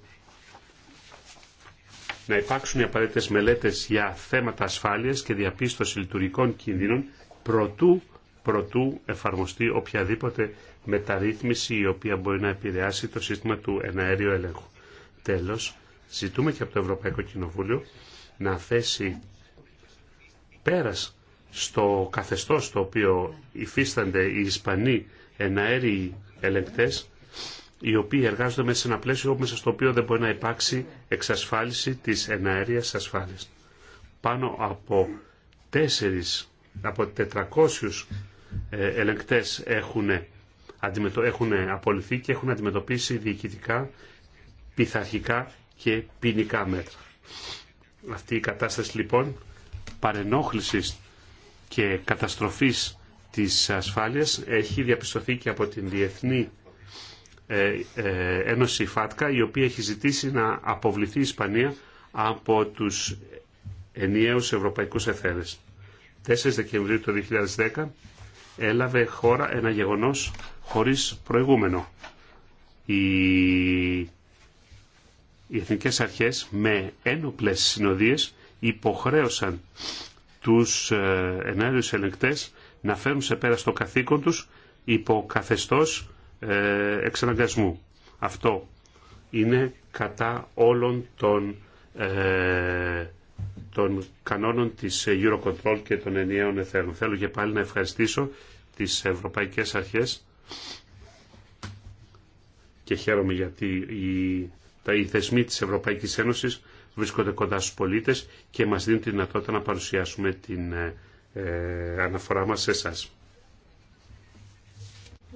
Να υπάρξουν οι απαραίτητε μελέτες για θέματα ασφάλειας και διαπίστωση λειτουργικών κινδύνων προτού, προτού εφαρμοστεί οποιαδήποτε μεταρρύθμιση η οποία μπορεί να επηρεάσει το σύστημα του εναέριου ελέγχου. Τέλος, ζητούμε και από το Ευρωπαϊκό Κοινοβούλιο να θέσει πέρας στο καθεστώς το οποίο υφίστανται οι Ισπανοί εναέριοι ελεγκτές οι οποίοι εργάζονται μέσα σε ένα πλαίσιο μέσα στο οποίο δεν μπορεί να υπάρξει εξασφάλιση της εναέριας ασφάλειας. Πάνω από τέσσερις από 400 ε, ελεγκτές έχουν, έχουν απολυθεί και έχουν αντιμετωπίσει διοικητικά, πειθαρχικά και ποινικά μέτρα. Αυτή η κατάσταση λοιπόν παρενόχλησης και καταστροφής της ασφάλειας έχει διαπιστωθεί και από την Διεθνή ε, ε, Ένωση ΦΑΤΚΑ η οποία έχει ζητήσει να αποβληθεί η Ισπανία από τους ενιαίους ευρωπαϊκούς εθέρες. 4 Δεκεμβρίου του 2010 έλαβε χώρα ένα γεγονός χωρίς προηγούμενο. Οι, Οι εθνικές αρχές με ένοπλες συνοδείες υποχρέωσαν τους ε, ενέργειους ελεγκτές να φέρουν σε πέρα στο καθήκον τους υπό καθεστώς ε, εξαναγκασμού. Αυτό είναι κατά όλων των ε, των κανόνων της Eurocontrol και των ενιαίων εθέρων. Θέλω και πάλι να ευχαριστήσω τις ευρωπαϊκές αρχές και χαίρομαι γιατί οι, τα, οι θεσμοί της Ευρωπαϊκής Ένωσης βρίσκονται κοντά στους πολίτες και μας δίνουν τη δυνατότητα να παρουσιάσουμε την ε, ε, αναφορά μας σε εσάς.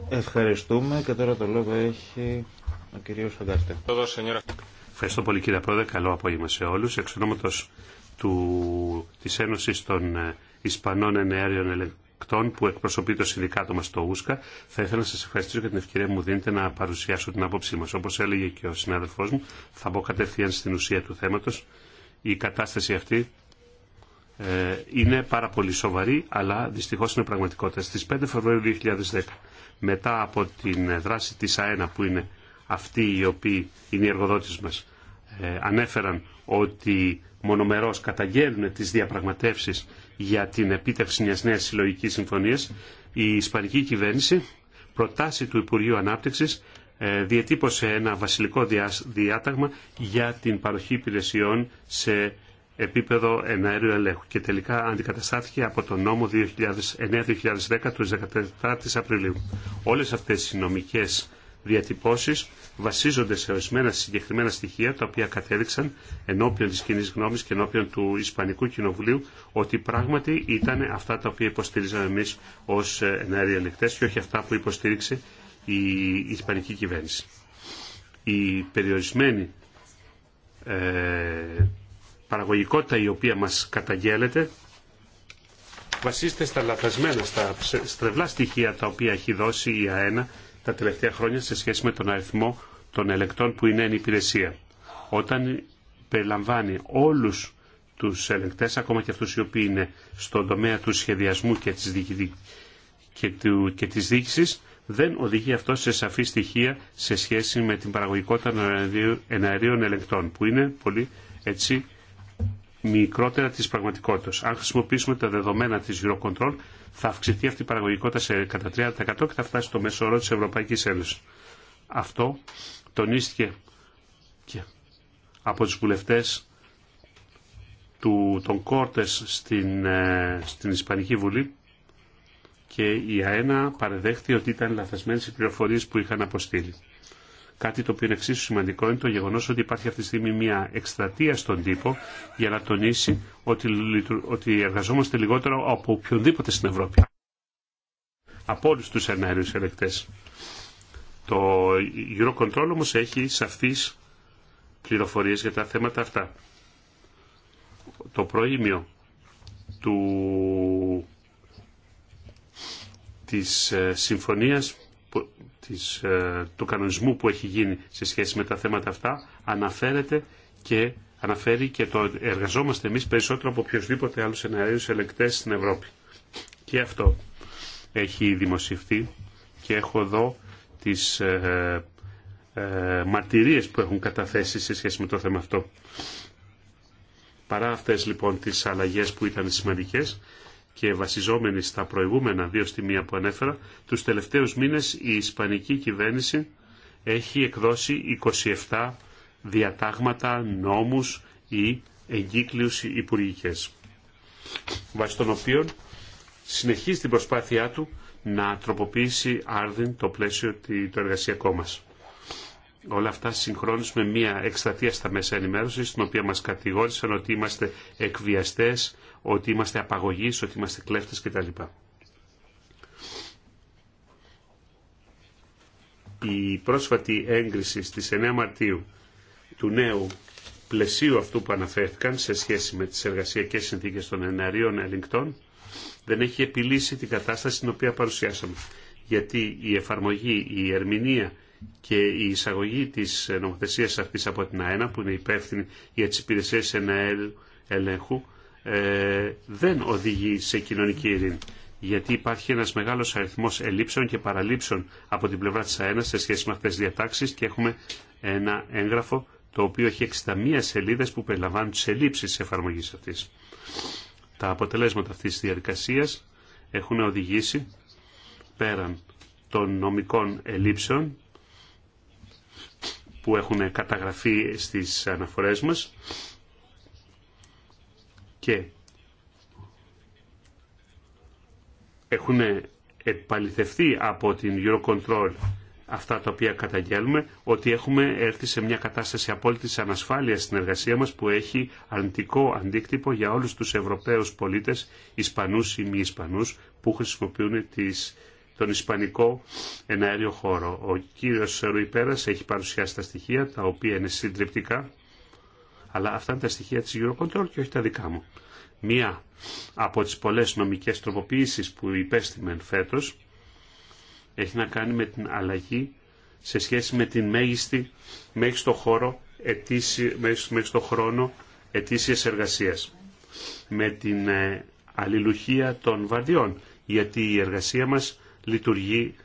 Ευχαριστούμε και τώρα το λόγο έχει ο κυρίος Αντάρτε. Ευχαριστώ πολύ κύριε Πρόεδρε. Καλό απόγευμα σε όλους. Εξ ονόματος του, της Ένωσης των ε, Ισπανών Ενέαριων Ελεκτών που εκπροσωπεί το συνδικάτο μας το ΟΥΣΚΑ θα ήθελα να σας ευχαριστήσω για την ευκαιρία που μου δίνετε να παρουσιάσω την άποψή μας. Όπως έλεγε και ο συνάδελφός μου θα μπω κατευθείαν στην ουσία του θέματος. Η κατάσταση αυτή ε, είναι πάρα πολύ σοβαρή, αλλά δυστυχώς είναι πραγματικότητα. Στις 5 Φεβρουαρίου 2010, μετά από την ε, δράση της ΑΕΝΑ, που είναι αυτοί οι οποίοι είναι οι εργοδότες μας, ε, ανέφεραν ότι μονομερώς καταγγέλνουν τις διαπραγματεύσεις για την επίτευξη μιας νέας συλλογικής συμφωνίας, η Ισπανική κυβέρνηση, προτάσει του Υπουργείου Ανάπτυξης, ε, διετύπωσε ένα βασιλικό διάταγμα για την παροχή υπηρεσιών σε επίπεδο εναέριου ελέγχου και τελικά αντικαταστάθηκε από τον νόμο 2009-2010 του 14 Απριλίου. Όλες αυτές οι νομικές Διατυπώσει βασίζονται σε ορισμένα συγκεκριμένα στοιχεία τα οποία κατέδειξαν ενώπιον τη κοινή γνώμη και ενώπιον του Ισπανικού Κοινοβουλίου ότι πράγματι ήταν αυτά τα οποία υποστήριζαμε εμεί ω εναέρια διαλεκτές και όχι αυτά που υποστήριξε η Ισπανική κυβέρνηση. Η περιορισμένη ε, παραγωγικότητα η οποία μας καταγγέλλεται βασίζεται στα λαθασμένα, στα στρεβλά στοιχεία τα οποία έχει δώσει η ΑΕΝΑ τα τελευταία χρόνια σε σχέση με τον αριθμό των ελεκτών που είναι εν υπηρεσία. Όταν περιλαμβάνει όλους τους ελεκτές, ακόμα και αυτούς οι οποίοι είναι στον τομέα του σχεδιασμού και της, διοικη... και του... και της διοίκησης, δεν οδηγεί αυτό σε σαφή στοιχεία σε σχέση με την παραγωγικότητα των εναερίων ελεκτών, που είναι πολύ έτσι μικρότερα της πραγματικότητας. Αν χρησιμοποιήσουμε τα δεδομένα της Eurocontrol, θα αυξηθεί αυτή η παραγωγικότητα σε κατά 30% και θα φτάσει στο μέσο όρο της Ευρωπαϊκής Ένωσης. Αυτό τονίστηκε και από τους βουλευτές του, των Κόρτες στην, ε, στην Ισπανική Βουλή και η ΑΕΝΑ παρεδέχθη ότι ήταν λαθασμένες οι πληροφορίες που είχαν αποστείλει. Κάτι το οποίο είναι εξίσου σημαντικό είναι το γεγονό ότι υπάρχει αυτή τη στιγμή μια εκστρατεία στον τύπο για να τονίσει ότι, ότι εργαζόμαστε λιγότερο από οποιονδήποτε στην Ευρώπη. Από όλου του ενέργειου ελεκτέ. Το Eurocontrol όμω έχει σαφεί πληροφορίε για τα θέματα αυτά. Το προήμιο του της ε, συμφωνίας της, ε, του κανονισμού που έχει γίνει σε σχέση με τα θέματα αυτά αναφέρεται και αναφέρει και το εργαζόμαστε εμείς περισσότερο από οποιοδήποτε άλλου ενεργούς ελεκτές στην Ευρώπη. Και αυτό έχει δημοσιευτεί και έχω εδώ τις ε, ε, μαρτυρίες που έχουν καταθέσει σε σχέση με το θέμα αυτό. Παρά αυτές λοιπόν τις αλλαγές που ήταν σημαντικές, και βασιζόμενοι στα προηγούμενα δύο στιμία που ανέφερα, τους τελευταίους μήνες η Ισπανική κυβέρνηση έχει εκδώσει 27 διατάγματα, νόμους ή εγκύκλειους υπουργικές, βάσει των οποίων συνεχίζει την προσπάθειά του να τροποποιήσει άρδιν το πλαίσιο το εργασιακού μας όλα αυτά συγχρόνως με μια εκστατεία στα μέσα ενημέρωσης, στην οποία μας κατηγόρησαν ότι είμαστε εκβιαστές, ότι είμαστε απαγωγείς, ότι είμαστε κλέφτες κτλ. Η πρόσφατη έγκριση στις 9 Μαρτίου του νέου πλαισίου αυτού που αναφέρθηκαν σε σχέση με τις εργασιακές συνθήκες των εναρίων ελεγκτών δεν έχει επιλύσει την κατάσταση την οποία παρουσιάσαμε. Γιατί η εφαρμογή, η ερμηνεία και η εισαγωγή της νομοθεσίας αυτής από την ΑΕΝΑ που είναι υπεύθυνη για τις υπηρεσίες ελέγχου ε, δεν οδηγεί σε κοινωνική ειρήνη γιατί υπάρχει ένας μεγάλος αριθμός ελλείψεων και παραλήψεων από την πλευρά της ΑΕΝΑ σε σχέση με αυτές τις διατάξεις και έχουμε ένα έγγραφο το οποίο έχει 61 σελίδες που περιλαμβάνουν τις ελλείψεις της εφαρμογής αυτής. Τα αποτελέσματα αυτής της διαδικασίας έχουν οδηγήσει πέραν των νομικών ελλείψεων που έχουν καταγραφεί στις αναφορές μας και έχουν επαληθευτεί από την Eurocontrol αυτά τα οποία καταγγέλουμε, ότι έχουμε έρθει σε μια κατάσταση απόλυτης ανασφάλειας στην εργασία μας που έχει αρνητικό αντίκτυπο για όλους τους Ευρωπαίους πολίτες, Ισπανούς ή μη Ισπανούς, που χρησιμοποιούν τις τον Ισπανικό εναέριο χώρο. Ο κύριος Ρουι έχει παρουσιάσει τα στοιχεία, τα οποία είναι συντριπτικά, αλλά αυτά είναι τα στοιχεία της Eurocontrol και όχι τα δικά μου. Μία από τις πολλές νομικές τροποποίησεις που υπέστημεν φέτος έχει να κάνει με την αλλαγή σε σχέση με την μέγιστη, μέγιστο χώρο, ετήσι, μέγιστο χρόνο ετήσιες εργασίας. Με την ε, αλληλουχία των βαρδιών, γιατί η εργασία μας λειτουργεί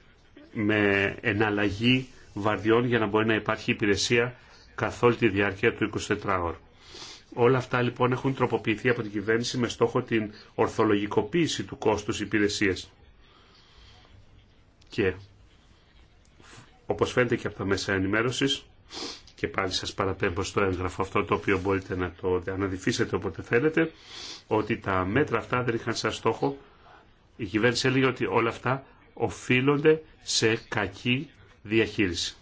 με εναλλαγή βαρδιών για να μπορεί να υπάρχει υπηρεσία καθ' όλη τη διάρκεια του 24ωρου. Όλα αυτά λοιπόν έχουν τροποποιηθεί από την κυβέρνηση με στόχο την ορθολογικοποίηση του κόστους υπηρεσίας. Και όπως φαίνεται και από τα μέσα ενημέρωσης, και πάλι σας παραπέμπω στο έγγραφο αυτό το οποίο μπορείτε να το αναδυφίσετε όποτε θέλετε, ότι τα μέτρα αυτά δεν είχαν σαν στόχο. Η κυβέρνηση έλεγε ότι όλα αυτά οφείλονται σε κακή διαχείριση.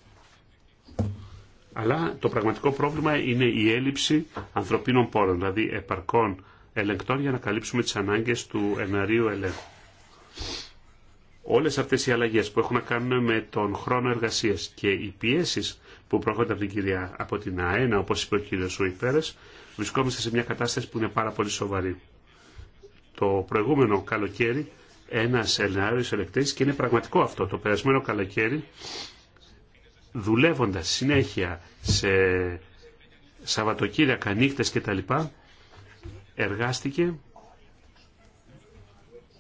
Αλλά το πραγματικό πρόβλημα είναι η έλλειψη ανθρωπίνων πόρων, δηλαδή επαρκών ελεγκτών για να καλύψουμε τις ανάγκες του εναρίου ελέγχου. Όλες αυτές οι αλλαγές που έχουν να κάνουν με τον χρόνο εργασίας και οι πιέσεις που προέρχονται από την κυρία από την ΑΕΝΑ, όπως είπε ο κύριος Σουηπέρες, βρισκόμαστε σε μια κατάσταση που είναι πάρα πολύ σοβαρή. Το προηγούμενο καλοκαίρι ένα σενάριο ελεκτή και είναι πραγματικό αυτό. Το περασμένο καλοκαίρι δουλεύοντα συνέχεια σε Σαββατοκύριακα, νύχτες και τα λοιπά, εργάστηκε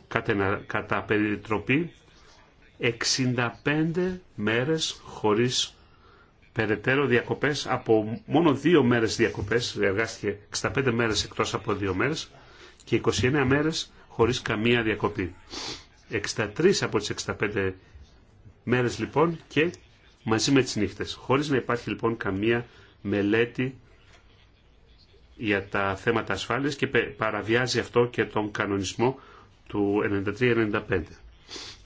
κατά, κατά περιτροπή 65 μέρες χωρίς περαιτέρω διακοπές, από μόνο δύο μέρες διακοπές, εργάστηκε 65 μέρες εκτός από δύο μέρες και 29 μέρες χωρίς καμία διακοπή. 63 από τις 65 μέρες λοιπόν και μαζί με τις νύχτες. Χωρίς να υπάρχει λοιπόν καμία μελέτη για τα θέματα ασφάλειας και παραβιάζει αυτό και τον κανονισμό του 93-95.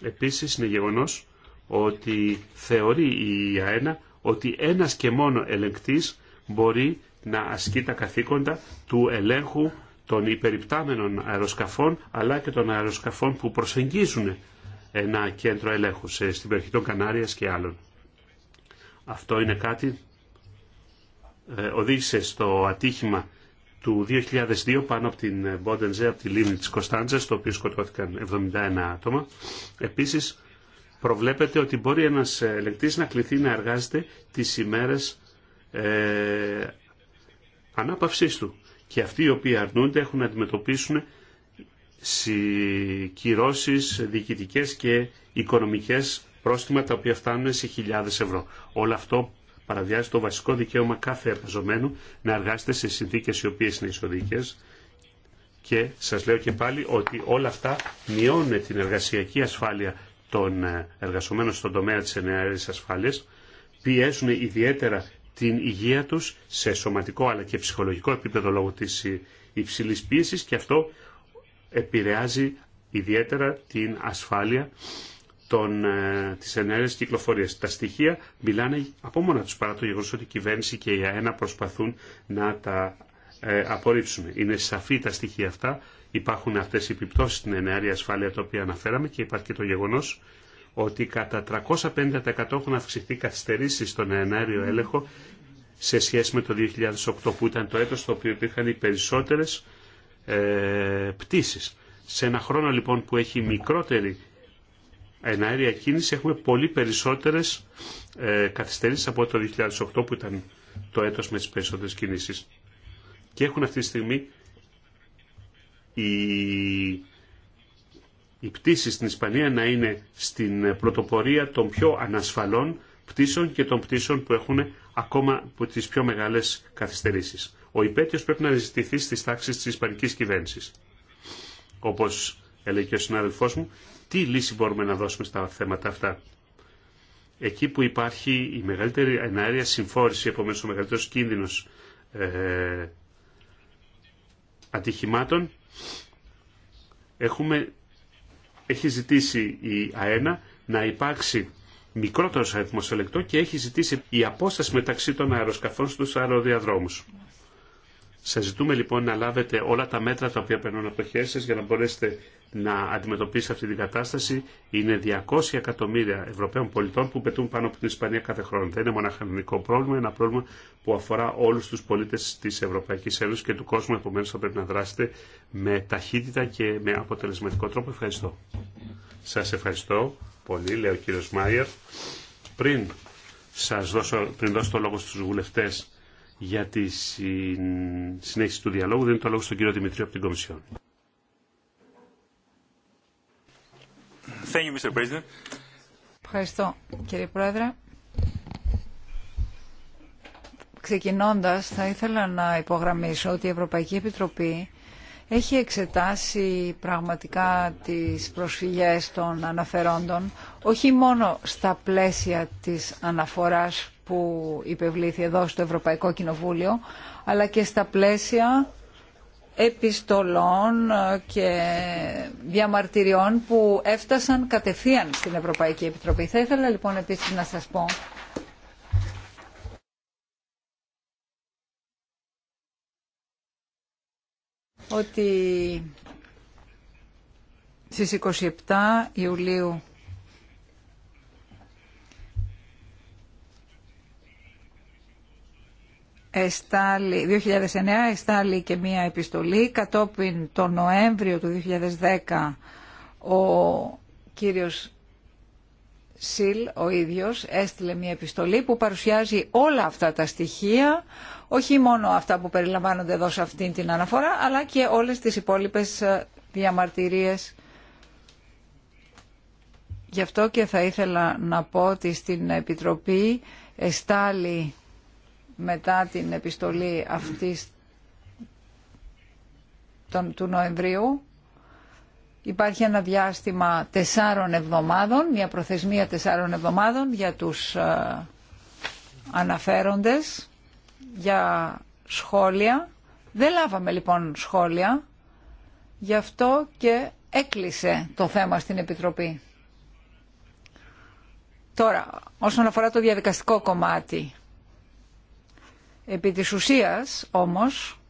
Επίσης είναι γεγονός ότι θεωρεί η ΑΕΝΑ ότι ένας και μόνο ελεγκτής μπορεί να ασκεί τα καθήκοντα του ελέγχου των υπεριπτάμενων αεροσκαφών αλλά και των αεροσκαφών που προσεγγίζουν ένα κέντρο ελέγχου στην περιοχή των Κανάριας και άλλων. Αυτό είναι κάτι ε, οδήγησε στο ατύχημα του 2002 πάνω από την ε, Μπόντενζέ, από τη λίμνη της Κωνσταντζας, στο οποίο σκοτώθηκαν 71 άτομα. Επίσης, προβλέπεται ότι μπορεί ένας ελεκτής να κληθεί να εργάζεται τις ημέρες ε, ανάπαυσής του. Και αυτοί οι οποίοι αρνούνται έχουν να αντιμετωπίσουν κυρώσει διοικητικές και οικονομικές πρόστιμα τα οποία φτάνουν σε χιλιάδες ευρώ. Όλο αυτό παραβιάζει το βασικό δικαίωμα κάθε εργαζομένου να εργάζεται σε συνθήκες οι οποίες είναι ισοδίκες και σας λέω και πάλι ότι όλα αυτά μειώνουν την εργασιακή ασφάλεια των εργαζομένων στον τομέα της ενέργειας ασφάλειας, πιέζουν ιδιαίτερα την υγεία τους σε σωματικό αλλά και ψυχολογικό επίπεδο λόγω της υψηλής πίεσης και αυτό επηρεάζει ιδιαίτερα την ασφάλεια των, ε, της ενέργειας κυκλοφορίας. Τα στοιχεία μιλάνε από μόνα τους παρά το γεγονός ότι η κυβέρνηση και η ΑΕΝΑ προσπαθούν να τα ε, απορρίψουν. Είναι σαφή τα στοιχεία αυτά, υπάρχουν αυτές οι επιπτώσεις στην ενέργεια ασφάλεια τα οποία αναφέραμε και υπάρχει και το γεγονός ότι κατά 350% έχουν αυξηθεί καθυστερήσει στον ενάριο έλεγχο σε σχέση με το 2008 που ήταν το έτος στο οποίο υπήρχαν οι περισσότερες ε, πτήσεις. Σε ένα χρόνο λοιπόν που έχει μικρότερη εναέρια κίνηση έχουμε πολύ περισσότερες ε, καθυστερήσεις από το 2008 που ήταν το έτος με τις περισσότερες κινήσεις. Και έχουν αυτή τη στιγμή οι οι πτήσεις στην Ισπανία να είναι στην πρωτοπορία των πιο ανασφαλών πτήσεων και των πτήσεων που έχουν ακόμα από πιο μεγάλες καθυστερήσεις. Ο υπέτειος πρέπει να ζητηθεί στις τάξεις της Ισπανικής κυβέρνησης. Όπως έλεγε και ο συνάδελφός μου, τι λύση μπορούμε να δώσουμε στα θέματα αυτά. Εκεί που υπάρχει η μεγαλύτερη ενάρεια συμφόρηση, επομένως ο μεγαλύτερος κίνδυνος ε, ατυχημάτων, έχουμε έχει ζητήσει η ΑΕΝΑ να υπάρξει μικρότερος αριθμός ελεκτό και έχει ζητήσει η απόσταση μεταξύ των αεροσκαφών στους αεροδιαδρόμους. Σας ζητούμε λοιπόν να λάβετε όλα τα μέτρα τα οποία περνούν από το χέρι σας για να μπορέσετε να αντιμετωπίσετε αυτή την κατάσταση. Είναι 200 εκατομμύρια Ευρωπαίων πολιτών που πετούν πάνω από την Ισπανία κάθε χρόνο. Δεν είναι μοναχανικό πρόβλημα, είναι ένα πρόβλημα που αφορά όλους τους πολίτες της Ευρωπαϊκής Ένωσης και του κόσμου. Επομένως θα πρέπει να δράσετε με ταχύτητα και με αποτελεσματικό τρόπο. Ευχαριστώ. Σας ευχαριστώ πολύ, λέει ο κύριος Μάιερ. Πριν σας δώσω, πριν δώσω το λόγο στους βουλευτές για τη συνέχιση του διαλόγου. Δίνω το λόγο στον κύριο Δημητρίου από την Κομισιόν. Ευχαριστώ κύριε Πρόεδρε. Ξεκινώντας θα ήθελα να υπογραμμίσω ότι η Ευρωπαϊκή Επιτροπή έχει εξετάσει πραγματικά τις προσφυγές των αναφερόντων όχι μόνο στα πλαίσια της αναφοράς που υπευλήθη εδώ στο Ευρωπαϊκό Κοινοβούλιο, αλλά και στα πλαίσια επιστολών και διαμαρτυριών που έφτασαν κατευθείαν στην Ευρωπαϊκή Επιτροπή. Θα ήθελα λοιπόν επίσης να σας πω ότι στις 27 Ιουλίου 2009 εστάλει και μία επιστολή. Κατόπιν το Νοέμβριο του 2010 ο κύριος Σιλ ο ίδιος έστειλε μια επιστολή που παρουσιάζει όλα αυτά τα στοιχεία, όχι μόνο αυτά που περιλαμβάνονται εδώ σε αυτήν την αναφορά, αλλά και όλες τις υπόλοιπες ε, διαμαρτυρίες. Γι' αυτό και θα ήθελα να πω ότι στην Επιτροπή εστάλει μετά την επιστολή αυτή του Νοεμβρίου. Υπάρχει ένα διάστημα τεσσάρων εβδομάδων, μια προθεσμία τεσσάρων εβδομάδων για τους ε, αναφέροντες, για σχόλια. Δεν λάβαμε λοιπόν σχόλια, γι' αυτό και έκλεισε το θέμα στην Επιτροπή. Τώρα, όσον αφορά το διαδικαστικό κομμάτι, Επί της ουσίας όμως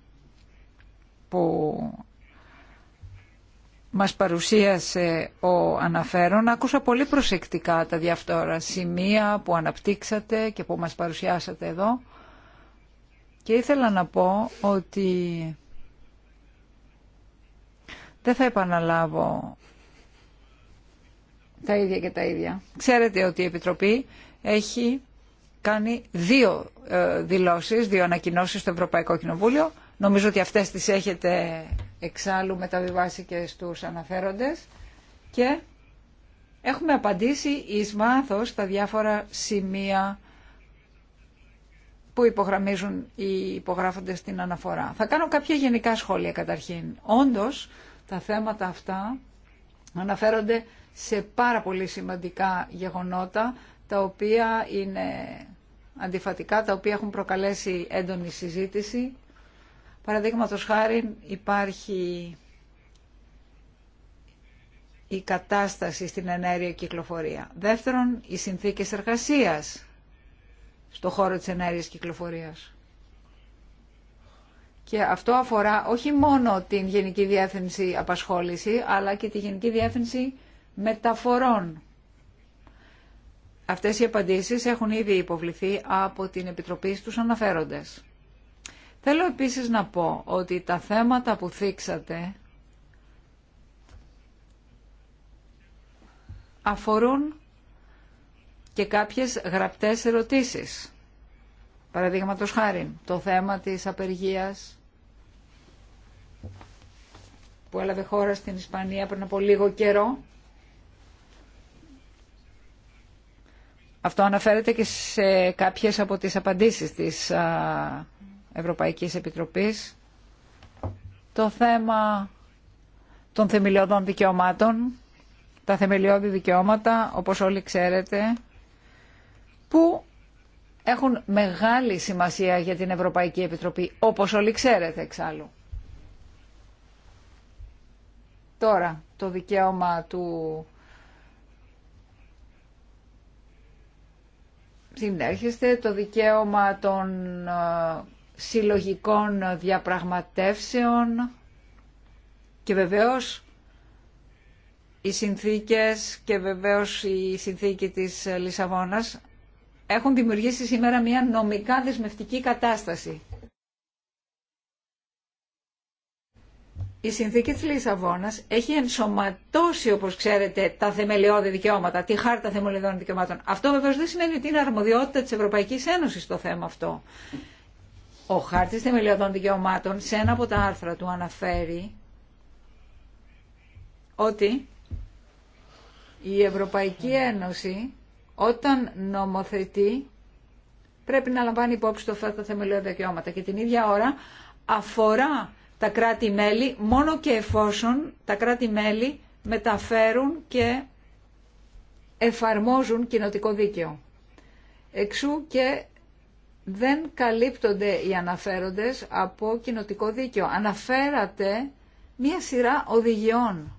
που μας παρουσίασε ο αναφέρον, άκουσα πολύ προσεκτικά τα διαφθόρα σημεία που αναπτύξατε και που μας παρουσιάσατε εδώ και ήθελα να πω ότι δεν θα επαναλάβω τα ίδια και τα ίδια. Ξέρετε ότι η Επιτροπή έχει κάνει δύο ε, δηλώσεις, δύο ανακοινώσεις στο Ευρωπαϊκό Κοινοβούλιο. Νομίζω ότι αυτές τις έχετε εξάλλου μεταβιβάσει και στους αναφέροντες. Και έχουμε απαντήσει εις μάθος τα διάφορα σημεία που υπογραμμίζουν οι υπογράφοντες την αναφορά. Θα κάνω κάποια γενικά σχόλια καταρχήν. Όντως, τα θέματα αυτά αναφέρονται σε πάρα πολύ σημαντικά γεγονότα, τα οποία είναι αντιφατικά τα οποία έχουν προκαλέσει έντονη συζήτηση. Παραδείγματο χάρη υπάρχει η κατάσταση στην ενέργεια κυκλοφορία. Δεύτερον, οι συνθήκες εργασίας στο χώρο της ενέργειας κυκλοφορίας. Και αυτό αφορά όχι μόνο την Γενική Διεύθυνση Απασχόληση, αλλά και τη Γενική Διεύθυνση Μεταφορών. Αυτές οι απαντήσεις έχουν ήδη υποβληθεί από την Επιτροπή στους αναφέροντες. Θέλω επίσης να πω ότι τα θέματα που θίξατε αφορούν και κάποιες γραπτές ερωτήσεις. Παραδείγματο χάρη, το θέμα της απεργίας που έλαβε χώρα στην Ισπανία πριν από λίγο καιρό Αυτό αναφέρεται και σε κάποιες από τις απαντήσεις της Ευρωπαϊκής Επιτροπής. Το θέμα των θεμελιωδών δικαιωμάτων, τα θεμελιώδη δικαιώματα, όπως όλοι ξέρετε, που έχουν μεγάλη σημασία για την Ευρωπαϊκή Επιτροπή, όπως όλοι ξέρετε εξάλλου. Τώρα, το δικαίωμα του συνέρχεστε το δικαίωμα των ε, συλλογικών διαπραγματεύσεων και βεβαίως οι συνθήκες και βεβαίως η συνθήκη της Λισαβόνας έχουν δημιουργήσει σήμερα μια νομικά δεσμευτική κατάσταση. η συνθήκη της Λισαβόνας έχει ενσωματώσει, όπως ξέρετε, τα θεμελιώδη δικαιώματα, τη χάρτα θεμελιωδών δικαιωμάτων. Αυτό βεβαίω δεν σημαίνει ότι είναι αρμοδιότητα της Ευρωπαϊκής Ένωσης το θέμα αυτό. Ο χάρτης θεμελιωδών δικαιωμάτων σε ένα από τα άρθρα του αναφέρει ότι η Ευρωπαϊκή Ένωση όταν νομοθετεί πρέπει να λαμβάνει υπόψη το αυτά τα θεμελιώδη δικαιώματα και την ίδια ώρα αφορά τα κράτη-μέλη μόνο και εφόσον τα κράτη-μέλη μεταφέρουν και εφαρμόζουν κοινοτικό δίκαιο. Εξού και δεν καλύπτονται οι αναφέροντες από κοινοτικό δίκαιο. Αναφέρατε μία σειρά οδηγιών.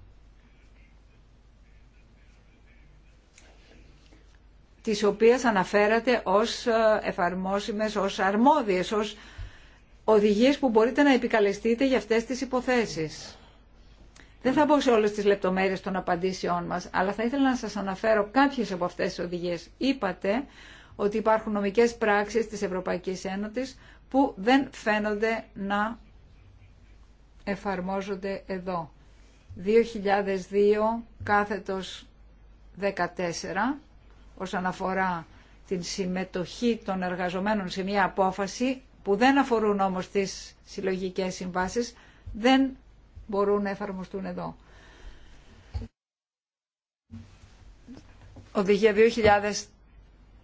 τις οποίες αναφέρατε ως ε, εφαρμόσιμες, ως αρμόδιες, ως οδηγίες που μπορείτε να επικαλεστείτε για αυτές τις υποθέσεις. Δεν θα μπω σε όλες τις λεπτομέρειες των απαντήσεών μας, αλλά θα ήθελα να σας αναφέρω κάποιες από αυτές τις οδηγίες. Είπατε ότι υπάρχουν νομικές πράξεις της Ευρωπαϊκής Ένωσης που δεν φαίνονται να εφαρμόζονται εδώ. 2002 κάθετος 14 όσον αφορά την συμμετοχή των εργαζομένων σε μια απόφαση που δεν αφορούν όμως τις συλλογικές συμβάσεις, δεν μπορούν να εφαρμοστούν εδώ. Οδηγία 2000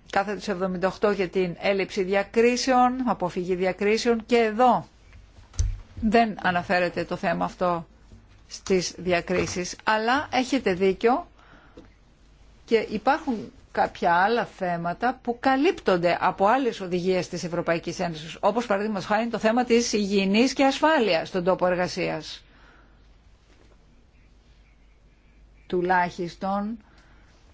κάθετος 78 για την έλλειψη διακρίσεων, αποφυγή διακρίσεων και εδώ δεν αναφέρεται το θέμα αυτό στις διακρίσεις, αλλά έχετε δίκιο και υπάρχουν κάποια άλλα θέματα που καλύπτονται από άλλες οδηγίες της Ευρωπαϊκής Ένωσης, όπως παραδείγμα χάρη το θέμα τη υγιεινής και ασφάλειας στον τόπο εργασία. Τουλάχιστον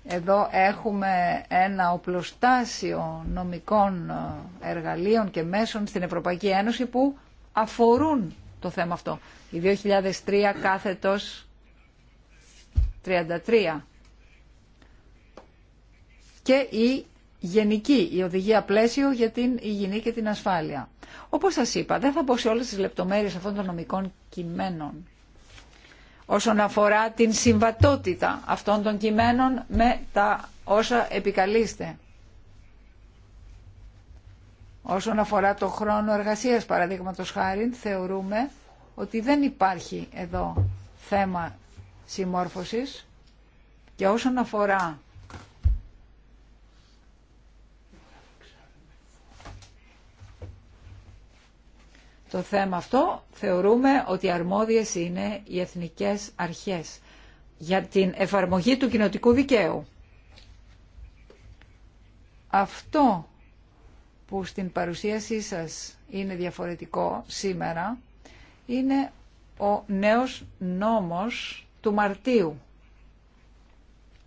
εδώ έχουμε ένα οπλοστάσιο νομικών ε, εργαλείων και μέσων στην Ευρωπαϊκή Ένωση που αφορούν το θέμα αυτό. Η 2003 κάθετος 33 και η γενική, η οδηγία πλαίσιο για την υγιεινή και την ασφάλεια. Όπως σας είπα, δεν θα μπω σε όλες τις λεπτομέρειες αυτών των νομικών κειμένων όσον αφορά την συμβατότητα αυτών των κειμένων με τα όσα επικαλείστε. Όσον αφορά το χρόνο εργασίας, παραδείγματος χάρη, θεωρούμε ότι δεν υπάρχει εδώ θέμα συμμόρφωσης και όσον αφορά το θέμα αυτό θεωρούμε ότι αρμόδιες είναι οι εθνικές αρχές για την εφαρμογή του κοινοτικού δικαίου. Αυτό που στην παρουσίασή σας είναι διαφορετικό σήμερα είναι ο νέος νόμος του Μαρτίου.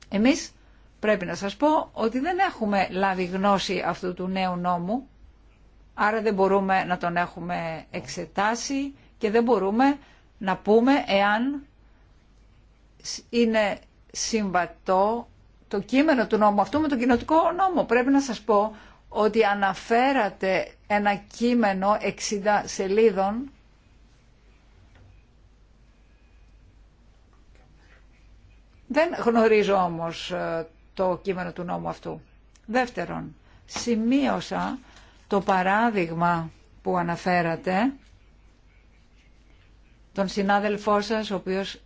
Εμείς πρέπει να σας πω ότι δεν έχουμε λάβει γνώση αυτού του νέου νόμου Άρα δεν μπορούμε να τον έχουμε εξετάσει και δεν μπορούμε να πούμε εάν είναι συμβατό το κείμενο του νόμου αυτού με τον κοινοτικό νόμο. Πρέπει να σας πω ότι αναφέρατε ένα κείμενο 60 σελίδων Δεν γνωρίζω όμως ε, το κείμενο του νόμου αυτού. Δεύτερον, σημείωσα το παράδειγμα που αναφέρατε, τον συνάδελφό σας, ο οποίος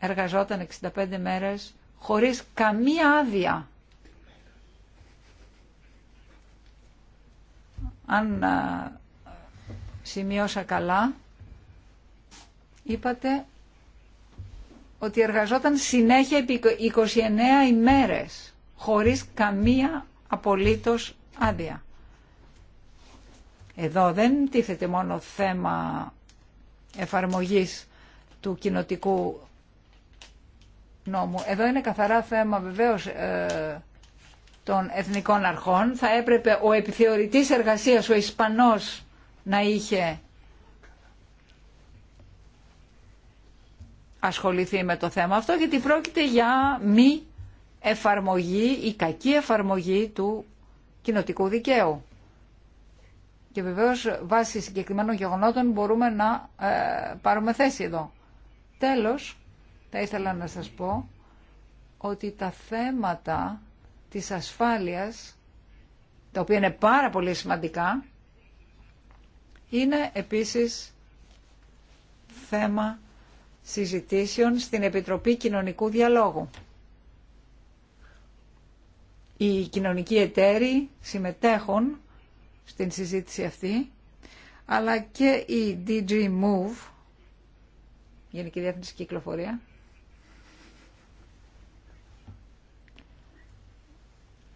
εργαζόταν 65 μέρες χωρίς καμία άδεια. Αν σημειώσα καλά, είπατε ότι εργαζόταν συνέχεια επί 29 ημέρες, χωρίς καμία απολύτως άδεια. Εδώ δεν τίθεται μόνο θέμα εφαρμογής του κοινοτικού νόμου. Εδώ είναι καθαρά θέμα βεβαίως ε, των εθνικών αρχών. Θα έπρεπε ο επιθεωρητής εργασίας, ο Ισπανός, να είχε ασχοληθεί με το θέμα αυτό, γιατί πρόκειται για μη εφαρμογή ή κακή εφαρμογή του κοινοτικού δικαίου. Και βεβαίως βάσει συγκεκριμένων γεγονότων μπορούμε να ε, πάρουμε θέση εδώ. Τέλος, θα ήθελα να σας πω ότι τα θέματα της ασφάλειας, τα οποία είναι πάρα πολύ σημαντικά, είναι επίσης θέμα συζητήσεων στην Επιτροπή Κοινωνικού Διαλόγου. Οι κοινωνικοί εταίροι συμμετέχουν στην συζήτηση αυτή, αλλά και η DG Move, Γενική Διεύθυνση Κυκλοφορία,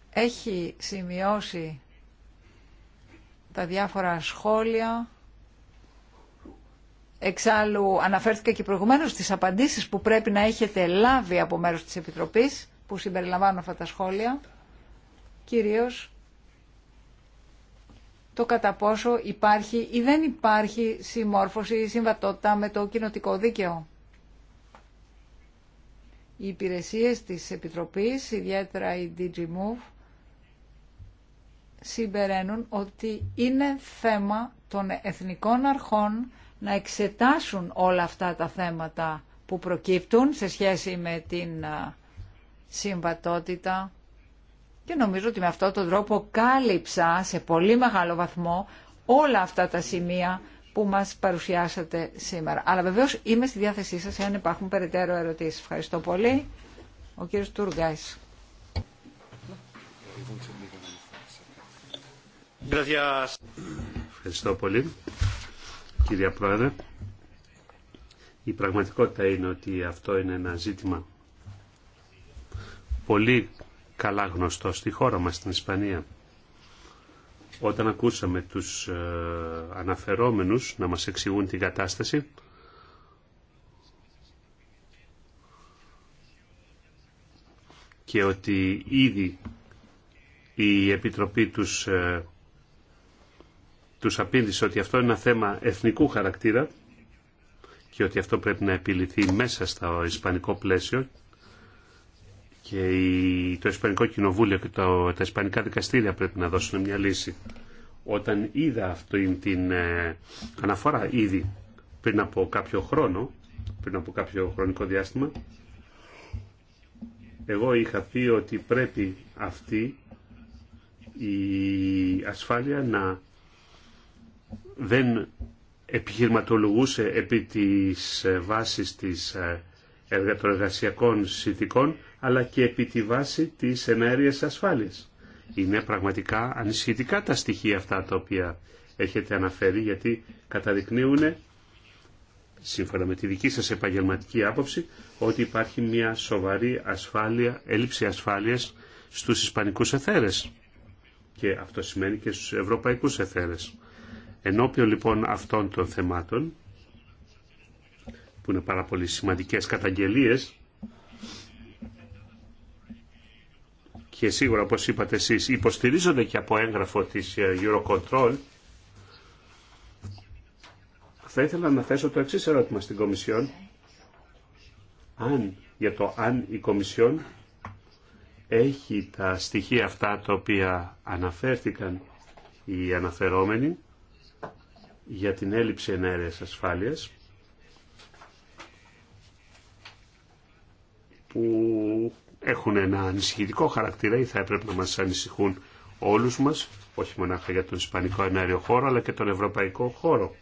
έχει σημειώσει τα διάφορα σχόλια. Εξάλλου αναφέρθηκα και προηγουμένως στις απαντήσεις που πρέπει να έχετε λάβει από μέρους της Επιτροπής που συμπεριλαμβάνουν αυτά τα σχόλια. Κυρίως το κατά πόσο υπάρχει ή δεν υπάρχει συμμόρφωση ή συμβατότητα με το κοινοτικό δίκαιο. Οι υπηρεσίες της Επιτροπής, ιδιαίτερα η DG Move, συμπεραίνουν ότι είναι θέμα των εθνικών αρχών να εξετάσουν όλα αυτά τα θέματα που προκύπτουν σε σχέση με την συμβατότητα και νομίζω ότι με αυτόν τον τρόπο κάλυψα σε πολύ μεγάλο βαθμό όλα αυτά τα σημεία που μας παρουσιάσατε σήμερα. Αλλά βεβαίως είμαι στη διάθεσή σας εάν υπάρχουν περαιτέρω ερωτήσεις. Ευχαριστώ πολύ. Ο κύριος Τουργκάης. Ευχαριστώ πολύ, κυρία Πρόεδρε. Η πραγματικότητα είναι ότι αυτό είναι ένα ζήτημα πολύ καλά γνωστό στη χώρα μας, στην Ισπανία. Όταν ακούσαμε τους ε, αναφερόμενους να μας εξηγούν την κατάσταση, και ότι ήδη η Επιτροπή τους, ε, τους απήντησε ότι αυτό είναι ένα θέμα εθνικού χαρακτήρα και ότι αυτό πρέπει να επιληθεί μέσα στο ισπανικό πλαίσιο και το Ισπανικό Κοινοβούλιο και το, τα Ισπανικά δικαστήρια πρέπει να δώσουν μια λύση. Όταν είδα αυτή την ε, αναφορά ήδη πριν από κάποιο χρόνο, πριν από κάποιο χρονικό διάστημα, εγώ είχα πει ότι πρέπει αυτή η ασφάλεια να δεν επιχειρηματολογούσε επί της ε, βάσης της ε, εργατοργασίακων εργασιακών συνθηκών αλλά και επί τη βάση της ενέργειας ασφάλειας. Είναι πραγματικά ανησυχητικά τα στοιχεία αυτά τα οποία έχετε αναφέρει γιατί καταδεικνύουν σύμφωνα με τη δική σας επαγγελματική άποψη ότι υπάρχει μια σοβαρή ασφάλεια, έλλειψη ασφάλειας στους ισπανικούς εθέρες και αυτό σημαίνει και στους ευρωπαϊκούς εθέρες. Ενώπιον λοιπόν αυτών των θεμάτων που είναι πάρα πολύ σημαντικές καταγγελίες και σίγουρα όπως είπατε εσείς υποστηρίζονται και από έγγραφο της ε, Eurocontrol θα ήθελα να θέσω το εξής ερώτημα στην Κομισιόν αν, για το αν η Κομισιόν έχει τα στοιχεία αυτά τα οποία αναφέρθηκαν οι αναφερόμενοι για την έλλειψη ενέργειας ασφάλειας που έχουν ένα ανησυχητικό χαρακτήρα ή θα έπρεπε να μας ανησυχούν όλους μας, όχι μονάχα για τον Ισπανικό ενάριο χώρο, αλλά και τον Ευρωπαϊκό χώρο.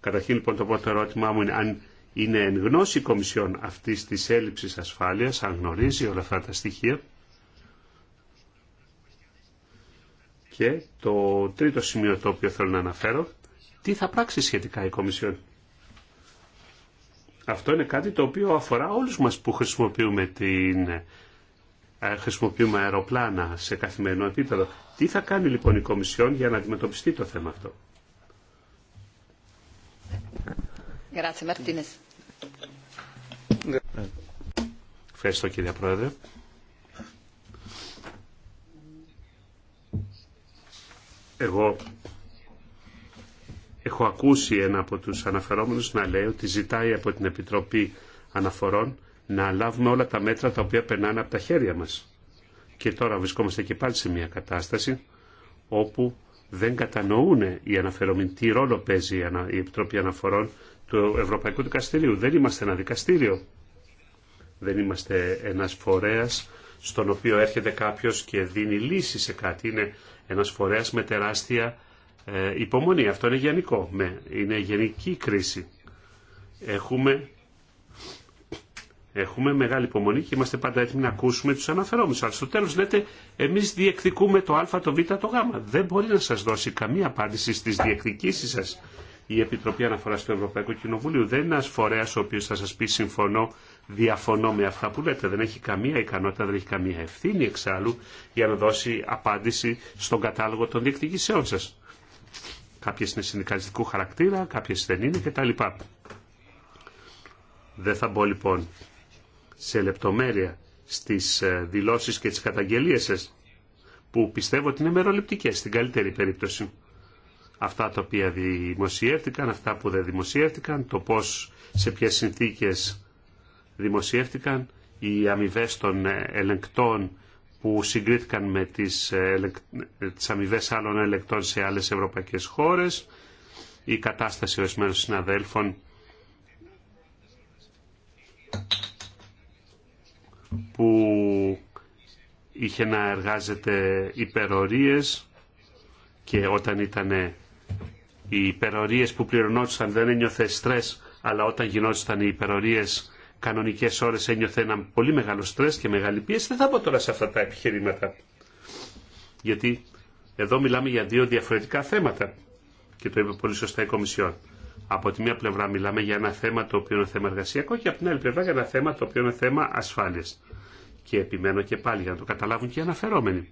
Καταρχήν λοιπόν το πρώτο ερώτημά μου είναι αν είναι εν γνώση η Κομισιόν αυτής της έλλειψης ασφάλειας, αν γνωρίζει όλα αυτά τα στοιχεία. Και το τρίτο σημείο το οποίο θέλω να αναφέρω, τι θα πράξει σχετικά η Κομισιόν. Αυτό είναι κάτι το οποίο αφορά όλους μας που χρησιμοποιούμε, την, ε, χρησιμοποιούμε αεροπλάνα σε καθημερινό επίπεδο. Τι θα κάνει λοιπόν η Κομισιόν για να αντιμετωπιστεί το θέμα αυτό. Ευχαριστώ κύριε Πρόεδρε. Εγώ Έχω ακούσει ένα από τους αναφερόμενους να λέει ότι ζητάει από την Επιτροπή Αναφορών να λάβουμε όλα τα μέτρα τα οποία περνάνε από τα χέρια μας. Και τώρα βρισκόμαστε και πάλι σε μια κατάσταση όπου δεν κατανοούν οι αναφερόμενοι τι ρόλο παίζει η Επιτροπή Αναφορών του Ευρωπαϊκού Δικαστηρίου. Δεν είμαστε ένα δικαστήριο. Δεν είμαστε ένας φορέας στον οποίο έρχεται κάποιος και δίνει λύση σε κάτι. Είναι ένας φορέας με τεράστια ε, υπομονή. Αυτό είναι γενικό. Είναι γενική κρίση. Έχουμε, έχουμε μεγάλη υπομονή και είμαστε πάντα έτοιμοι να ακούσουμε τους αναφερόμενους. Αλλά στο τέλος λέτε εμείς διεκδικούμε το α, το β, το γ. Δεν μπορεί να σας δώσει καμία απάντηση στις διεκδικήσεις σας. Η Επιτροπή Αναφοράς του Ευρωπαϊκού Κοινοβουλίου δεν είναι ένας φορέας ο οποίος θα σας πει συμφωνώ διαφωνώ με αυτά που λέτε. Δεν έχει καμία ικανότητα, δεν έχει καμία ευθύνη εξάλλου για να δώσει απάντηση στον κατάλογο των διεκδικήσεών σα. Κάποιες είναι συνδικαλιστικού χαρακτήρα, κάποιες δεν είναι λοιπά. Δεν θα μπω λοιπόν σε λεπτομέρεια στις ε, δηλώσεις και τις καταγγελίες σας που πιστεύω ότι είναι μεροληπτικές στην καλύτερη περίπτωση. Αυτά τα οποία δημοσιεύτηκαν, αυτά που δεν δημοσιεύτηκαν, το πώς, σε ποιες συνθήκες δημοσιεύτηκαν, οι αμοιβέ των ε, ελεγκτών που συγκρίθηκαν με τις, ε, τις αμοιβέ άλλων ελεκτών σε άλλες ευρωπαϊκές χώρες, η κατάσταση ορισμένων συναδέλφων που είχε να εργάζεται υπερορίες και όταν ήταν οι υπερορίες που πληρωνόντουσαν δεν ένιωθε στρες αλλά όταν γινόντουσαν οι υπερορίες Κανονικέ ώρε ένιωθε ένα πολύ μεγάλο στρε και μεγάλη πίεση. Δεν θα πω τώρα σε αυτά τα επιχειρήματα. Γιατί εδώ μιλάμε για δύο διαφορετικά θέματα. Και το είπε πολύ σωστά η Κομισιόν. Από τη μία πλευρά μιλάμε για ένα θέμα το οποίο είναι θέμα εργασιακό και από την άλλη πλευρά για ένα θέμα το οποίο είναι θέμα ασφαλεια Και επιμένω και πάλι για να το καταλάβουν και οι αναφερόμενοι.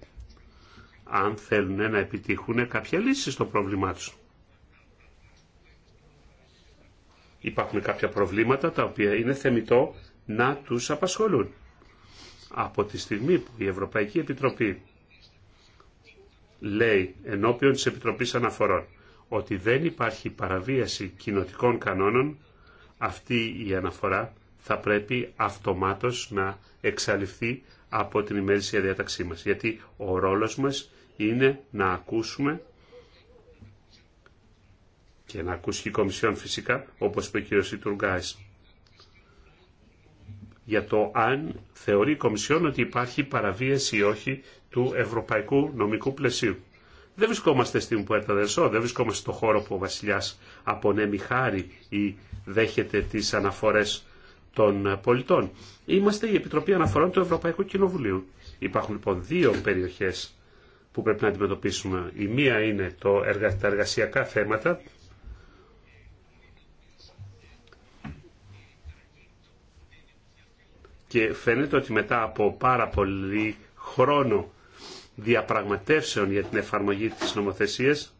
Αν θέλουν να επιτύχουν κάποια λύση στο πρόβλημά του. Υπάρχουν κάποια προβλήματα τα οποία είναι θεμητό να τους απασχολούν. Από τη στιγμή που η Ευρωπαϊκή Επιτροπή λέει ενώπιον της Επιτροπής Αναφορών ότι δεν υπάρχει παραβίαση κοινοτικών κανόνων, αυτή η αναφορά θα πρέπει αυτομάτως να εξαλειφθεί από την ημέρησια διάταξή μας. Γιατί ο ρόλος μας είναι να ακούσουμε και να ακούσει η Κομισιόν φυσικά, όπως είπε ο κ. Σιτουργκάης, για το αν θεωρεί η Κομισιόν ότι υπάρχει παραβίαση ή όχι του ευρωπαϊκού νομικού πλαισίου. Δεν βρισκόμαστε στην Πουέρτα Δελσό, δεν βρισκόμαστε στον χώρο που ο βασιλιάς απονέμει χάρη ή δέχεται τις αναφορές των πολιτών. Είμαστε η Επιτροπή Αναφορών του Ευρωπαϊκού Κοινοβουλίου. Υπάρχουν λοιπόν δύο περιοχές που πρέπει να αντιμετωπίσουμε. Η μία είναι το, τα εργασιακά θέματα και φαίνεται ότι μετά από πάρα πολύ χρόνο διαπραγματεύσεων για την εφαρμογή της νομοθεσίας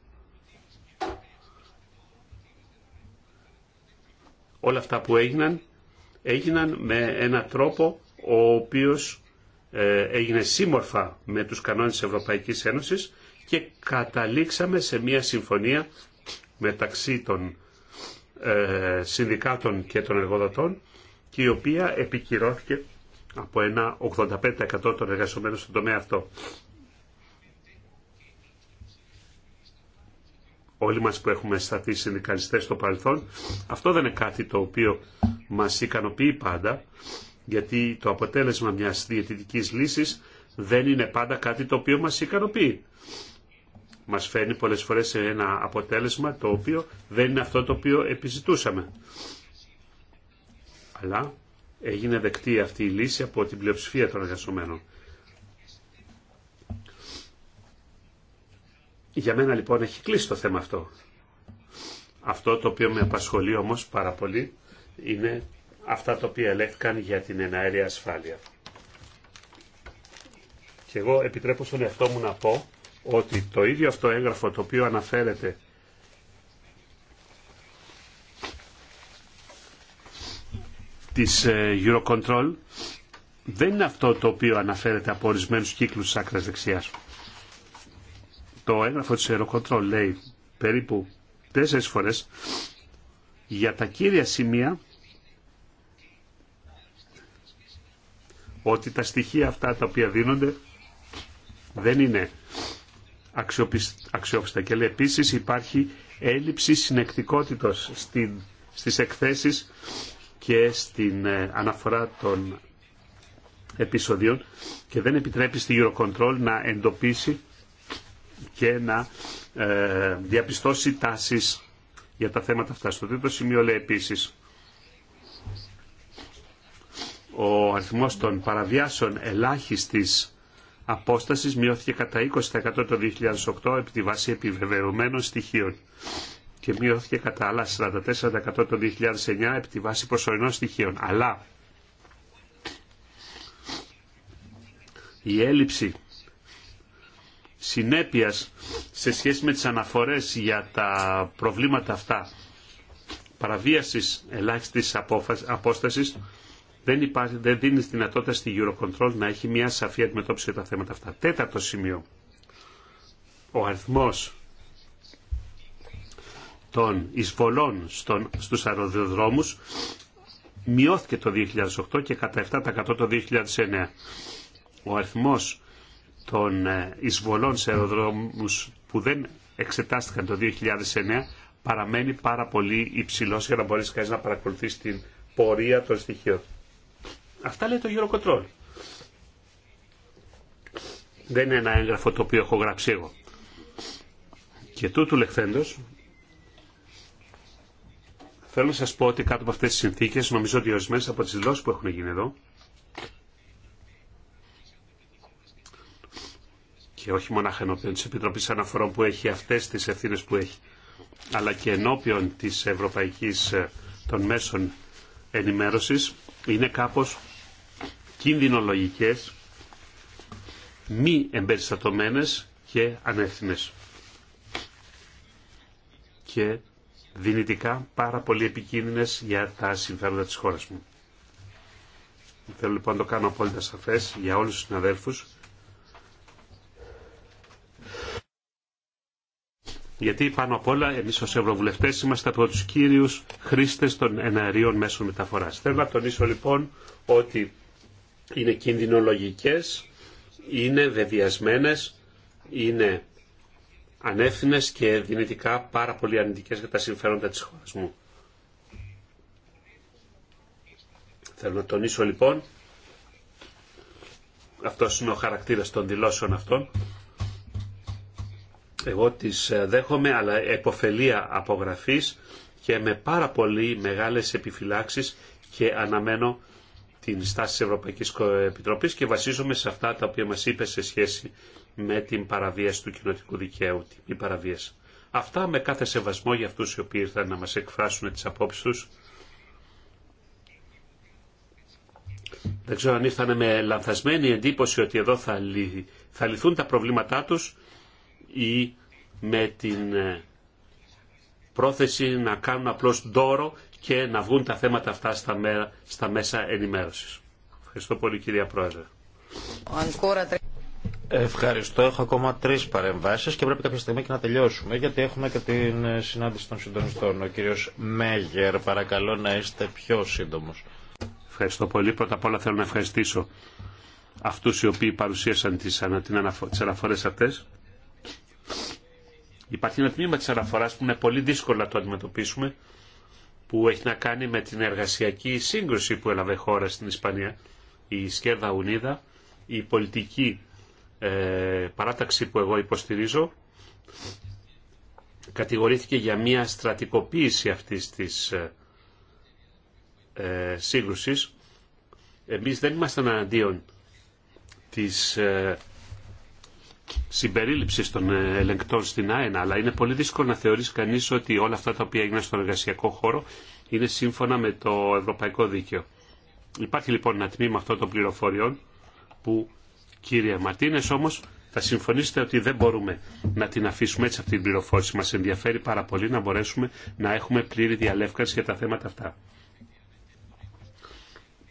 όλα αυτά που έγιναν έγιναν με ένα τρόπο ο οποίος ε, έγινε σύμμορφα με τους κανόνες της Ευρωπαϊκής Ένωσης και καταλήξαμε σε μια συμφωνία μεταξύ των ε, συνδικάτων και των εργοδοτών και η οποία επικυρώθηκε από ένα 85% των εργαζομένων στον τομέα αυτό. όλοι μας που έχουμε σταθεί συνδικαλιστές στο παρελθόν, αυτό δεν είναι κάτι το οποίο μας ικανοποιεί πάντα, γιατί το αποτέλεσμα μιας διαιτητικής λύσης δεν είναι πάντα κάτι το οποίο μας ικανοποιεί. Μας φέρνει πολλές φορές ένα αποτέλεσμα το οποίο δεν είναι αυτό το οποίο επιζητούσαμε αλλά έγινε δεκτή αυτή η λύση από την πλειοψηφία των εργαζομένων. Για μένα λοιπόν έχει κλείσει το θέμα αυτό. Αυτό το οποίο με απασχολεί όμως πάρα πολύ είναι αυτά τα οποία ελέγχθηκαν για την εναέρια ασφάλεια. Και εγώ επιτρέπω στον εαυτό μου να πω ότι το ίδιο αυτό έγγραφο το οποίο αναφέρεται της ε, Eurocontrol δεν είναι αυτό το οποίο αναφέρεται από ορισμένου κύκλους της άκρας δεξιάς. Το έγγραφο της Eurocontrol λέει περίπου τέσσερις φορές για τα κύρια σημεία ότι τα στοιχεία αυτά τα οποία δίνονται δεν είναι αξιόπιστα. Και λέει επίσης υπάρχει έλλειψη συνεκτικότητος στην, στις εκθέσεις και στην ε, αναφορά των επεισοδίων και δεν επιτρέπει στη Eurocontrol να εντοπίσει και να ε, διαπιστώσει τάσεις για τα θέματα αυτά. Στο τρίτο σημείο λέει επίσης ο αριθμός των παραβιάσεων ελάχιστης απόστασης μειώθηκε κατά 20% το 2008 επί τη βάση επιβεβαιωμένων στοιχείων και μειώθηκε κατά άλλα 44% το 2009 επί τη βάση προσωρινών στοιχείων. Αλλά η έλλειψη συνέπειας σε σχέση με τις αναφορές για τα προβλήματα αυτά παραβίασης ελάχιστης απόστασης δεν, υπάρχει, δεν δίνει δυνατότητα στη Eurocontrol να έχει μια σαφή αντιμετώπιση για τα θέματα αυτά. Τέταρτο σημείο. Ο αριθμός των εισβολών στον, στους αεροδρόμους μειώθηκε το 2008 και κατά 7% το 2009. Ο αριθμός των ε, εισβολών σε αεροδρόμους που δεν εξετάστηκαν το 2009 παραμένει πάρα πολύ υψηλός για να μπορείς κανείς να παρακολουθεί την πορεία των στοιχείων. Αυτά λέει το Eurocontrol. Δεν είναι ένα έγγραφο το οποίο έχω γράψει εγώ. Και τούτου λεχθέντος Θέλω να σας πω ότι κάτω από αυτές τις συνθήκες, νομίζω ότι ορισμένε από τις δηλώσει που έχουν γίνει εδώ, και όχι μόνο ενώπιον της Επιτροπής Αναφορών που έχει αυτές τις ευθύνε που έχει, αλλά και ενώπιον της Ευρωπαϊκής ε, των Μέσων Ενημέρωσης, είναι κάπως κινδυνολογικές, μη εμπεριστατωμένες και ανεύθυνες. Και δυνητικά πάρα πολύ επικίνδυνε για τα συμφέροντα της χώρας μου. Θέλω λοιπόν να το κάνω απόλυτα σαφέ για όλους τους συναδέλφους. Γιατί πάνω απ' όλα εμείς ως Ευρωβουλευτές είμαστε από του κύριους χρήστες των εναερίων μέσων μεταφοράς. Θέλω να τονίσω λοιπόν ότι είναι κινδυνολογικές, είναι βεβαιασμένε, είναι ανεύθυνε και δυνητικά πάρα πολύ αρνητικές για τα συμφέροντα τη χώρας μου. Θέλω να τονίσω λοιπόν, αυτό είναι ο χαρακτήρα των δηλώσεων αυτών, εγώ τι ε, δέχομαι, αλλά εποφελία απογραφής και με πάρα πολύ μεγάλε επιφυλάξει και αναμένω την στάση της Ευρωπαϊκής Επιτροπής και βασίζομαι σε αυτά τα οποία μας είπε σε σχέση με την παραβίαση του κοινοτικού δικαίου, την παραβίαση. Αυτά με κάθε σεβασμό για αυτούς οι οποίοι ήρθαν να μας εκφράσουν τις απόψεις τους. Δεν ξέρω αν ήρθαν με λανθασμένη εντύπωση ότι εδώ θα, θα λυθούν τα προβλήματά τους ή με την ε, πρόθεση να κάνουν απλώς δώρο και να βγουν τα θέματα αυτά στα, μέσα ενημέρωσης. Ευχαριστώ πολύ κυρία Πρόεδρε. Ευχαριστώ. Έχω ακόμα τρει παρεμβάσει και πρέπει κάποια στιγμή και να τελειώσουμε, γιατί έχουμε και την ε, συνάντηση των συντονιστών. Ο κύριο Μέγερ, παρακαλώ να είστε πιο σύντομο. Ευχαριστώ πολύ. Πρώτα απ' όλα θέλω να ευχαριστήσω αυτού οι οποίοι παρουσίασαν τι αναφορέ αυτέ. Υπάρχει ένα τμήμα τη αναφορά που είναι πολύ δύσκολο να το αντιμετωπίσουμε, που έχει να κάνει με την εργασιακή σύγκρουση που έλαβε χώρα στην Ισπανία. Η Σκέρδα Ουνίδα, η πολιτική ε, παράταξη που εγώ υποστηρίζω κατηγορήθηκε για μια στρατικοποίηση αυτής της ε, σύγκρουσης. Εμείς δεν ήμασταν αντίον της ε, συμπερίληψης των ε, ελεγκτών στην ΑΕΝΑ, αλλά είναι πολύ δύσκολο να θεωρείς κανείς ότι όλα αυτά τα οποία έγιναν στον εργασιακό χώρο είναι σύμφωνα με το ευρωπαϊκό δίκαιο. Υπάρχει λοιπόν ένα τμήμα αυτών των πληροφοριών που Κύριε Μαρτίνες όμως θα συμφωνήσετε ότι δεν μπορούμε να την αφήσουμε έτσι αυτή την πληροφόρηση. Μας ενδιαφέρει πάρα πολύ να μπορέσουμε να έχουμε πλήρη διαλεύκανση για τα θέματα αυτά.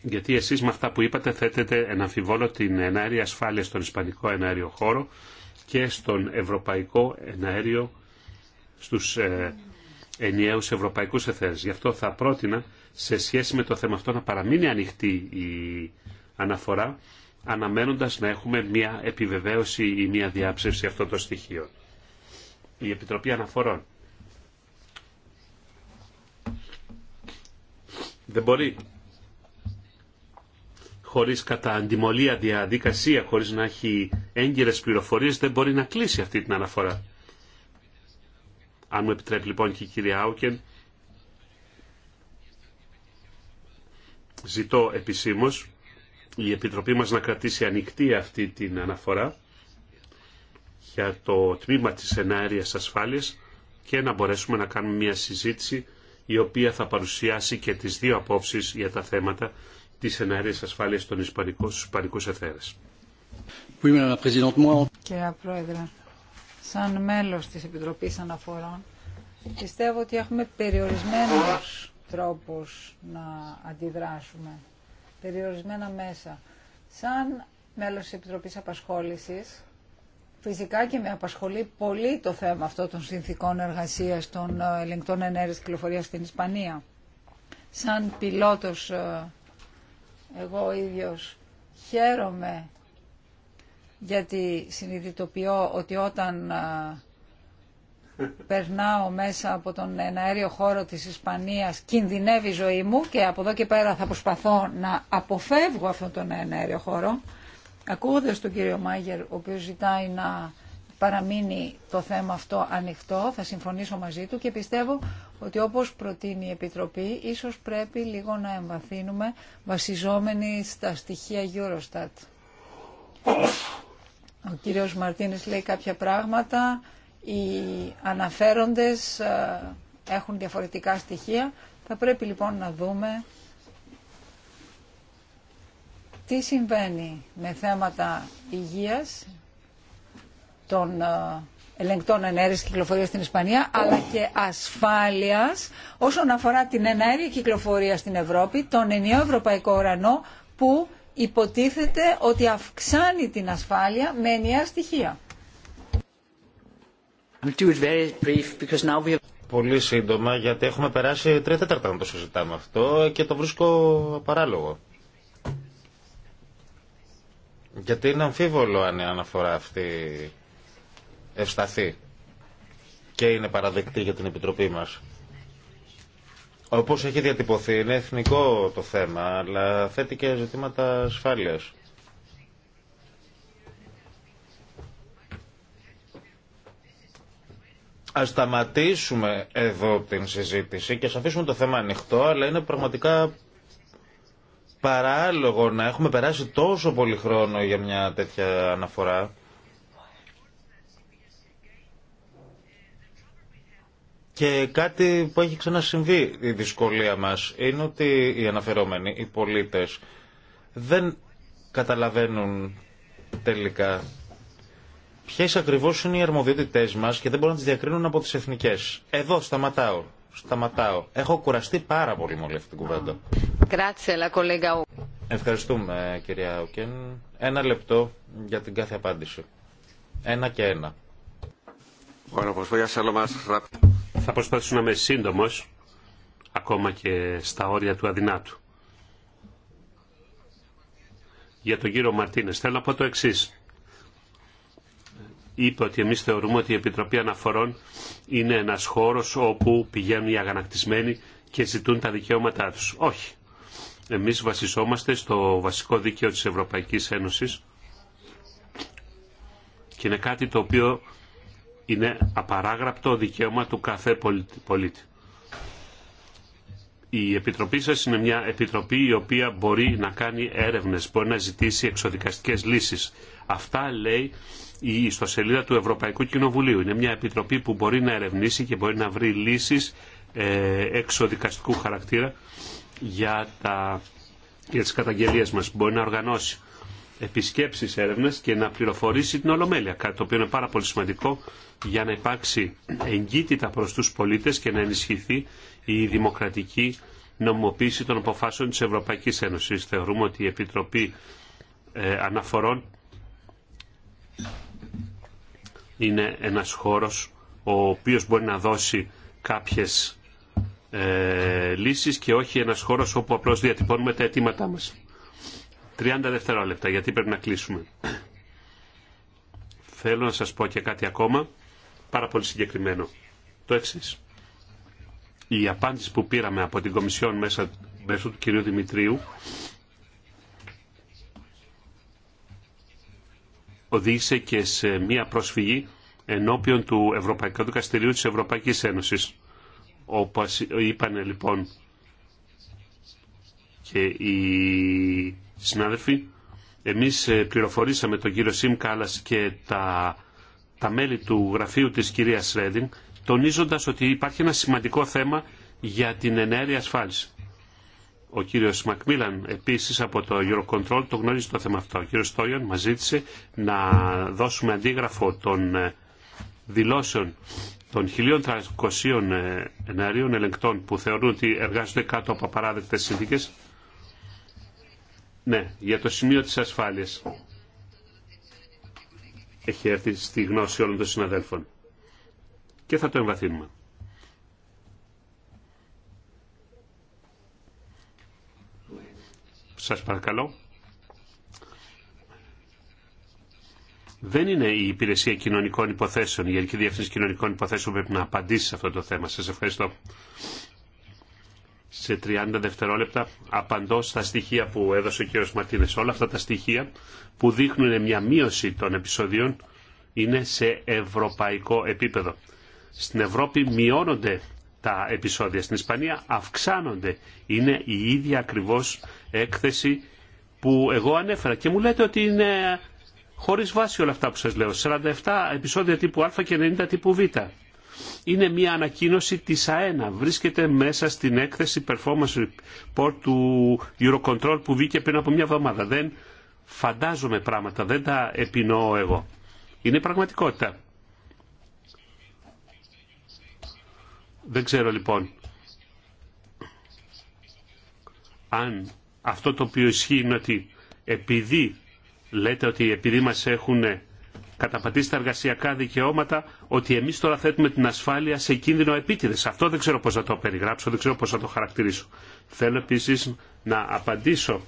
Γιατί εσείς με αυτά που είπατε θέτετε εν την εναέρια ασφάλεια στον Ισπανικό εναέριο χώρο και στον Ευρωπαϊκό εναέριο στους ε, ενιαίους ευρωπαϊκούς εθέρες. Γι' αυτό θα πρότεινα σε σχέση με το θέμα αυτό να παραμείνει ανοιχτή η αναφορά αναμένοντας να έχουμε μια επιβεβαίωση ή μια διάψευση αυτών των στοιχείων. Η Επιτροπή Αναφορών δεν μπορεί χωρίς κατά αντιμολία διαδικασία, χωρίς να έχει έγκυρες πληροφορίες, δεν μπορεί να κλείσει αυτή την αναφορά. Αν μου επιτρέπει λοιπόν και η κυρία Άουκεν, ζητώ επισήμως η Επιτροπή μας να κρατήσει ανοιχτή αυτή την αναφορά για το τμήμα της Ενάρειας ασφάλειας και να μπορέσουμε να κάνουμε μια συζήτηση η οποία θα παρουσιάσει και τις δύο απόψεις για τα θέματα της Ενάρειας ασφάλειας των Ισπανικούς εθέρες. Κύριε Πρόεδρε, σαν μέλος της Επιτροπής Αναφορών, πιστεύω ότι έχουμε περιορισμένους τρόπους να αντιδράσουμε περιορισμένα μέσα. Σαν μέλος της Επιτροπής Απασχόλησης, φυσικά και με απασχολεί πολύ το θέμα αυτό των συνθήκων εργασίας των ε, ελεγκτών ενέργειας κυκλοφορίας στην Ισπανία. Σαν πιλότος ε, εγώ ίδιος χαίρομαι γιατί συνειδητοποιώ ότι όταν ε, περνάω μέσα από τον εναέριο χώρο της Ισπανίας κινδυνεύει η ζωή μου και από εδώ και πέρα θα προσπαθώ να αποφεύγω αυτόν τον εναέριο χώρο ακούγοντας τον κύριο Μάγερ ο οποίος ζητάει να παραμείνει το θέμα αυτό ανοιχτό θα συμφωνήσω μαζί του και πιστεύω ότι όπως προτείνει η Επιτροπή ίσως πρέπει λίγο να εμβαθύνουμε βασιζόμενοι στα στοιχεία Eurostat ο κύριος Μαρτίνης λέει κάποια πράγματα οι αναφέροντες ε, έχουν διαφορετικά στοιχεία. Θα πρέπει λοιπόν να δούμε τι συμβαίνει με θέματα υγείας των ε, ελεγκτών ενέργειας κυκλοφορίας στην Ισπανία αλλά και ασφάλειας όσον αφορά την ενέργεια κυκλοφορία στην Ευρώπη, τον ενιαίο ευρωπαϊκό ουρανό που υποτίθεται ότι αυξάνει την ασφάλεια με ενιαία στοιχεία. Πολύ σύντομα, γιατί έχουμε περάσει τρία τέταρτα να το συζητάμε αυτό και το βρίσκω παράλογο. Γιατί είναι αμφίβολο αν η αναφορά αυτή ευσταθεί και είναι παραδεκτή για την Επιτροπή μας. Όπως έχει διατυπωθεί, είναι εθνικό το θέμα, αλλά θέτει και ζητήματα ασφάλειας. Ας σταματήσουμε εδώ την συζήτηση και ας αφήσουμε το θέμα ανοιχτό, αλλά είναι πραγματικά παράλογο να έχουμε περάσει τόσο πολύ χρόνο για μια τέτοια αναφορά. Και κάτι που έχει ξανασυμβεί η δυσκολία μας είναι ότι οι αναφερόμενοι, οι πολίτες, δεν καταλαβαίνουν τελικά ποιε ακριβώ είναι οι αρμοδιότητέ μα και δεν μπορούν να τι διακρίνουν από τι εθνικέ. Εδώ σταματάω. Σταματάω. Έχω κουραστεί πάρα πολύ με όλη αυτή την κουβέντα. Ευχαριστούμε κυρία Οκέν. Ένα λεπτό για την κάθε απάντηση. Ένα και ένα. Θα προσπαθήσω να είμαι σύντομο, ακόμα και στα όρια του αδυνάτου. Για τον κύριο Μαρτίνες θέλω να πω το εξής είπε ότι εμείς θεωρούμε ότι η Επιτροπή Αναφορών είναι ένας χώρος όπου πηγαίνουν οι αγανακτισμένοι και ζητούν τα δικαιώματά τους. Όχι. Εμείς βασιζόμαστε στο βασικό δίκαιο της Ευρωπαϊκής Ένωσης και είναι κάτι το οποίο είναι απαράγραπτο δικαίωμα του κάθε πολίτη η Επιτροπή σας είναι μια Επιτροπή η οποία μπορεί να κάνει έρευνες, μπορεί να ζητήσει εξοδικαστικές λύσεις. Αυτά λέει η ιστοσελίδα του Ευρωπαϊκού Κοινοβουλίου. Είναι μια Επιτροπή που μπορεί να ερευνήσει και μπορεί να βρει λύσεις ε, εξοδικαστικού χαρακτήρα για, τα, για τις καταγγελίες μας. Μπορεί να οργανώσει επισκέψεις έρευνες και να πληροφορήσει την Ολομέλεια, κάτι το οποίο είναι πάρα πολύ σημαντικό για να υπάρξει εγκύτητα προς τους πολίτες και να ενισχυθεί η δημοκρατική νομοποιηση των αποφάσεων της Ευρωπαϊκής Ένωσης. Θεωρούμε ότι η Επιτροπή ε, Αναφορών είναι ένας χώρος ο οποίος μπορεί να δώσει κάποιες ε, λύσεις και όχι ένας χώρος όπου απλώς διατυπώνουμε τα αιτήματά μας. 30 δευτερόλεπτα, γιατί πρέπει να κλείσουμε. Θέλω να σας πω και κάτι ακόμα, πάρα πολύ συγκεκριμένο. Το εξής η απάντηση που πήραμε από την Κομισιόν μέσα, μέσω του κυρίου Δημητρίου οδήγησε και σε μία προσφυγή ενώπιον του Ευρωπαϊκού Δικαστηρίου της Ευρωπαϊκής Ένωσης. Όπως είπαν λοιπόν και οι συνάδελφοι, εμείς ε, πληροφορήσαμε τον κύριο Σίμ Κάλλας και τα, τα μέλη του γραφείου της κυρίας Ρέντινγκ τονίζοντας ότι υπάρχει ένα σημαντικό θέμα για την ενέργεια ασφάλιση. Ο κύριος Μακμίλαν επίσης από το Eurocontrol το γνωρίζει το θέμα αυτό. Ο κύριος Στόιον μας ζήτησε να δώσουμε αντίγραφο των ε, δηλώσεων των 1.300 ε, ενέργειων ελεγκτών που θεωρούν ότι εργάζονται κάτω από απαράδεκτες συνθήκες. Ναι, για το σημείο της ασφάλειας. Έχει έρθει στη γνώση όλων των συναδέλφων και θα το εμβαθύνουμε. Σας παρακαλώ. Δεν είναι η Υπηρεσία Κοινωνικών Υποθέσεων, η Γενική Διεύθυνση Κοινωνικών Υποθέσεων που πρέπει να απαντήσει σε αυτό το θέμα. Σας ευχαριστώ. Σε 30 δευτερόλεπτα απαντώ στα στοιχεία που έδωσε ο κ. Μαρτίνες. Όλα αυτά τα στοιχεία που δείχνουν μια μείωση των επεισοδίων είναι σε ευρωπαϊκό επίπεδο. Στην Ευρώπη μειώνονται τα επεισόδια, στην Ισπανία αυξάνονται. Είναι η ίδια ακριβώς έκθεση που εγώ ανέφερα και μου λέτε ότι είναι χωρίς βάση όλα αυτά που σας λέω. 47 επεισόδια τύπου Α και 90 τύπου Β. Είναι μια ανακοίνωση της ΑΕΝΑ. Βρίσκεται μέσα στην έκθεση performance report του Eurocontrol που βγήκε πριν από μια εβδομάδα. Δεν φαντάζομαι πράγματα, δεν τα επινοώ εγώ. Είναι πραγματικότητα. Δεν ξέρω λοιπόν αν αυτό το οποίο ισχύει είναι ότι επειδή λέτε ότι επειδή μας έχουν καταπατήσει τα εργασιακά δικαιώματα, ότι εμείς τώρα θέτουμε την ασφάλεια σε κίνδυνο επίτηδες. Αυτό δεν ξέρω πώς θα το περιγράψω, δεν ξέρω πώς θα το χαρακτηρίσω. Θέλω επίσης να απαντήσω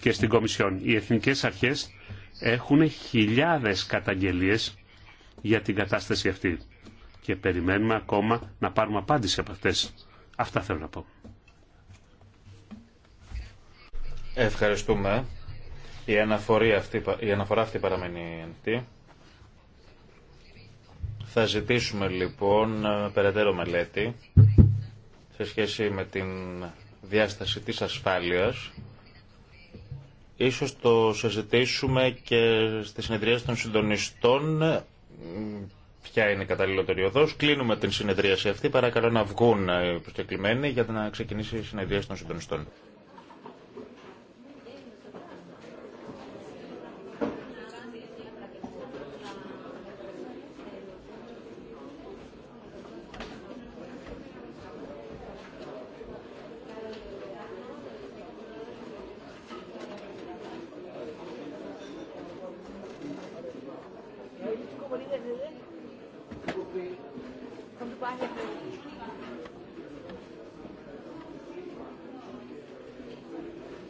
και στην Κομισιόν. Οι εθνικές αρχές έχουν χιλιάδες καταγγελίες για την κατάσταση αυτή και περιμένουμε ακόμα να πάρουμε απάντηση από αυτές. Αυτά θέλω να πω. Ευχαριστούμε. Η, αυτή, η αναφορά αυτή παραμένει εντύπωση. Θα ζητήσουμε λοιπόν περαιτέρω μελέτη σε σχέση με την διάσταση της ασφάλειας. Ίσως το συζητήσουμε και στη συνεδρίες των συντονιστών ποια είναι η καταλληλότερη οδό. Κλείνουμε την συνεδρίαση αυτή. Παρακαλώ να βγουν οι ε, προσκεκλημένοι για να ξεκινήσει η συνεδρίαση των συντονιστών.